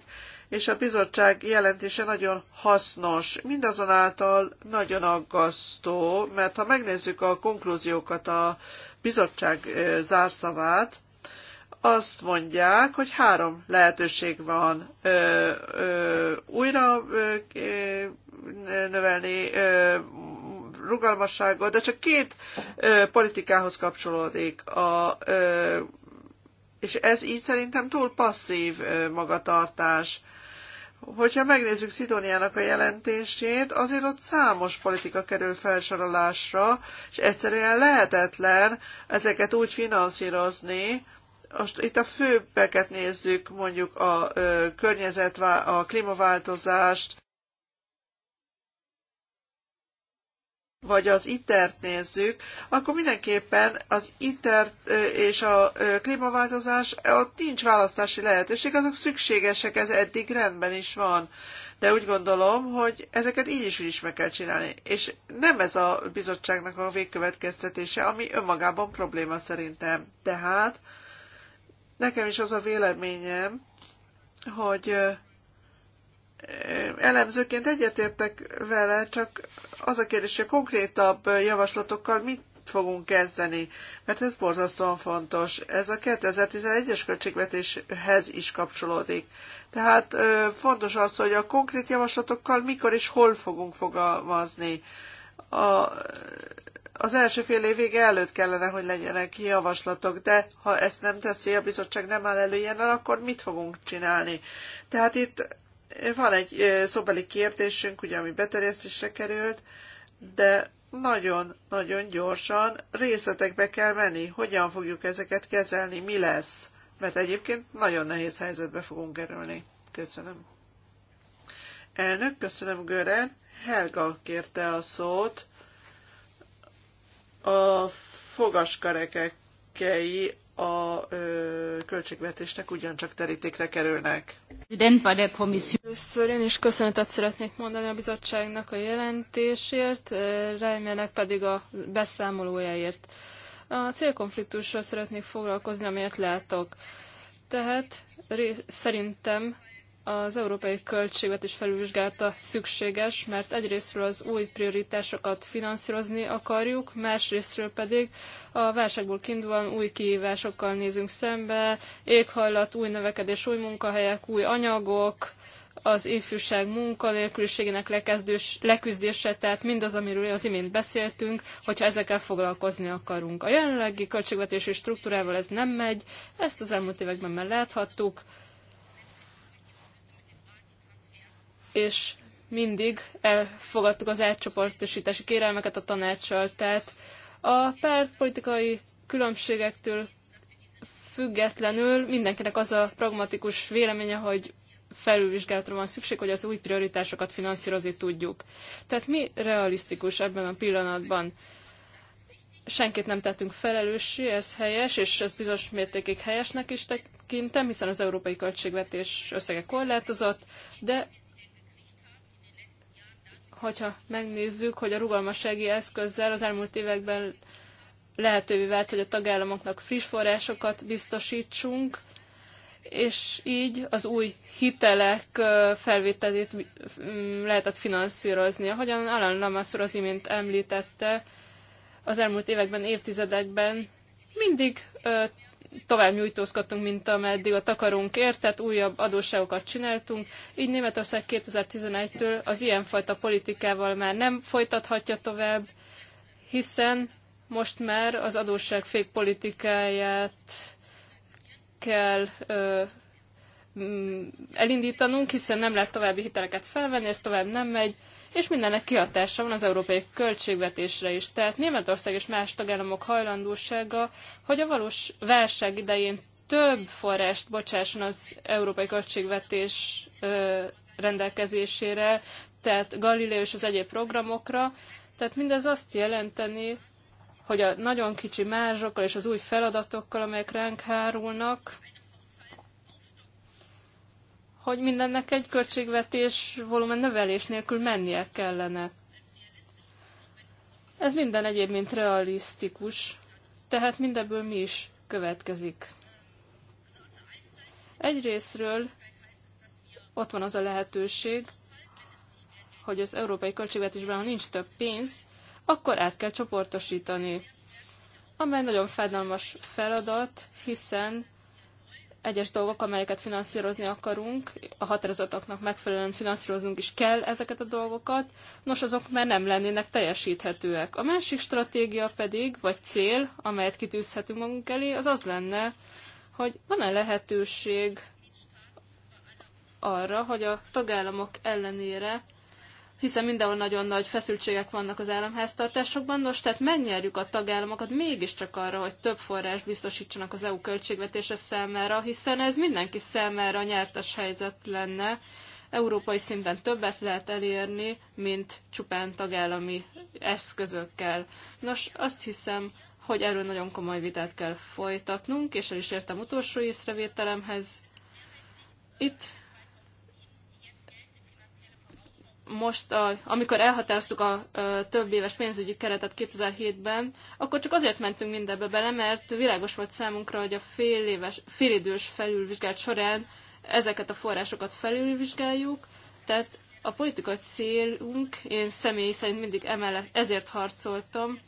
és a bizottság jelentése nagyon hasznos, mindazonáltal nagyon aggasztó, mert ha megnézzük a konklúziókat, a bizottság zárszavát, azt mondják, hogy három lehetőség van ö, ö, újra ö, növelni, ö, rugalmasságot, de csak két ö, politikához kapcsolódik. A, ö, és ez így szerintem túl passzív ö, magatartás. Hogyha megnézzük Szidóniának a jelentését, azért ott számos politika kerül felsorolásra, és egyszerűen lehetetlen ezeket úgy finanszírozni, most itt a főbbeket nézzük, mondjuk a ö, környezet, a klímaváltozást, vagy az ITER-t nézzük, akkor mindenképpen az ITER és a klímaváltozás, ott nincs választási lehetőség, azok szükségesek, ez eddig rendben is van. De úgy gondolom, hogy ezeket így is, úgy is meg kell csinálni. És nem ez a bizottságnak a végkövetkeztetése, ami önmagában probléma szerintem. Tehát nekem is az a véleményem, hogy elemzőként egyetértek vele, csak az a kérdés, hogy a konkrétabb javaslatokkal mit fogunk kezdeni, mert ez borzasztóan fontos. Ez a 2011-es költségvetéshez is kapcsolódik. Tehát fontos az, hogy a konkrét javaslatokkal mikor és hol fogunk fogalmazni. A, az első fél év vége előtt kellene, hogy legyenek javaslatok, de ha ezt nem teszi, a bizottság nem áll elő ilyennel, akkor mit fogunk csinálni? Tehát itt van egy szóbeli kérdésünk, ugye, ami beterjesztésre került, de nagyon-nagyon gyorsan részletekbe kell menni, hogyan fogjuk ezeket kezelni, mi lesz, mert egyébként nagyon nehéz helyzetbe fogunk kerülni. Köszönöm. Elnök, köszönöm Gören. Helga kérte a szót. A fogaskerekei a ö, költségvetésnek ugyancsak terítékre kerülnek. Először én is köszönetet szeretnék mondani a bizottságnak a jelentésért, remélek pedig a beszámolójáért. A célkonfliktusra szeretnék foglalkozni, amelyet látok. Tehát szerintem az európai költségvetés felülvizsgálata szükséges, mert egyrésztről az új prioritásokat finanszírozni akarjuk, másrésztről pedig a válságból kiindulóan új kihívásokkal nézünk szembe, éghajlat, új növekedés, új munkahelyek, új anyagok, az ifjúság munkanélküliségének leküzdése, tehát mindaz, amiről az imént beszéltünk, hogyha ezekkel foglalkozni akarunk. A jelenlegi költségvetési struktúrával ez nem megy, ezt az elmúlt években már láthattuk, és mindig elfogadtuk az átcsoportosítási kérelmeket a tanácssal. Tehát a pártpolitikai különbségektől függetlenül mindenkinek az a pragmatikus véleménye, hogy felülvizsgálatra van szükség, hogy az új prioritásokat finanszírozni tudjuk. Tehát mi realisztikus ebben a pillanatban? Senkit nem tettünk felelőssé, ez helyes, és ez bizonyos mértékig helyesnek is tekintem, hiszen az európai költségvetés összege korlátozott, de hogyha megnézzük, hogy a rugalmassági eszközzel az elmúlt években lehetővé vált, hogy a tagállamoknak friss forrásokat biztosítsunk, és így az új hitelek felvételét mm, lehetett finanszírozni. Ahogyan Alan Lamassur az imént említette, az elmúlt években, évtizedekben mindig tovább nyújtózkodtunk, mint ameddig a takarunk ért, tehát újabb adósságokat csináltunk. Így Németország 2011-től az ilyenfajta politikával már nem folytathatja tovább, hiszen most már az adósság politikáját kell ö, Mm, elindítanunk, hiszen nem lehet további hiteleket felvenni, ez tovább nem megy, és mindennek kihatása van az európai költségvetésre is. Tehát Németország és más tagállamok hajlandósága, hogy a valós válság idején több forrást bocsásson az európai költségvetés rendelkezésére, tehát Galileo és az egyéb programokra. Tehát mindez azt jelenteni, hogy a nagyon kicsi mázsokkal és az új feladatokkal, amelyek ránk hárulnak, hogy mindennek egy költségvetés volumen növelés nélkül mennie kellene. Ez minden egyéb, mint realisztikus, tehát mindebből mi is következik. Egyrésztről ott van az a lehetőség, hogy az európai költségvetésben, ha nincs több pénz, akkor át kell csoportosítani, amely nagyon fájdalmas feladat, hiszen egyes dolgok, amelyeket finanszírozni akarunk, a határozatoknak megfelelően finanszíroznunk is kell ezeket a dolgokat, nos azok már nem lennének teljesíthetőek. A másik stratégia pedig, vagy cél, amelyet kitűzhetünk magunk elé, az az lenne, hogy van-e lehetőség arra, hogy a tagállamok ellenére hiszen mindenhol nagyon nagy feszültségek vannak az államháztartásokban, nos, tehát megnyerjük a tagállamokat mégiscsak arra, hogy több forrás biztosítsanak az EU költségvetése számára, hiszen ez mindenki számára nyertes helyzet lenne. Európai szinten többet lehet elérni, mint csupán tagállami eszközökkel. Nos, azt hiszem, hogy erről nagyon komoly vitát kell folytatnunk, és el is értem utolsó észrevételemhez. Itt most, a, amikor elhatároztuk a, a több éves pénzügyi keretet 2007-ben, akkor csak azért mentünk mindebbe bele, mert világos volt számunkra, hogy a fél éves, félidős felülvizsgált során ezeket a forrásokat felülvizsgáljuk, tehát a politikai célunk, én személy szerint mindig emellett ezért harcoltam,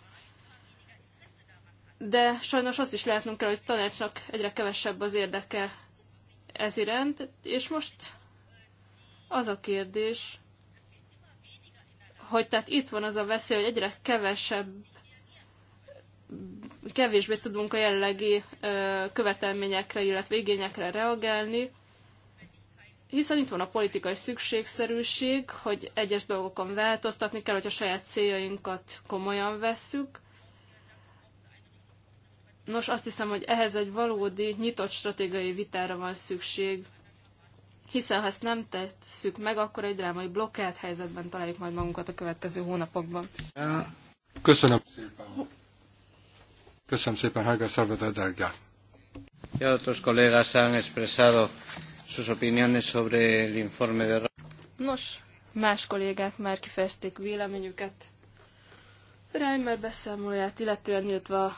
de sajnos azt is látnunk kell, hogy tanácsnak egyre kevesebb az érdeke ez iránt, és most az a kérdés, hogy tehát itt van az a veszély, hogy egyre kevesebb kevésbé tudunk a jelenlegi követelményekre, illetve igényekre reagálni, hiszen itt van a politikai szükségszerűség, hogy egyes dolgokon változtatni kell, hogy a saját céljainkat komolyan vesszük. Nos, azt hiszem, hogy ehhez egy valódi, nyitott stratégiai vitára van szükség hiszen ha ezt nem tesszük meg, akkor egy drámai blokkált helyzetben találjuk majd magunkat a következő hónapokban. Köszönöm szépen. Köszönöm szépen, Helga Salvador Delgá. Y otros colegas han expresado sus opiniones sobre el informe de... Nos, más kollégák már kifejezték véleményüket. Reimer beszámolóját illetően, illetve a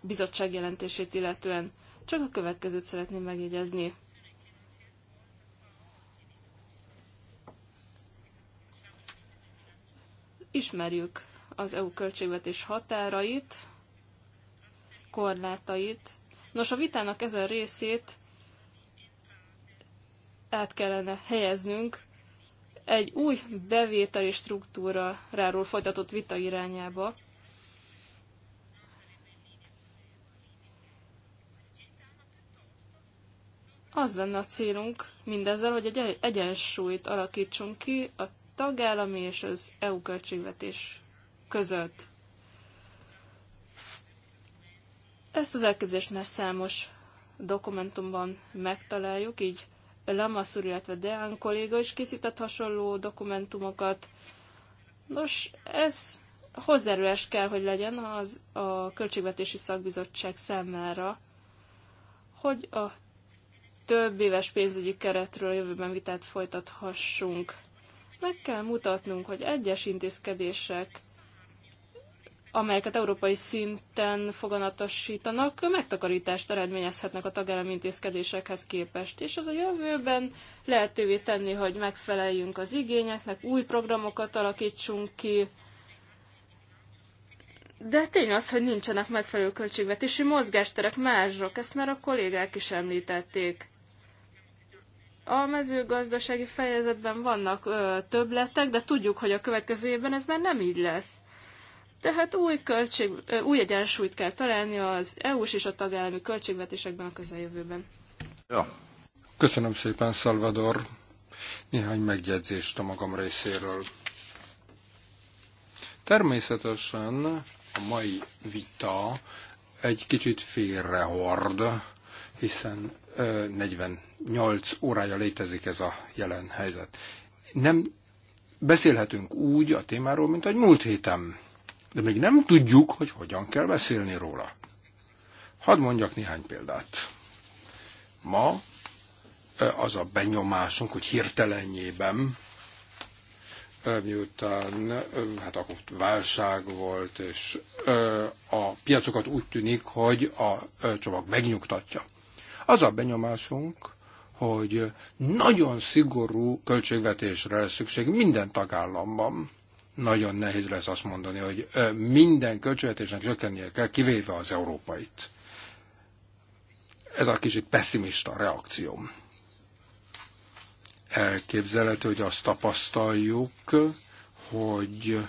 bizottság jelentését illetően. Csak a következőt szeretném megjegyezni Ismerjük az EU költségvetés határait, korlátait. Nos, a vitának ezen részét át kellene helyeznünk egy új bevételi struktúráról folytatott vita irányába. Az lenne a célunk mindezzel, hogy egy egyensúlyt alakítsunk ki a tagállami és az EU költségvetés között. Ezt az elképzelést már számos dokumentumban megtaláljuk, így Lamassur, illetve Deán kolléga is készített hasonló dokumentumokat. Nos, ez hozzáerős kell, hogy legyen az a Költségvetési Szakbizottság számára, hogy a több éves pénzügyi keretről jövőben vitát folytathassunk. Meg kell mutatnunk, hogy egyes intézkedések, amelyeket európai szinten foganatosítanak, megtakarítást eredményezhetnek a tagállami intézkedésekhez képest, és ez a jövőben lehetővé tenni, hogy megfeleljünk az igényeknek, új programokat alakítsunk ki, de tény az, hogy nincsenek megfelelő költségvetési mozgásterek, mások, ezt már a kollégák is említették. A mezőgazdasági fejezetben vannak ö, többletek, de tudjuk, hogy a következő évben ez már nem így lesz. Tehát új, költség, ö, új egyensúlyt kell találni az EU-s és a tagállami költségvetésekben a közeljövőben. Ja. Köszönöm szépen, Salvador. Néhány megjegyzést a magam részéről. Természetesen a mai vita egy kicsit félrehord, hiszen 48 órája létezik ez a jelen helyzet. Nem beszélhetünk úgy a témáról, mint egy múlt héten, de még nem tudjuk, hogy hogyan kell beszélni róla. Hadd mondjak néhány példát. Ma az a benyomásunk, hogy hirtelenjében, miután hát akkor válság volt, és a piacokat úgy tűnik, hogy a csomag megnyugtatja. Az a benyomásunk, hogy nagyon szigorú költségvetésre lesz szükség minden tagállamban. Nagyon nehéz lesz azt mondani, hogy minden költségvetésnek csökkennie kell, kivéve az európait. Ez a kicsit pessimista reakcióm. Elképzelhető, hogy azt tapasztaljuk, hogy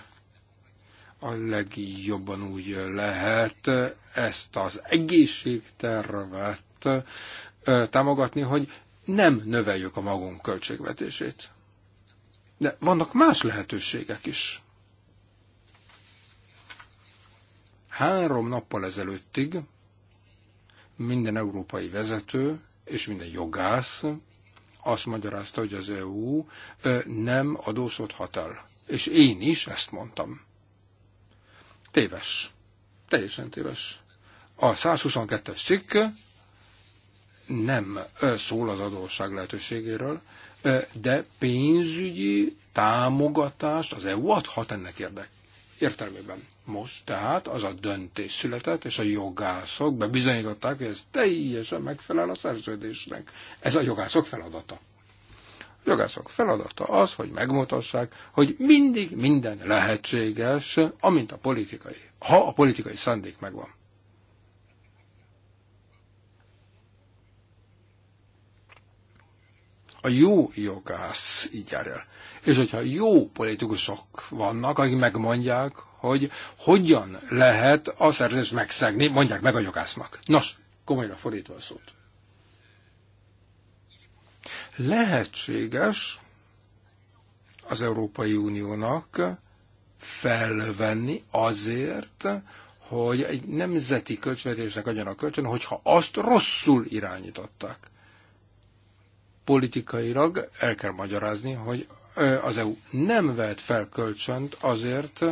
a legjobban úgy lehet ezt az egészségtervet támogatni, hogy nem növeljük a magunk költségvetését. De vannak más lehetőségek is. Három nappal ezelőttig minden európai vezető és minden jogász azt magyarázta, hogy az EU nem adósodhat el. És én is ezt mondtam. Téves. Teljesen téves. A 122-es cikk nem szól az adósság lehetőségéről, de pénzügyi támogatást az EU adhat ennek érdek, értelmében. Most tehát az a döntés született, és a jogászok bebizonyították, hogy ez teljesen megfelel a szerződésnek. Ez a jogászok feladata. A jogászok feladata az, hogy megmutassák, hogy mindig minden lehetséges, amint a politikai, ha a politikai szándék megvan. A jó jogász így jár el. És hogyha jó politikusok vannak, akik megmondják, hogy hogyan lehet a szerződést megszegni, mondják meg a jogásznak. Nos, komolyra fordítva a szót. Lehetséges az Európai Uniónak felvenni azért, hogy egy nemzeti költségvetésnek adjanak kölcsön, hogyha azt rosszul irányították politikailag el kell magyarázni, hogy az EU nem vett fel kölcsönt azért,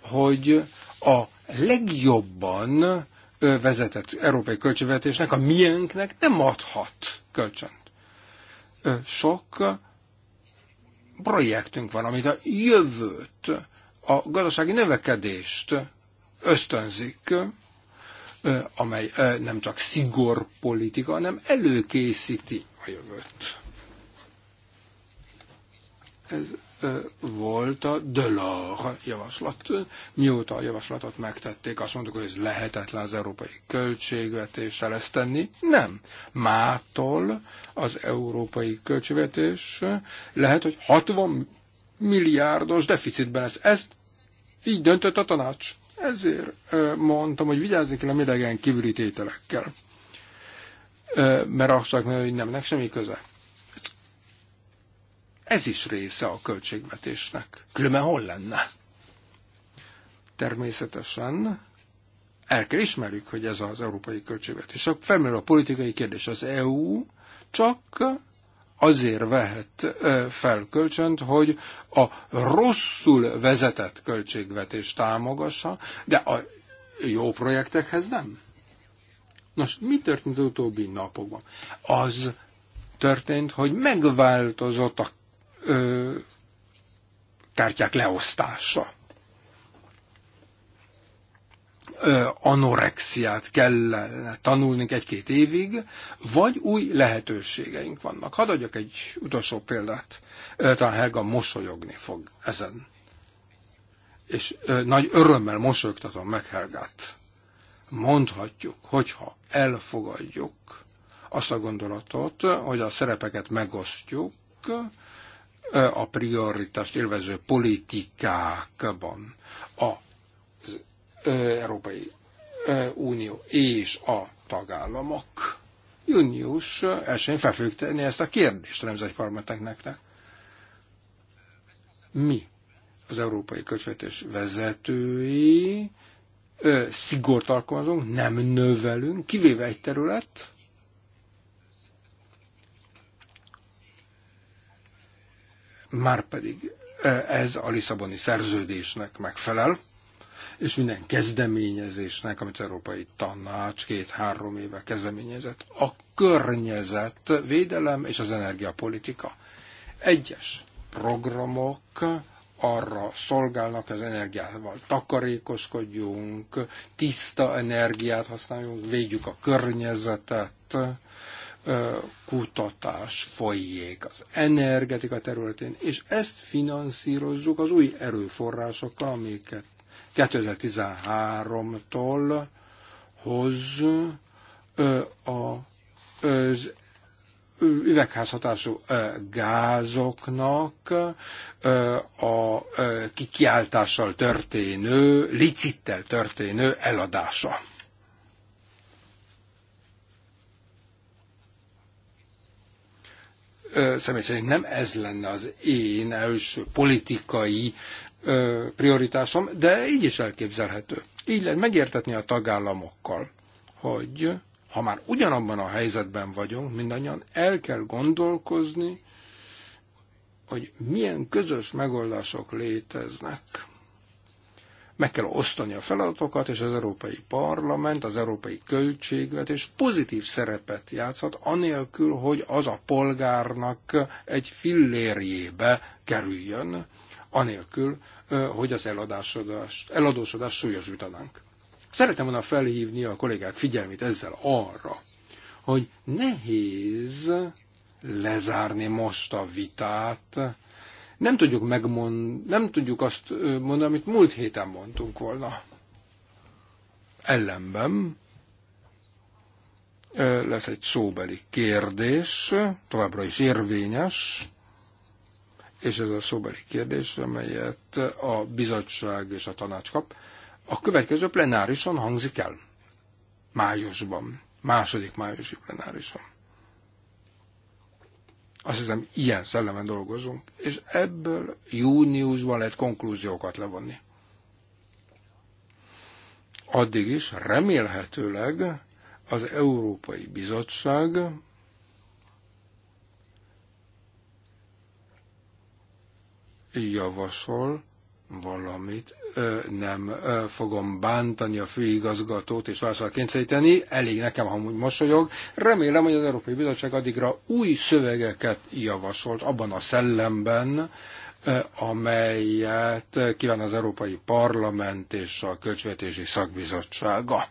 hogy a legjobban vezetett európai költségvetésnek, a miénknek nem adhat kölcsönt. Sok projektünk van, amit a jövőt, a gazdasági növekedést ösztönzik, amely nem csak politika, hanem előkészíti a jövőt. Ez volt a Delors javaslat. Mióta a javaslatot megtették, azt mondtuk, hogy ez lehetetlen az európai költségvetéssel ezt tenni. Nem. Mától az európai költségvetés lehet, hogy 60 milliárdos deficitben lesz. Ezt így döntött a tanács. Ezért mondtam, hogy vigyázni kell a idegen kívüli tételekkel mert hogy nem nemnek semmi köze. Ez is része a költségvetésnek. Különben hol lenne? Természetesen el kell ismerjük, hogy ez az európai költségvetés. A felmerül a politikai kérdés. Az EU csak azért vehet fel kölcsönt, hogy a rosszul vezetett költségvetés támogassa, de a jó projektekhez nem. Nos, mi történt az utóbbi napokban? Az történt, hogy megváltozott a ö, kártyák leosztása. Ö, anorexiát kellene tanulnunk egy-két évig, vagy új lehetőségeink vannak. Hadd adjak egy utolsó példát. Ö, talán Helga mosolyogni fog ezen. És ö, nagy örömmel mosolyogtatom meg Helgát mondhatjuk, hogyha elfogadjuk azt a gondolatot, hogy a szerepeket megosztjuk a prioritást élvező politikákban az Európai Unió és a tagállamok. Június elsőn én fel fogjuk tenni ezt a kérdést a nemzetparlamentek nektek. Mi, az európai költségvetés vezetői, ö, szigort alkalmazunk, nem növelünk, kivéve egy terület, már pedig ez a Lisszaboni szerződésnek megfelel, és minden kezdeményezésnek, amit az Európai Tanács két-három éve kezdeményezett, a környezet védelem és az energiapolitika. Egyes programok arra szolgálnak az energiával. Takarékoskodjunk, tiszta energiát használjunk, védjük a környezetet, kutatás folyék az energetika területén, és ezt finanszírozzuk az új erőforrásokkal, amiket 2013-tól hoz az üvegházhatású gázoknak a kikiáltással történő, licittel történő eladása. Személy szerint nem ez lenne az én első politikai prioritásom, de így is elképzelhető. Így lehet megértetni a tagállamokkal, hogy ha már ugyanabban a helyzetben vagyunk, mindannyian el kell gondolkozni, hogy milyen közös megoldások léteznek. Meg kell osztani a feladatokat, és az Európai Parlament, az Európai Költségvetés pozitív szerepet játszhat, anélkül, hogy az a polgárnak egy fillérjébe kerüljön, anélkül, hogy az eladósodást súlyosítanánk. Szeretem volna felhívni a kollégák figyelmét ezzel arra, hogy nehéz lezárni most a vitát, nem tudjuk megmond, nem tudjuk azt mondani, amit múlt héten mondtunk volna. Ellenben lesz egy szóbeli kérdés, továbbra is érvényes, és ez a szóbeli kérdés, amelyet a bizottság és a tanács kap, a következő plenárison hangzik el. Májusban. Második májusi plenárison. Azt hiszem, ilyen szellemen dolgozunk, és ebből júniusban lehet konklúziókat levonni. Addig is remélhetőleg az Európai Bizottság javasol valamit, nem fogom bántani a főigazgatót és válaszra kényszeríteni, elég nekem, ha úgy mosolyog. Remélem, hogy az Európai Bizottság addigra új szövegeket javasolt abban a szellemben, amelyet kíván az Európai Parlament és a Költségvetési Szakbizottsága.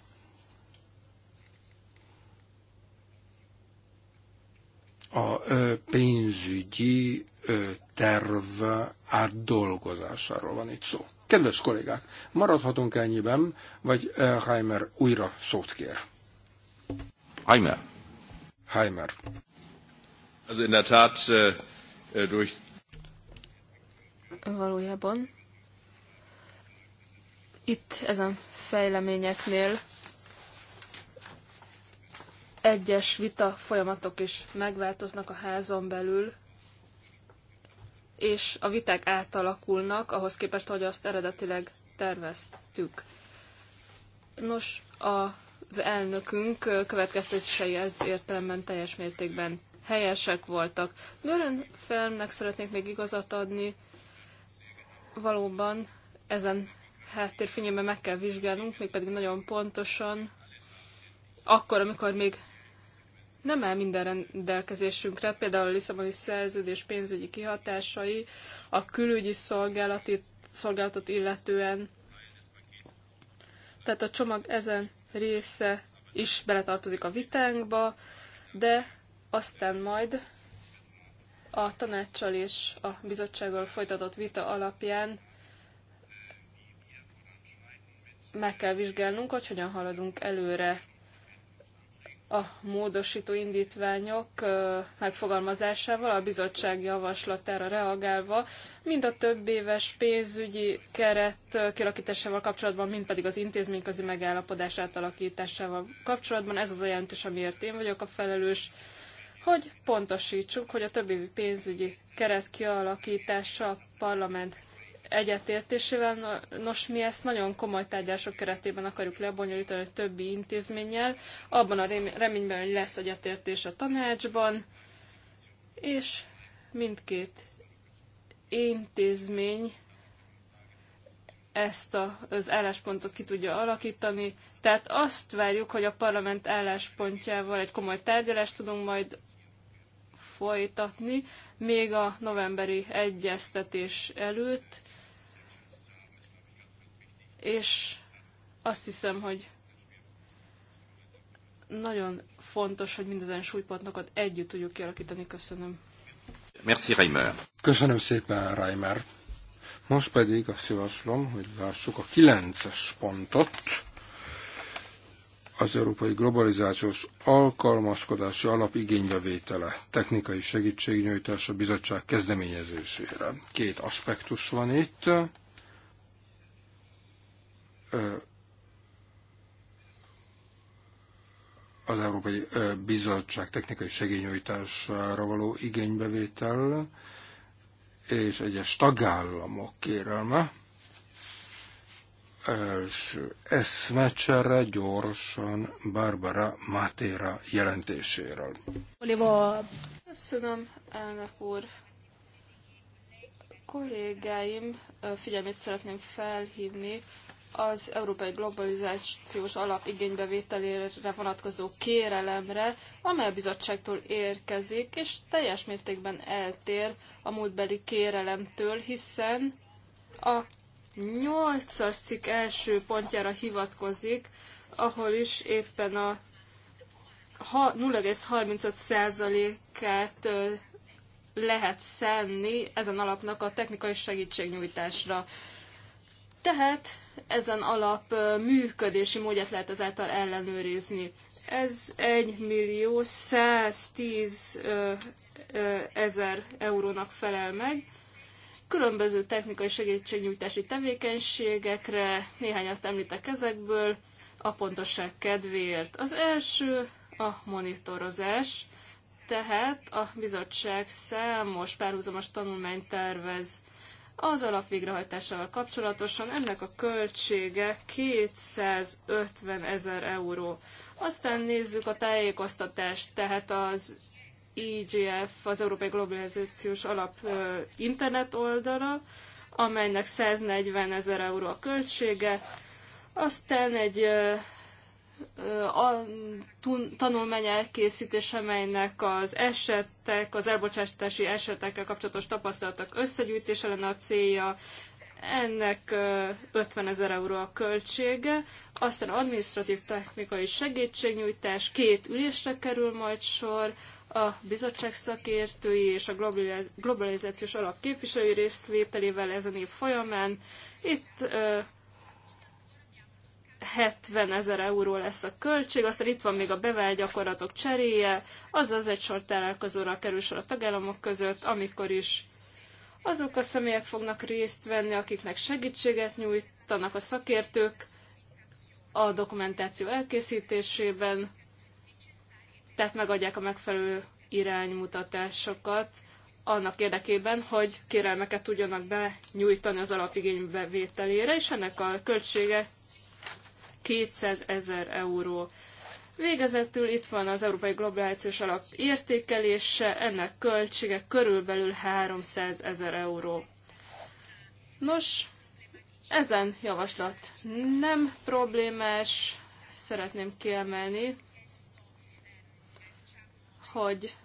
a pénzügyi terv átdolgozásáról van itt szó. Kedves kollégák, maradhatunk ennyiben, vagy Heimer újra szót kér? Heimer. Heimer. Also in der Tat äh, äh, durch valójában. Itt ezen fejleményeknél egyes vita folyamatok is megváltoznak a házon belül, és a viták átalakulnak ahhoz képest, hogy azt eredetileg terveztük. Nos, az elnökünk következtetései ez értelemben teljes mértékben helyesek voltak. Gören felnek szeretnék még igazat adni, valóban ezen háttérfényében meg kell vizsgálnunk, mégpedig nagyon pontosan, akkor, amikor még nem áll minden rendelkezésünkre, például a Lisszaboni szerződés pénzügyi kihatásai, a külügyi szolgálati, szolgálatot illetően. Tehát a csomag ezen része is beletartozik a vitánkba, de aztán majd a tanácssal és a bizottsággal folytatott vita alapján meg kell vizsgálnunk, hogy hogyan haladunk előre a módosító indítványok megfogalmazásával, a bizottság javaslatára reagálva, mind a több éves pénzügyi keret kialakításával kapcsolatban, mind pedig az intézményközi megállapodás átalakításával kapcsolatban. Ez az a jelentés, amiért én vagyok a felelős, hogy pontosítsuk, hogy a több évi pénzügyi keret kialakítása a parlament egyetértésével. Nos, mi ezt nagyon komoly tárgyalások keretében akarjuk lebonyolítani a többi intézménnyel, abban a reményben, hogy lesz egyetértés a tanácsban, és mindkét intézmény ezt a, az álláspontot ki tudja alakítani. Tehát azt várjuk, hogy a parlament álláspontjával egy komoly tárgyalást tudunk majd folytatni, még a novemberi egyeztetés előtt, és azt hiszem, hogy nagyon fontos, hogy mindezen súlypontokat együtt tudjuk kialakítani. Köszönöm. Merci, Reimer. Köszönöm szépen, Reimer. Most pedig azt javaslom, hogy lássuk a kilences pontot, az Európai Globalizációs Alkalmazkodási Alap igénybevétele, technikai segítségnyújtás a bizottság kezdeményezésére. Két aspektus van itt az Európai Bizottság technikai segényújtására való igénybevétel és egyes tagállamok kérelme, és eszmecsere gyorsan Barbara Matéra jelentéséről. Oliva, köszönöm, elnök úr. Kollégáim figyelmét szeretném felhívni az Európai Globalizációs Alap igénybevételére vonatkozó kérelemre, amely a bizottságtól érkezik, és teljes mértékben eltér a múltbeli kérelemtől, hiszen a 8-as cikk első pontjára hivatkozik, ahol is éppen a 0,35%-át lehet szenni ezen alapnak a technikai segítségnyújtásra. Tehát ezen alap működési módját lehet ezáltal ellenőrizni. Ez 1 millió 110 ezer eurónak felel meg. Különböző technikai segítségnyújtási tevékenységekre, néhányat említek ezekből, a pontosság kedvéért. Az első a monitorozás, tehát a bizottság számos párhuzamos tanulmányt tervez az alapvégrehajtásával kapcsolatosan ennek a költsége 250 ezer euró. Aztán nézzük a tájékoztatást, tehát az IGF, az Európai Globalizációs Alap internet oldala, amelynek 140 ezer euró a költsége. Aztán egy a tanulmány elkészítés, amelynek az esetek, az elbocsátási esetekkel kapcsolatos tapasztalatok összegyűjtése lenne a célja, ennek 50 ezer euró a költsége, aztán administratív technikai segítségnyújtás, két ülésre kerül majd sor, a bizottság szakértői és a globalizációs alap képviselői részvételével ezen év folyamán. Itt 70 ezer euró lesz a költség, aztán itt van még a bevált gyakorlatok cseréje, azaz egy sor találkozóra kerül sor a tagállamok között, amikor is azok a személyek fognak részt venni, akiknek segítséget nyújtanak a szakértők a dokumentáció elkészítésében, tehát megadják a megfelelő iránymutatásokat annak érdekében, hogy kérelmeket tudjanak nyújtani az alapigénybevételére, és ennek a költségek 200 ezer euró. Végezetül itt van az Európai Globalizációs Alap értékelése, ennek költsége körülbelül 300 ezer euró. Nos, ezen javaslat nem problémás, szeretném kiemelni, hogy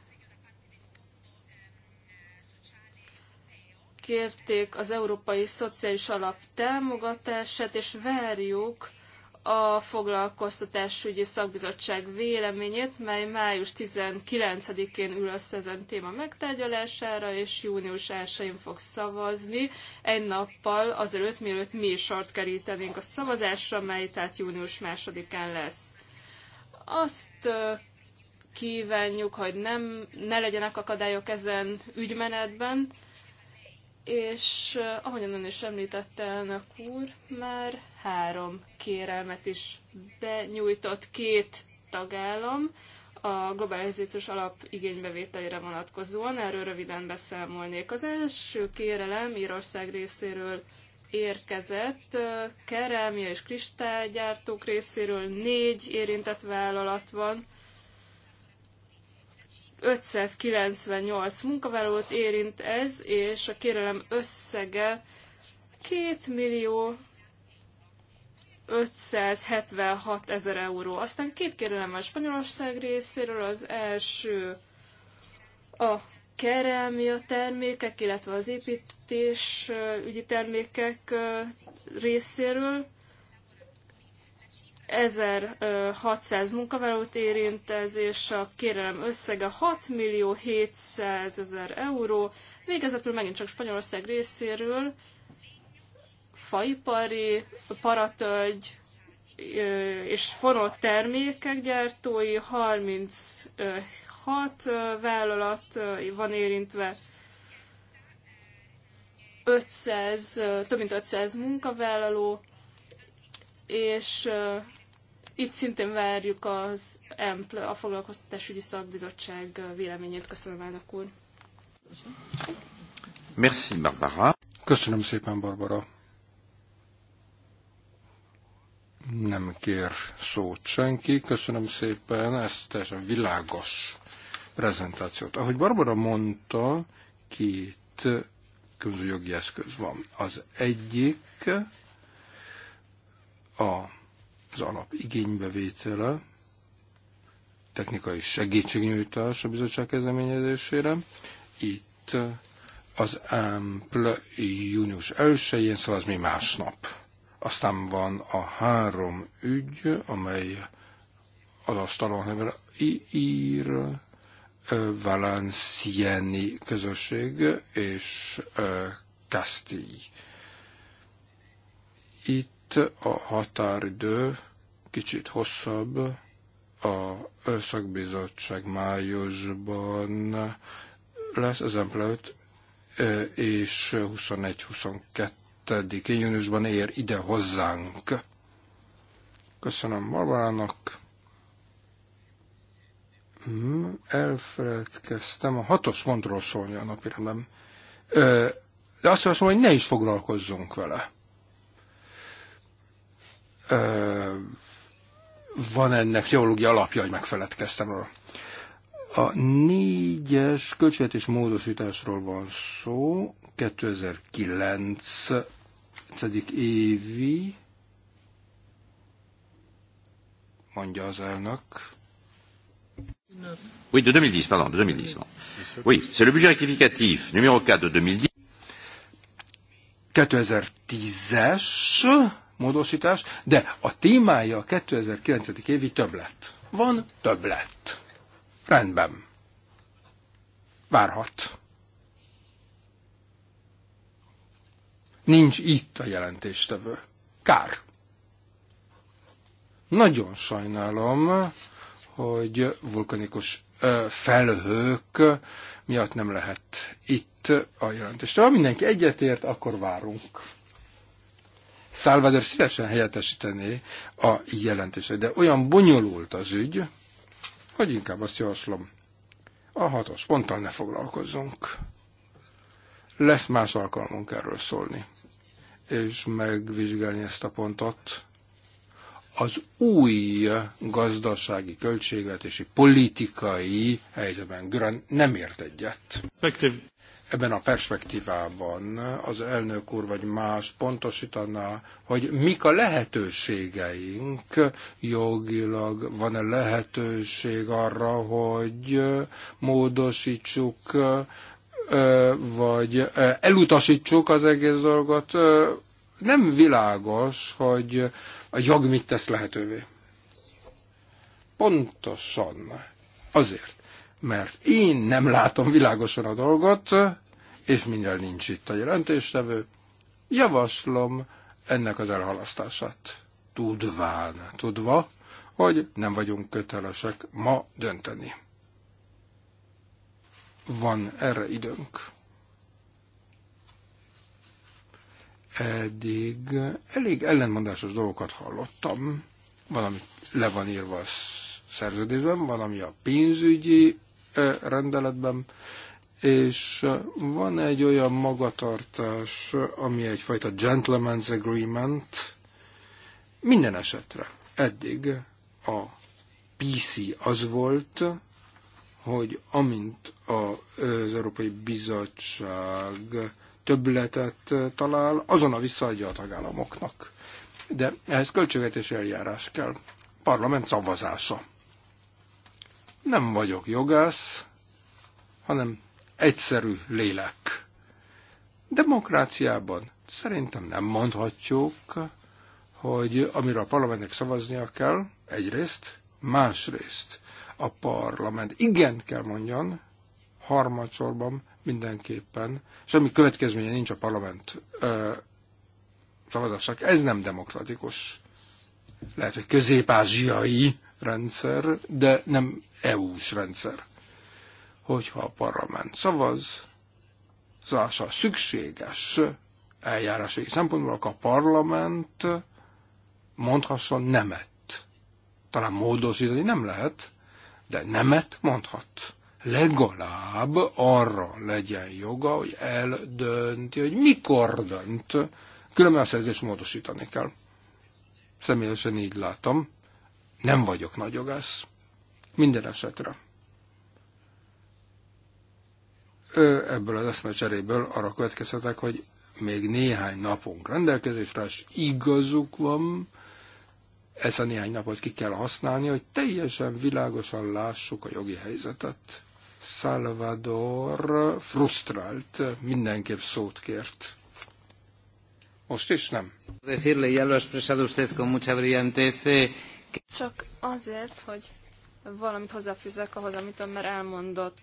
kérték az Európai Szociális Alap támogatását, és várjuk a foglalkoztatásügyi szakbizottság véleményét, mely május 19-én ül össze ezen téma megtárgyalására, és június 1-én fog szavazni, egy nappal azelőtt, mielőtt mi sort kerítenénk a szavazásra, mely tehát június 2-án lesz. Azt kívánjuk, hogy nem, ne legyenek akadályok ezen ügymenetben, és eh, ahogyan ön is említette, elnök úr, már három kérelmet is benyújtott két tagállam a globalizációs alap igénybevételére vonatkozóan. Erről röviden beszámolnék. Az első kérelem Írország részéről érkezett, eh, kerámia és kristálygyártók részéről négy érintett vállalat van, 598 munkavállalót érint ez, és a kérelem összege 2 millió 576 ezer euró. Aztán két kérelem a Spanyolország részéről, az első a kerámia termékek, illetve az építés ügyi termékek részéről, 1600 munkavállalót érint ez, és a kérelem összege 6 millió 700 ezer euró. Végezetül megint csak Spanyolország részéről faipari, paratölgy és fonott termékek gyártói 36 vállalat van érintve. 500, több mint 500 munkavállaló, és itt szintén várjuk az EMPL, a Foglalkoztatásügyi Szakbizottság véleményét. Köszönöm, elnök úr. Merci, Barbara. Köszönöm szépen, Barbara. Nem kér szót senki. Köszönöm szépen ezt teljesen világos prezentációt. Ahogy Barbara mondta, két jogi eszköz van. Az egyik az alap igénybevétele, technikai segítségnyújtás a bizottság kezdeményezésére. Itt az AMPL június 1-én szóval az mi másnap. Aztán van a három ügy, amely az asztalon nevel ír, Valencieni közösség és Castille. Itt a határidő kicsit hosszabb, a szakbizottság májusban lesz az emplőt, és 21-22-én júniusban ér ide hozzánk. Köszönöm Barbarának. Hmm, elfeledkeztem a hatos pontról szólni a napirendem. De azt javaslom, hogy ne is foglalkozzunk vele van ennek teológia alapja, hogy megfeledkeztem róla. A négyes költségvetés módosításról van szó, 2009. évi, mondja az elnök. Oui, de 2010, pardon, de 2010. Oui, c'est le budget rectificatif numéro 4 de 2010. 2010-es módosítás, de a témája a 2009. évi lett. Van több lett. Rendben. Várhat. Nincs itt a jelentéstevő. Kár. Nagyon sajnálom, hogy vulkanikus felhők miatt nem lehet itt a jelentéstevő. Ha mindenki egyetért, akkor várunk. Salvador szívesen helyettesítené a jelentését, de olyan bonyolult az ügy, hogy inkább azt javaslom, a hatos ponttal ne foglalkozzunk. Lesz más alkalmunk erről szólni, és megvizsgálni ezt a pontot az új gazdasági, költségvetési, politikai helyzetben. Grön nem ért egyet. Effective ebben a perspektívában az elnök úr vagy más pontosítaná, hogy mik a lehetőségeink, jogilag van-e lehetőség arra, hogy módosítsuk vagy elutasítsuk az egész dolgot, nem világos, hogy a jog mit tesz lehetővé. Pontosan azért mert én nem látom világosan a dolgot, és mindjárt nincs itt a jelentéstevő. Javaslom ennek az elhalasztását. Tudván, tudva, hogy nem vagyunk kötelesek ma dönteni. Van erre időnk. Eddig elég ellenmondásos dolgokat hallottam. Valami le van írva a szerződésben, valami a pénzügyi rendeletben, és van egy olyan magatartás, ami egyfajta gentleman's agreement, minden esetre eddig a PC az volt, hogy amint az Európai Bizottság többletet talál, a visszaadja a tagállamoknak. De ehhez költségvetési eljárás kell. Parlament szavazása. Nem vagyok jogász, hanem egyszerű lélek. Demokráciában szerintem nem mondhatjuk, hogy amire a parlamentnek szavaznia kell, egyrészt, másrészt a parlament igen kell mondjon, harmadsorban mindenképpen, semmi következménye nincs a parlament ö, szavazásnak. Ez nem demokratikus. Lehet, hogy közép-ázsiai rendszer, de nem EU-s rendszer. Hogyha a parlament szavaz, zása szükséges eljárási szempontból, akkor a parlament mondhasson nemet. Talán módosítani nem lehet, de nemet mondhat. Legalább arra legyen joga, hogy eldönti, hogy mikor dönt. Különben a szerzés módosítani kell. Személyesen így látom. Nem vagyok nagy jogász. Minden esetre ebből az eszmecseréből arra következtetek, hogy még néhány napunk rendelkezésre, és igazuk van, ezt a néhány napot ki kell használni, hogy teljesen világosan lássuk a jogi helyzetet. Salvador frusztrált, mindenképp szót kért. Most is nem. Decirle, ya lo ha expresado usted con mucha brillantez. Eh, Csak azért, hogy valamit hozzáfűzek ahhoz, amit ön már elmondott.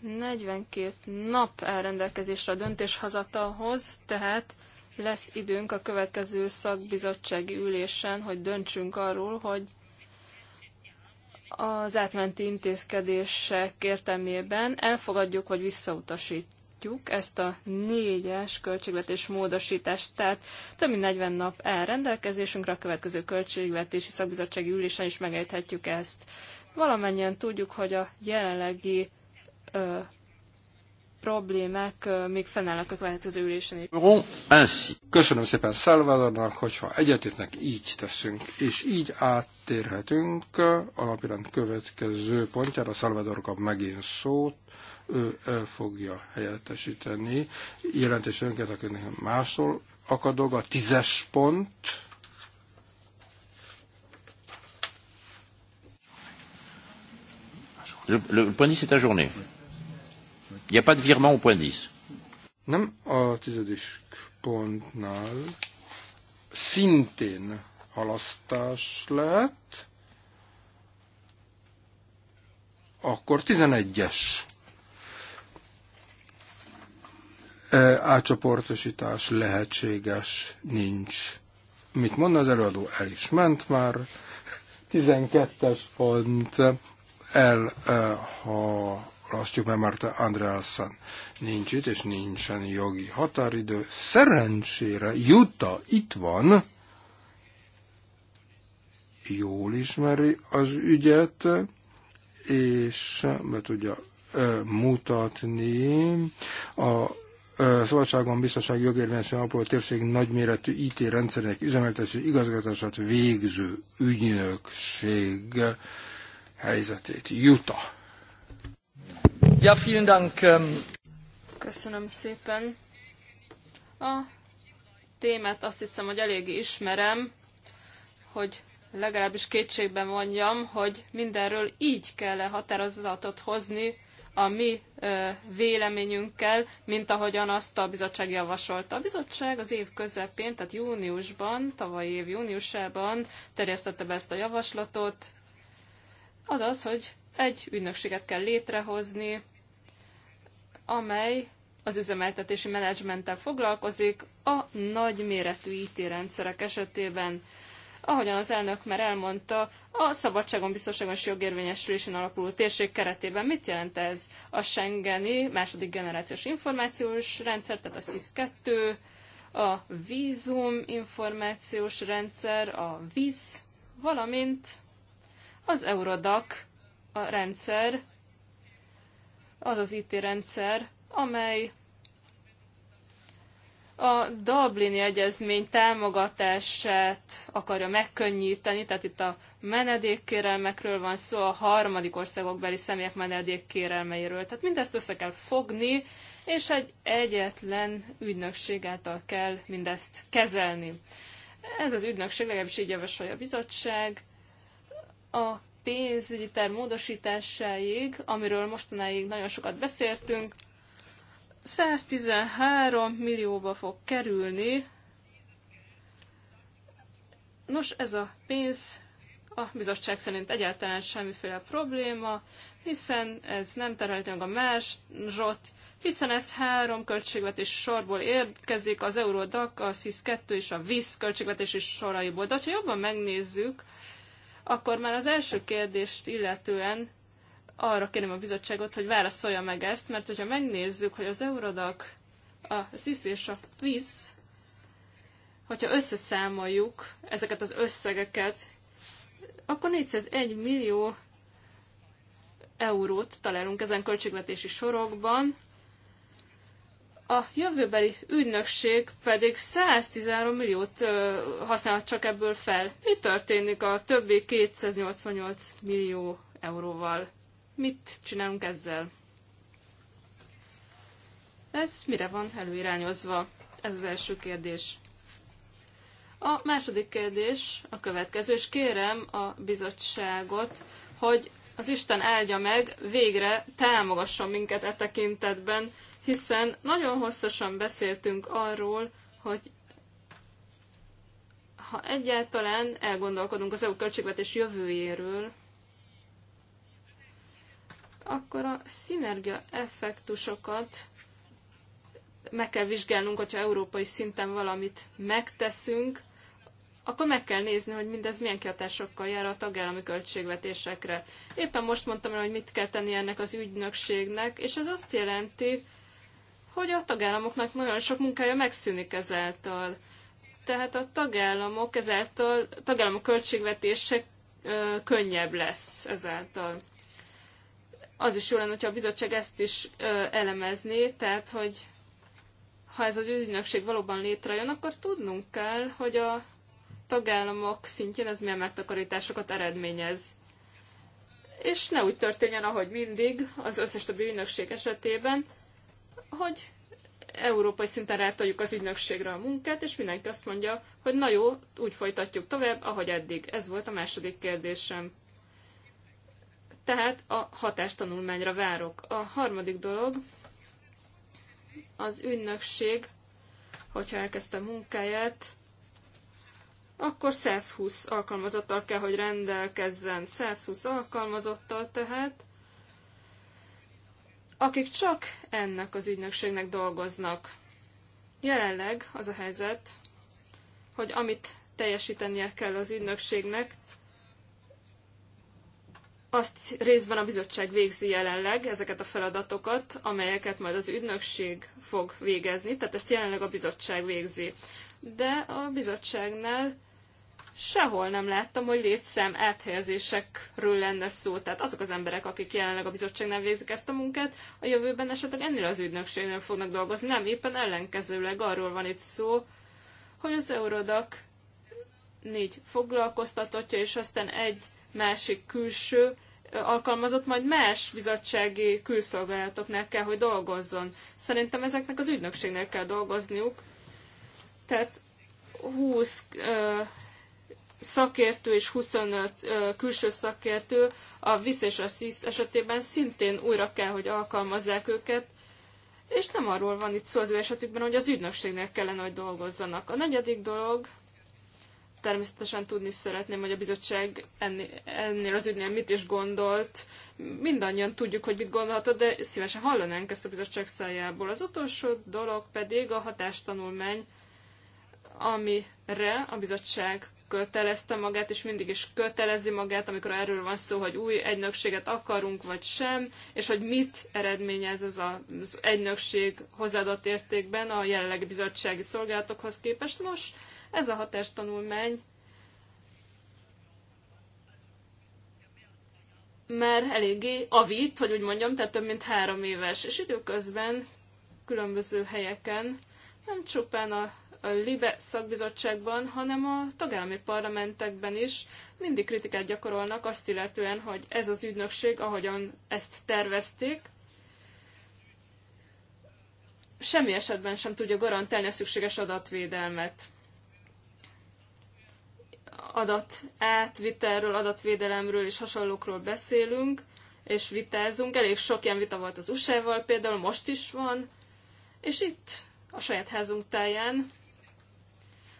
42 nap elrendelkezésre a döntéshozatalhoz, tehát lesz időnk a következő szakbizottsági ülésen, hogy döntsünk arról, hogy az átmenti intézkedések értelmében elfogadjuk vagy visszautasítjuk tartjuk ezt a négyes költségvetés módosítást, tehát több mint 40 nap elrendelkezésünkre a következő költségvetési szakbizottsági ülésen is megejthetjük ezt. Valamennyien tudjuk, hogy a jelenlegi ö, problémák ö, még fennállnak a következő ülésen is. Köszönöm szépen Szálvádornak, hogyha egyetétnek így teszünk, és így áttérhetünk a napirend következő pontjára. Szálvádor kap megint szót ő fogja helyettesíteni. Jelentés önket, akinek másról akadog a tízes pont. Le, le point 10 est ajourné. Il n'y a pas de virement au point 10. Nem a tizedik pontnál szintén halasztás lett, akkor 11-es. átcsoportosítás lehetséges nincs. Mit mond az előadó? El is ment már. 12-es pont elhalasztjuk, mert már Andreasen nincs itt, és nincsen jogi határidő. Szerencsére Juta itt van, jól ismeri az ügyet, és be tudja mutatni a szabadságon biztonság jogérvényesen apró térség nagyméretű IT rendszerek üzemeltetési igazgatását végző ügynökség helyzetét. Juta. Ja, vielen Dank. Ähm. Köszönöm szépen. A témát azt hiszem, hogy elég ismerem, hogy legalábbis kétségben mondjam, hogy mindenről így kell -e határozatot hozni, a mi véleményünkkel, mint ahogyan azt a bizottság javasolta. A bizottság az év közepén, tehát júniusban, tavaly év júniusában terjesztette be ezt a javaslatot, Az az, hogy egy ügynökséget kell létrehozni, amely az üzemeltetési menedzsmenttel foglalkozik a nagyméretű IT rendszerek esetében ahogyan az elnök már elmondta, a szabadságon, biztonságon és jogérvényesülésen alapuló térség keretében mit jelent ez a Schengeni második generációs információs rendszer, tehát a SIS-2, a vízum információs rendszer, a víz, valamint az Eurodac a rendszer, az az IT rendszer, amely a Dublini Egyezmény támogatását akarja megkönnyíteni, tehát itt a menedékkérelmekről van szó, a harmadik országokbeli személyek menedékkérelmeiről. Tehát mindezt össze kell fogni, és egy egyetlen ügynökség által kell mindezt kezelni. Ez az ügynökség, legalábbis így javasolja a bizottság, a pénzügyi terv módosításáig, amiről mostanáig nagyon sokat beszéltünk, 113 millióba fog kerülni. Nos, ez a pénz a bizottság szerint egyáltalán semmiféle probléma, hiszen ez nem terhelti meg a mázsot, hiszen ez három költségvetés sorból érkezik, az Eurodac, a SZISZ 2 és a VISZ költségvetési soraiból. De ha jobban megnézzük, akkor már az első kérdést illetően arra kérem a bizottságot, hogy válaszolja meg ezt, mert hogyha megnézzük, hogy az Eurodac, a SZISZ és a PISZ, hogyha összeszámoljuk ezeket az összegeket, akkor 401 millió eurót találunk ezen költségvetési sorokban, a jövőbeli ügynökség pedig 113 milliót használ csak ebből fel. Mi történik a többi 288 millió euróval? Mit csinálunk ezzel? Ez mire van előirányozva? Ez az első kérdés. A második kérdés a következő, és kérem a bizottságot, hogy az Isten áldja meg, végre támogasson minket e tekintetben, hiszen nagyon hosszasan beszéltünk arról, hogy ha egyáltalán elgondolkodunk az EU költségvetés jövőjéről, akkor a szinergia effektusokat meg kell vizsgálnunk, hogyha európai szinten valamit megteszünk, akkor meg kell nézni, hogy mindez milyen kihatásokkal jár a tagállami költségvetésekre. Éppen most mondtam el, hogy mit kell tenni ennek az ügynökségnek, és ez azt jelenti, hogy a tagállamoknak nagyon sok munkája megszűnik ezáltal. Tehát a tagállamok ezáltal, a tagállamok költségvetése ö, könnyebb lesz ezáltal az is jó lenne, hogyha a bizottság ezt is elemezné, tehát hogy ha ez az ügynökség valóban létrejön, akkor tudnunk kell, hogy a tagállamok szintjén ez milyen megtakarításokat eredményez. És ne úgy történjen, ahogy mindig, az összes többi ügynökség esetében, hogy európai szinten rátoljuk az ügynökségre a munkát, és mindenki azt mondja, hogy na jó, úgy folytatjuk tovább, ahogy eddig. Ez volt a második kérdésem. Tehát a hatástanulmányra várok. A harmadik dolog, az ünnökség, hogyha elkezdte munkáját, akkor 120 alkalmazottal kell, hogy rendelkezzen. 120 alkalmazottal tehát, akik csak ennek az ügynökségnek dolgoznak. Jelenleg az a helyzet, hogy amit teljesítenie kell az ügynökségnek, azt részben a bizottság végzi jelenleg ezeket a feladatokat, amelyeket majd az ügynökség fog végezni, tehát ezt jelenleg a bizottság végzi. De a bizottságnál sehol nem láttam, hogy létszám áthelyezésekről lenne szó. Tehát azok az emberek, akik jelenleg a bizottságnál végzik ezt a munkát, a jövőben esetleg ennél az ügynökségnél fognak dolgozni. Nem, éppen ellenkezőleg arról van itt szó, hogy az Eurodak négy foglalkoztatottja, és aztán egy másik külső alkalmazott, majd más bizottsági külszolgálatoknál kell, hogy dolgozzon. Szerintem ezeknek az ügynökségnél kell dolgozniuk. Tehát 20 ö, szakértő és 25 ö, külső szakértő a VISZ és a SZISZ esetében szintén újra kell, hogy alkalmazzák őket, és nem arról van itt szó az ő esetükben, hogy az ügynökségnek kellene, hogy dolgozzanak. A negyedik dolog, Természetesen tudni szeretném, hogy a bizottság ennél, az ügynél mit is gondolt. Mindannyian tudjuk, hogy mit gondolhatott, de szívesen hallanánk ezt a bizottság szájából. Az utolsó dolog pedig a hatástanulmány, amire a bizottság kötelezte magát, és mindig is kötelezi magát, amikor erről van szó, hogy új egynökséget akarunk, vagy sem, és hogy mit eredményez ez az egynökség hozzáadott értékben a jelenlegi bizottsági szolgálatokhoz képest. Nos, ez a tanulmány, már eléggé avít, hogy úgy mondjam, tehát több mint három éves. És időközben különböző helyeken, nem csupán a, a LIBE szakbizottságban, hanem a tagállami parlamentekben is mindig kritikát gyakorolnak azt illetően, hogy ez az ügynökség, ahogyan ezt tervezték, semmi esetben sem tudja garantálni a szükséges adatvédelmet adat átvitelről, adatvédelemről és hasonlókról beszélünk, és vitázunk. Elég sok ilyen vita volt az USA-val, például most is van, és itt a saját házunk táján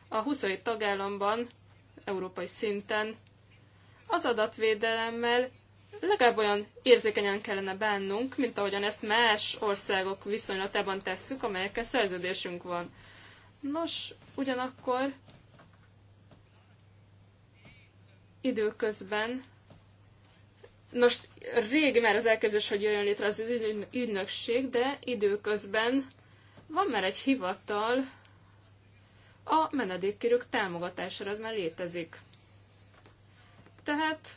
a 27 tagállamban, európai szinten az adatvédelemmel legalább olyan érzékenyen kellene bánnunk, mint ahogyan ezt más országok viszonylatában tesszük, amelyekkel szerződésünk van. Nos, ugyanakkor időközben Nos, régi már az elkezdés, hogy jöjjön létre az ügynökség, de időközben van már egy hivatal a menedékkérők támogatására, az már létezik. Tehát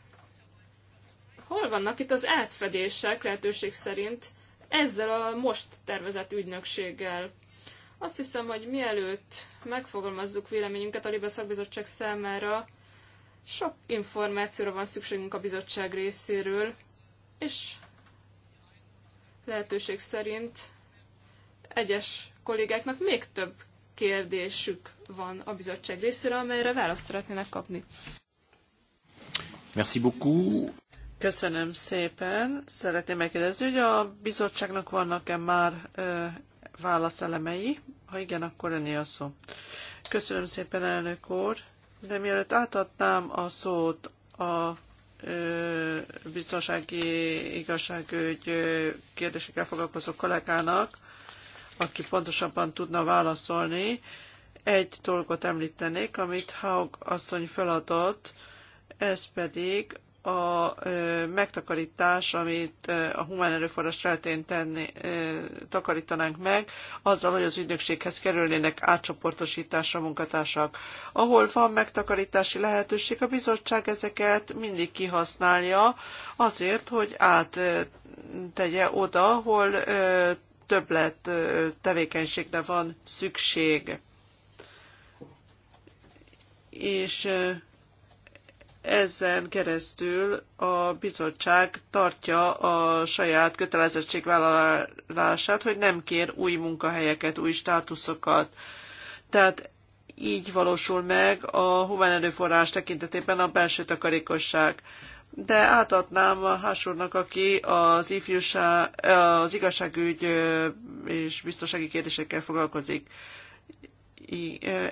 hol vannak itt az átfedések lehetőség szerint ezzel a most tervezett ügynökséggel? Azt hiszem, hogy mielőtt megfogalmazzuk véleményünket a Libe Szakbizottság számára, sok információra van szükségünk a bizottság részéről, és lehetőség szerint egyes kollégáknak még több kérdésük van a bizottság részéről, amelyre választ szeretnének kapni. Merci beaucoup. Köszönöm szépen. Szeretném megkérdezni, hogy a bizottságnak vannak-e már ö, válaszelemei? Ha igen, akkor ennél a szó. Köszönöm szépen, elnök úr. De mielőtt átadnám a szót a ö, biztonsági igazságügy kérdésekkel foglalkozó kollégának, aki pontosabban tudna válaszolni, egy dolgot említenék, amit Haug asszony feladott, ez pedig a megtakarítás, amit a humán erőforrás feltén tenni, takarítanánk meg, azzal, hogy az ügynökséghez kerülnének átcsoportosításra munkatársak. Ahol van megtakarítási lehetőség, a bizottság ezeket mindig kihasználja azért, hogy át tegye oda, ahol többlet tevékenységre van szükség. És ezen keresztül a bizottság tartja a saját kötelezettségvállalását, hogy nem kér új munkahelyeket, új státuszokat. Tehát így valósul meg a humán erőforrás tekintetében a belső takarékosság. De átadnám a hásúrnak, aki az, ifjúsá, az igazságügy és biztonsági kérdésekkel foglalkozik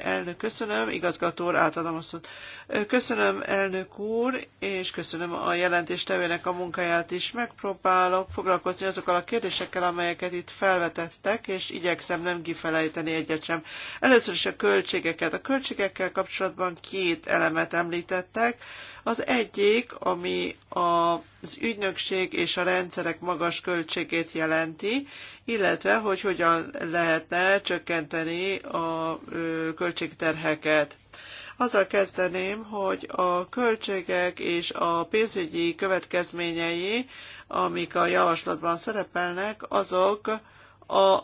elnök, köszönöm, igazgató úr, átadom azt. Köszönöm, elnök úr, és köszönöm a jelentéstevőnek a munkáját is. Megpróbálok foglalkozni azokkal a kérdésekkel, amelyeket itt felvetettek, és igyekszem nem kifelejteni egyet sem. Először is a költségeket. A költségekkel kapcsolatban két elemet említettek az egyik, ami az ügynökség és a rendszerek magas költségét jelenti, illetve hogy hogyan lehetne csökkenteni a költségterheket. Azzal kezdeném, hogy a költségek és a pénzügyi következményei, amik a javaslatban szerepelnek, azok a,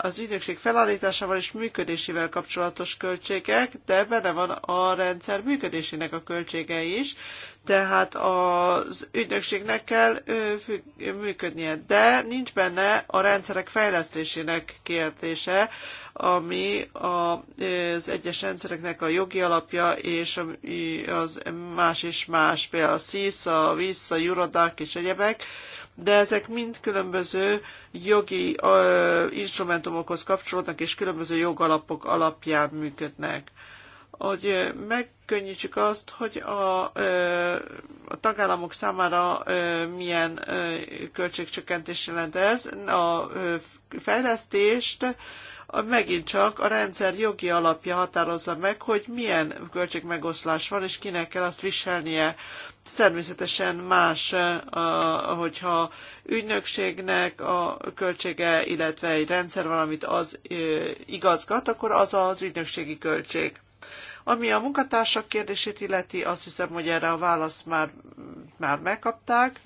az ügynökség felállításával és működésével kapcsolatos költségek, de benne van a rendszer működésének a költsége is, tehát az ügynökségnek kell működnie, de nincs benne a rendszerek fejlesztésének kérdése, ami az egyes rendszereknek a jogi alapja, és az más és más, például a SIS, a VISZ, a Eurodac és egyebek, de ezek mind különböző jogi ö, instrumentumokhoz kapcsolódnak, és különböző jogalapok alapján működnek. Hogy megkönnyítsük azt, hogy a, ö, a tagállamok számára ö, milyen ö, költségcsökkentés jelent ez, a ö, fejlesztést, megint csak a rendszer jogi alapja határozza meg, hogy milyen költségmegoszlás van, és kinek kell azt viselnie. Ez természetesen más, eh, hogyha ügynökségnek a költsége, illetve egy rendszer valamit az eh, igazgat, akkor az az ügynökségi költség. Ami a munkatársak kérdését illeti, azt hiszem, hogy erre a választ már, már megkapták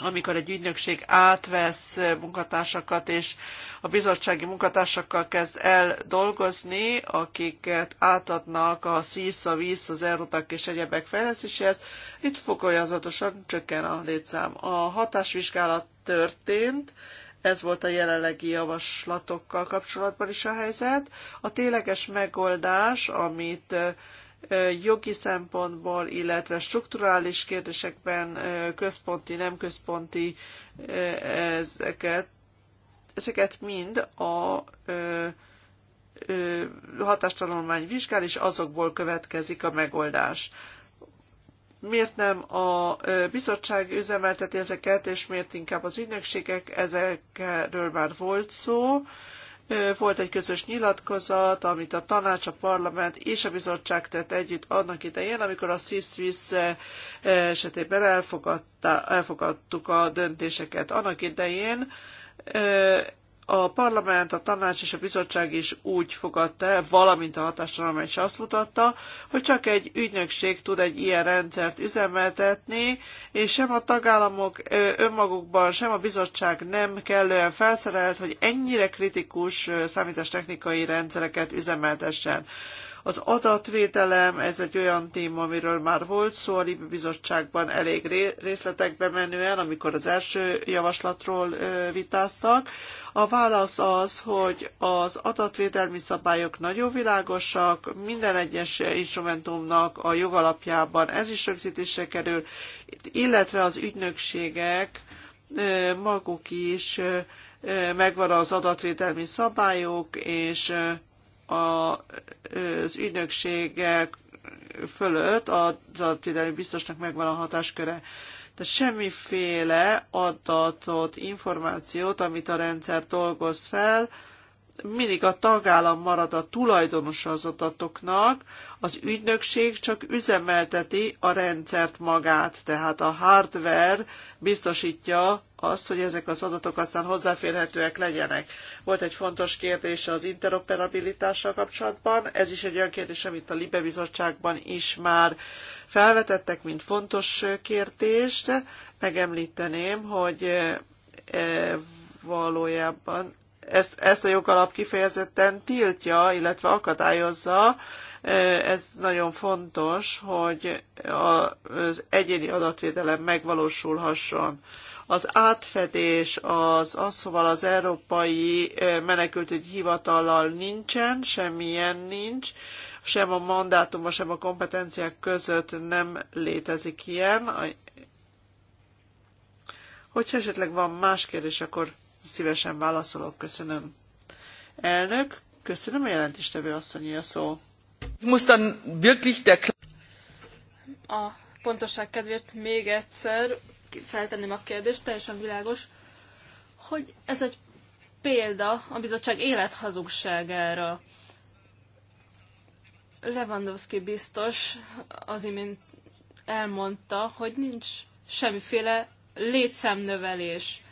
amikor egy ügynökség átvesz munkatársakat, és a bizottsági munkatársakkal kezd el dolgozni, akiket átadnak a szísz, a víz, az erotak és egyebek fejlesztéséhez, itt fokozatosan csökken a létszám. A hatásvizsgálat történt, ez volt a jelenlegi javaslatokkal kapcsolatban is a helyzet. A tényleges megoldás, amit jogi szempontból, illetve strukturális kérdésekben központi, nem központi ezeket, ezeket mind a hatástanulmány vizsgál, és azokból következik a megoldás. Miért nem a bizottság üzemelteti ezeket, és miért inkább az ügynökségek? Ezekről már volt szó. Volt egy közös nyilatkozat, amit a tanács, a parlament és a bizottság tett együtt annak idején, amikor a SIS-VIS esetében elfogadta, elfogadtuk a döntéseket. Annak idején a parlament, a tanács és a bizottság is úgy fogadta el, valamint a hatástalan is azt mutatta, hogy csak egy ügynökség tud egy ilyen rendszert üzemeltetni, és sem a tagállamok önmagukban, sem a bizottság nem kellően felszerelt, hogy ennyire kritikus számítástechnikai rendszereket üzemeltessen. Az adatvédelem, ez egy olyan téma, amiről már volt szó a Libi Bizottságban elég részletekbe menően, amikor az első javaslatról vitáztak. A válasz az, hogy az adatvédelmi szabályok nagyon világosak, minden egyes instrumentumnak a jogalapjában ez is rögzítésre kerül, illetve az ügynökségek maguk is megvan az adatvédelmi szabályok, és az ügynökségek fölött az adatvédelmi biztosnak megvan a hatásköre. Tehát semmiféle adatot, információt, amit a rendszer dolgoz fel, mindig a tagállam marad a tulajdonos az adatoknak, az ügynökség csak üzemelteti a rendszert magát, tehát a hardware biztosítja azt, hogy ezek az adatok aztán hozzáférhetőek legyenek. Volt egy fontos kérdés az interoperabilitással kapcsolatban, ez is egy olyan kérdés, amit a Libe Bizottságban is már felvetettek, mint fontos kérdést. Megemlíteném, hogy eh, valójában ezt, ezt a jogalap kifejezetten tiltja, illetve akadályozza. Ez nagyon fontos, hogy az egyéni adatvédelem megvalósulhasson. Az átfedés az az, szóval az Európai Menekültügyi Hivatallal nincsen, semmilyen nincs, sem a mandátuma, sem a kompetenciák között nem létezik ilyen. Hogyha esetleg van más kérdés, akkor szívesen válaszolok. Köszönöm. Elnök, köszönöm a jelentéstevő asszonyi a szó. Mustan wirklich der A pontosság kedvéért még egyszer feltenném a kérdést, teljesen világos, hogy ez egy példa a bizottság élethazugságára. Lewandowski biztos az imént elmondta, hogy nincs semmiféle létszámnövelés.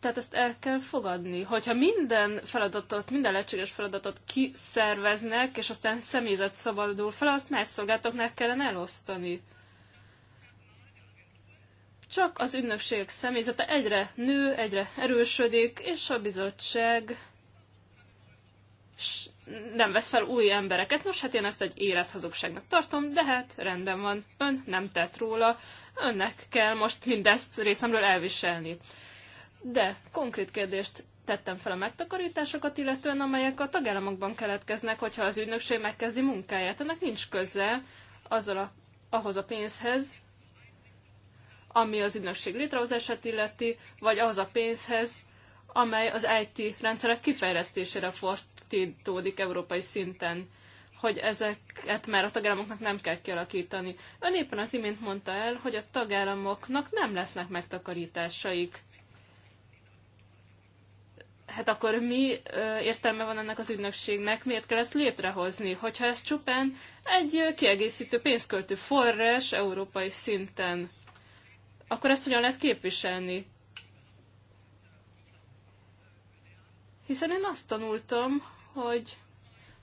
Tehát ezt el kell fogadni. Hogyha minden feladatot, minden lehetséges feladatot kiszerveznek, és aztán személyzet szabadul fel, azt más szolgáltatóknak kellene elosztani. Csak az ügynökségek személyzete egyre nő, egyre erősödik, és a bizottság nem vesz fel új embereket. Nos, hát én ezt egy élethazugságnak tartom, de hát rendben van, ön nem tett róla, önnek kell most mindezt részemről elviselni. De konkrét kérdést tettem fel a megtakarításokat, illetően amelyek a tagállamokban keletkeznek, hogyha az ügynökség megkezdi munkáját. Ennek nincs köze azzal a, ahhoz a pénzhez, ami az ügynökség létrehozását illeti, vagy ahhoz a pénzhez, amely az IT rendszerek kifejlesztésére fordítódik európai szinten, hogy ezeket már a tagállamoknak nem kell kialakítani. Ön éppen az imént mondta el, hogy a tagállamoknak nem lesznek megtakarításaik hát akkor mi értelme van ennek az ügynökségnek, miért kell ezt létrehozni, hogyha ez csupán egy kiegészítő pénzköltő forrás európai szinten, akkor ezt hogyan lehet képviselni? Hiszen én azt tanultam, hogy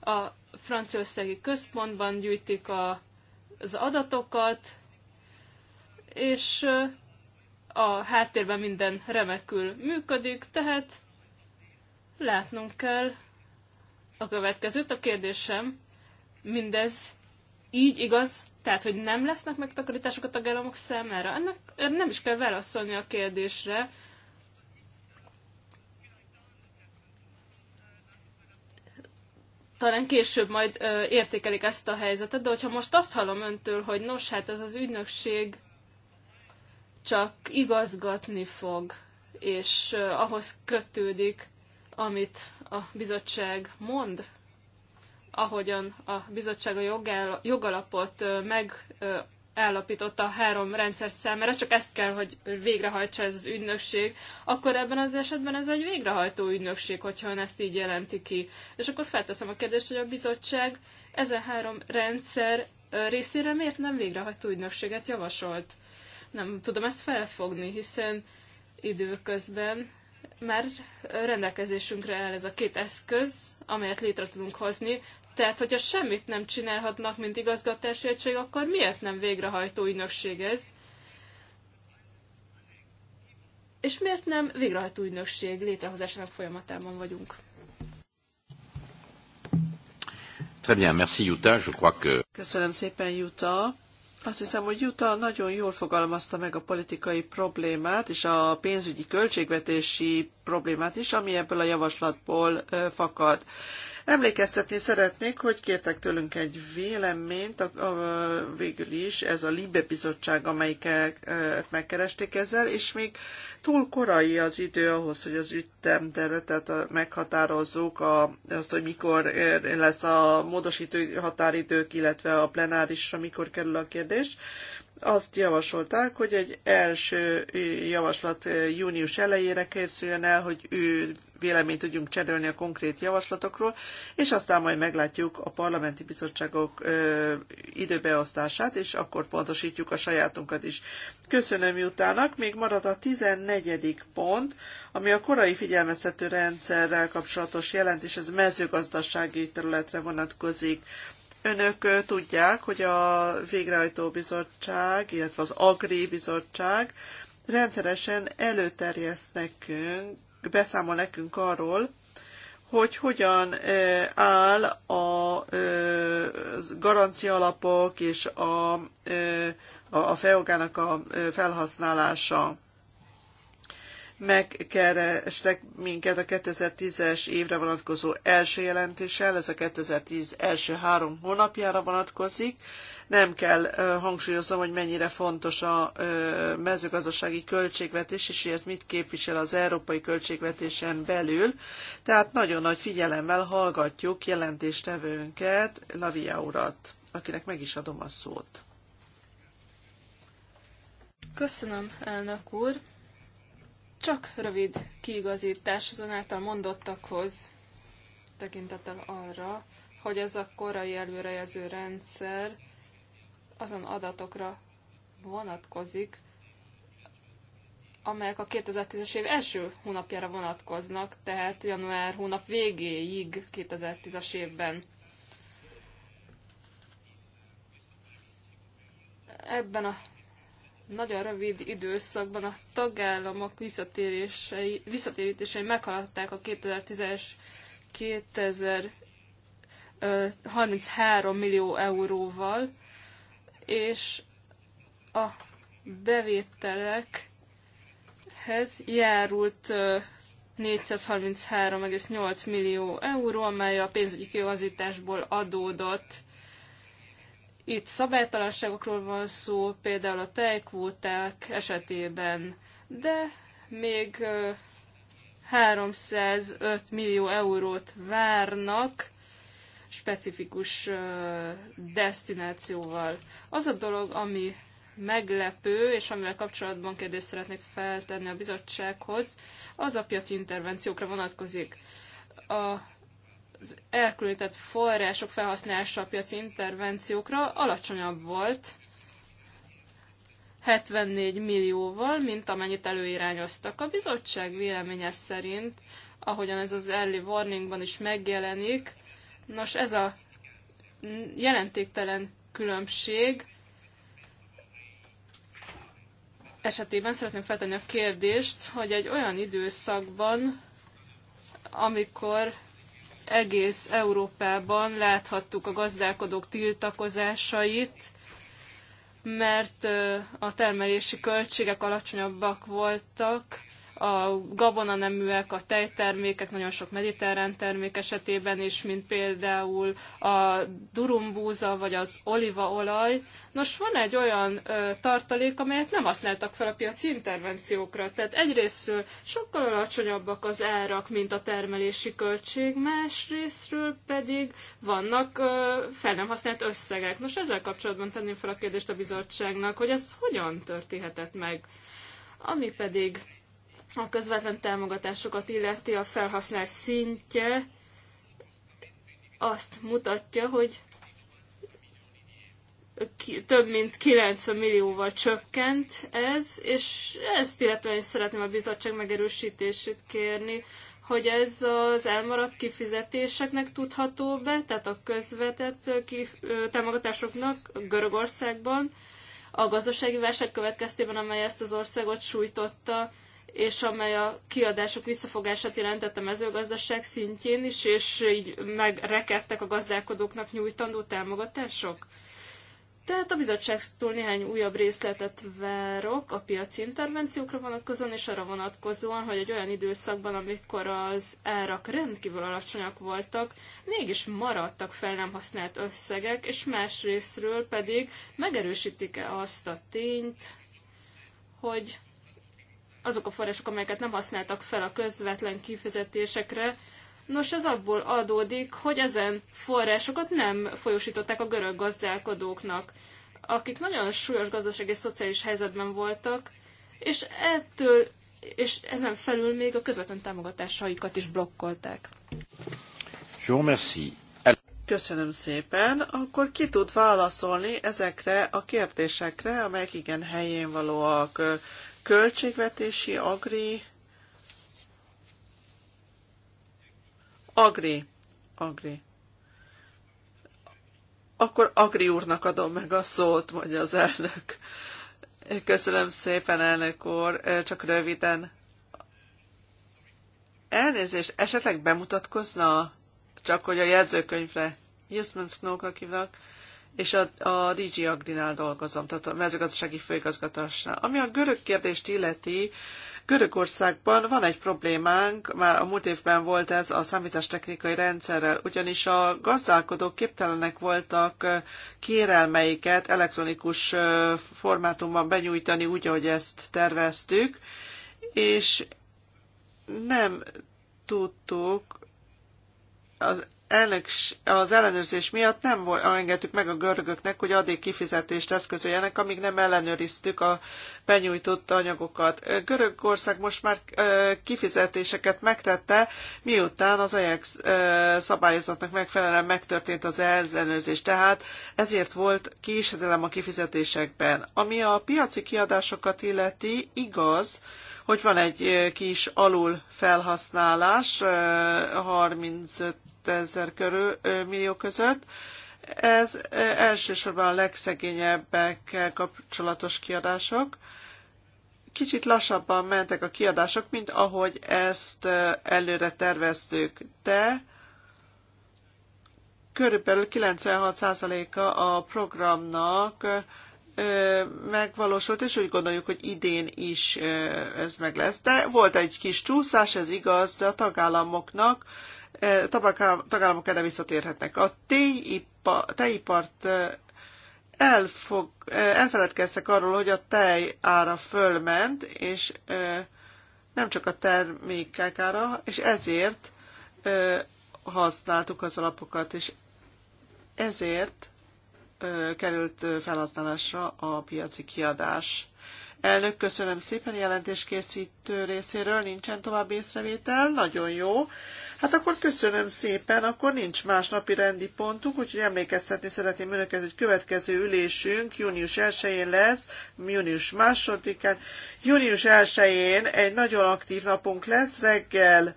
a franciaországi központban gyűjtik a, az adatokat, és a háttérben minden remekül működik, tehát látnunk kell a következőt, a kérdésem, mindez így igaz, tehát, hogy nem lesznek megtakarítások a tagállamok számára? Ennek nem is kell válaszolni a kérdésre. Talán később majd ö, értékelik ezt a helyzetet, de hogyha most azt hallom öntől, hogy nos, hát ez az ügynökség csak igazgatni fog, és ö, ahhoz kötődik, amit a bizottság mond, ahogyan a bizottság a jogalapot megállapította a három rendszer számára, csak ezt kell, hogy végrehajtsa ez az ügynökség, akkor ebben az esetben ez egy végrehajtó ügynökség, hogyha ön ezt így jelenti ki. És akkor felteszem a kérdést, hogy a bizottság ezen három rendszer részére miért nem végrehajtó ügynökséget javasolt? Nem tudom ezt felfogni, hiszen időközben mert rendelkezésünkre áll ez a két eszköz, amelyet létre tudunk hozni. Tehát, hogyha semmit nem csinálhatnak, mint igazgatási egység, akkor miért nem végrehajtó ügynökség ez? És miért nem végrehajtó ügynökség létrehozásának folyamatában vagyunk? Très bien, merci Je crois que... Köszönöm szépen, Juta. Azt hiszem, hogy Juta nagyon jól fogalmazta meg a politikai problémát és a pénzügyi költségvetési problémát is, ami ebből a javaslatból fakad. Emlékeztetni szeretnék, hogy kértek tőlünk egy véleményt, a, a, végül is ez a Libe Bizottság, amelyiket megkeresték ezzel, és még túl korai az idő ahhoz, hogy az ütem területet meghatározzuk a, azt, hogy mikor lesz a módosító határidők, illetve a plenárisra mikor kerül a kérdés azt javasolták, hogy egy első javaslat június elejére készüljön el, hogy ő véleményt tudjunk cserélni a konkrét javaslatokról, és aztán majd meglátjuk a parlamenti bizottságok időbeosztását, és akkor pontosítjuk a sajátunkat is. Köszönöm jutának, még marad a 14. pont, ami a korai figyelmeztető rendszerrel kapcsolatos jelentés, ez mezőgazdasági területre vonatkozik. Önök tudják, hogy a végrehajtó bizottság, illetve az Agri bizottság rendszeresen előterjeszt nekünk, beszámol nekünk arról, hogy hogyan áll a garancia alapok és a, a feogának a felhasználása. Megkerestek minket a 2010-es évre vonatkozó első jelentéssel, ez a 2010 első három hónapjára vonatkozik. Nem kell hangsúlyoznom, hogy mennyire fontos a mezőgazdasági költségvetés, és hogy ez mit képvisel az európai költségvetésen belül. Tehát nagyon nagy figyelemmel hallgatjuk jelentéstevőnket, Navia urat, akinek meg is adom a szót. Köszönöm, elnök úr. Csak rövid kiigazítás azonáltal mondottakhoz tekintettel arra, hogy ez a korai előrejelző rendszer azon adatokra vonatkozik, amelyek a 2010-es év első hónapjára vonatkoznak, tehát január hónap végéig 2010-es évben. Ebben a nagyon rövid időszakban a tagállamok visszatérései, visszatérítései meghaladták a 2010-es 2033 millió euróval, és a bevételekhez járult 433,8 millió euró, amely a pénzügyi kigazításból adódott itt szabálytalanságokról van szó, például a tejkvóták esetében, de még 305 millió eurót várnak specifikus destinációval. Az a dolog, ami meglepő, és amivel kapcsolatban kérdést szeretnék feltenni a bizottsághoz, az a piaci intervenciókra vonatkozik. A az elkülönített források felhasználása a piaci intervenciókra alacsonyabb volt 74 millióval, mint amennyit előirányoztak. A bizottság véleménye szerint, ahogyan ez az early warningban is megjelenik, nos ez a jelentéktelen különbség esetében szeretném feltenni a kérdést, hogy egy olyan időszakban, amikor egész Európában láthattuk a gazdálkodók tiltakozásait, mert a termelési költségek alacsonyabbak voltak, a gabonaneműek, a tejtermékek, nagyon sok mediterrán termék esetében is, mint például a durumbúza vagy az olívaolaj. Nos, van egy olyan ö, tartalék, amelyet nem használtak fel a piaci intervenciókra. Tehát egyrésztről sokkal alacsonyabbak az árak, mint a termelési költség, másrésztről pedig vannak ö, fel nem használt összegek. Nos, ezzel kapcsolatban tenném fel a kérdést a bizottságnak, hogy ez hogyan történhetett meg. Ami pedig a közvetlen támogatásokat illeti a felhasználás szintje azt mutatja, hogy több mint 90 millióval csökkent ez, és ezt illetve is szeretném a bizottság megerősítését kérni, hogy ez az elmaradt kifizetéseknek tudható be, tehát a közvetett kif- támogatásoknak Görögországban, a gazdasági válság következtében, amely ezt az országot sújtotta, és amely a kiadások visszafogását jelentett a mezőgazdaság szintjén is, és így megrekedtek a gazdálkodóknak nyújtandó támogatások. Tehát a bizottságtól néhány újabb részletet várok a piaci intervenciókra vonatkozóan, és arra vonatkozóan, hogy egy olyan időszakban, amikor az árak rendkívül alacsonyak voltak, mégis maradtak fel nem használt összegek, és más részről pedig megerősítik-e azt a tényt, hogy azok a források, amelyeket nem használtak fel a közvetlen kifizetésekre, Nos, ez abból adódik, hogy ezen forrásokat nem folyosították a görög gazdálkodóknak, akik nagyon súlyos gazdasági és szociális helyzetben voltak, és ettől, és ezen felül még a közvetlen támogatásaikat is blokkolták. Jó, merci. Köszönöm szépen. Akkor ki tud válaszolni ezekre a kérdésekre, amelyek igen helyén valóak Költségvetési, agri, agri, agri. Akkor Agri úrnak adom meg a szót, mondja az elnök. Köszönöm szépen, elnök úr, csak röviden. Elnézést, esetleg bemutatkozna? Csak hogy a jegyzőkönyvre. Jusman Snowknak hívnak és a, a DG Agrinál dolgozom, tehát a mezőgazdasági főigazgatásnál. Ami a görög kérdést illeti, Görögországban van egy problémánk, már a múlt évben volt ez a számítástechnikai rendszerrel, ugyanis a gazdálkodók képtelenek voltak kérelmeiket elektronikus formátumban benyújtani, úgy, ahogy ezt terveztük, és nem tudtuk az elnöks, az ellenőrzés miatt nem engedtük meg a görögöknek, hogy addig kifizetést eszközöljenek, amíg nem ellenőriztük a benyújtott anyagokat. Görögország most már kifizetéseket megtette, miután az Ajax szabályozatnak megfelelően megtörtént az ellenőrzés, tehát ezért volt késedelem a kifizetésekben. Ami a piaci kiadásokat illeti, igaz, hogy van egy kis alul felhasználás, 35 ezer körül, millió között. Ez elsősorban a legszegényebbekkel kapcsolatos kiadások. Kicsit lassabban mentek a kiadások, mint ahogy ezt előre terveztük, de körülbelül 96%-a a programnak megvalósult, és úgy gondoljuk, hogy idén is ez meg lesz. De volt egy kis csúszás, ez igaz, de a tagállamoknak E, tagállamok erre visszatérhetnek. A tejipart e, elfog, e, elfeledkeztek arról, hogy a tej ára fölment, és nem csak a termékek ára, és ezért használtuk az alapokat, és ezért került felhasználásra a piaci kiadás. Elnök, köszönöm szépen jelentéskészítő részéről, nincsen további észrevétel, nagyon jó. Hát akkor köszönöm szépen, akkor nincs más napi rendi pontunk, úgyhogy emlékeztetni szeretném önöket, hogy következő ülésünk június 1-én lesz, június 2-án. Június 1-én egy nagyon aktív napunk lesz, reggel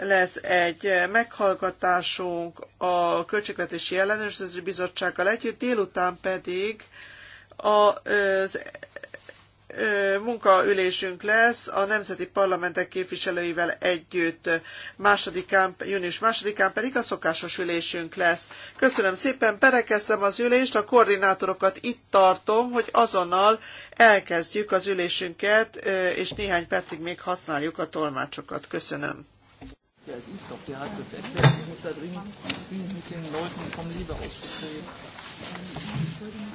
lesz egy meghallgatásunk a Költségvetési Ellenőrző Bizottsággal együtt, délután pedig az munkaülésünk lesz a nemzeti parlamentek képviselőivel együtt. Másodikán, június másodikán pedig a szokásos ülésünk lesz. Köszönöm szépen, perekeztem az ülést, a koordinátorokat itt tartom, hogy azonnal elkezdjük az ülésünket, és néhány percig még használjuk a tolmácsokat. Köszönöm. Ja,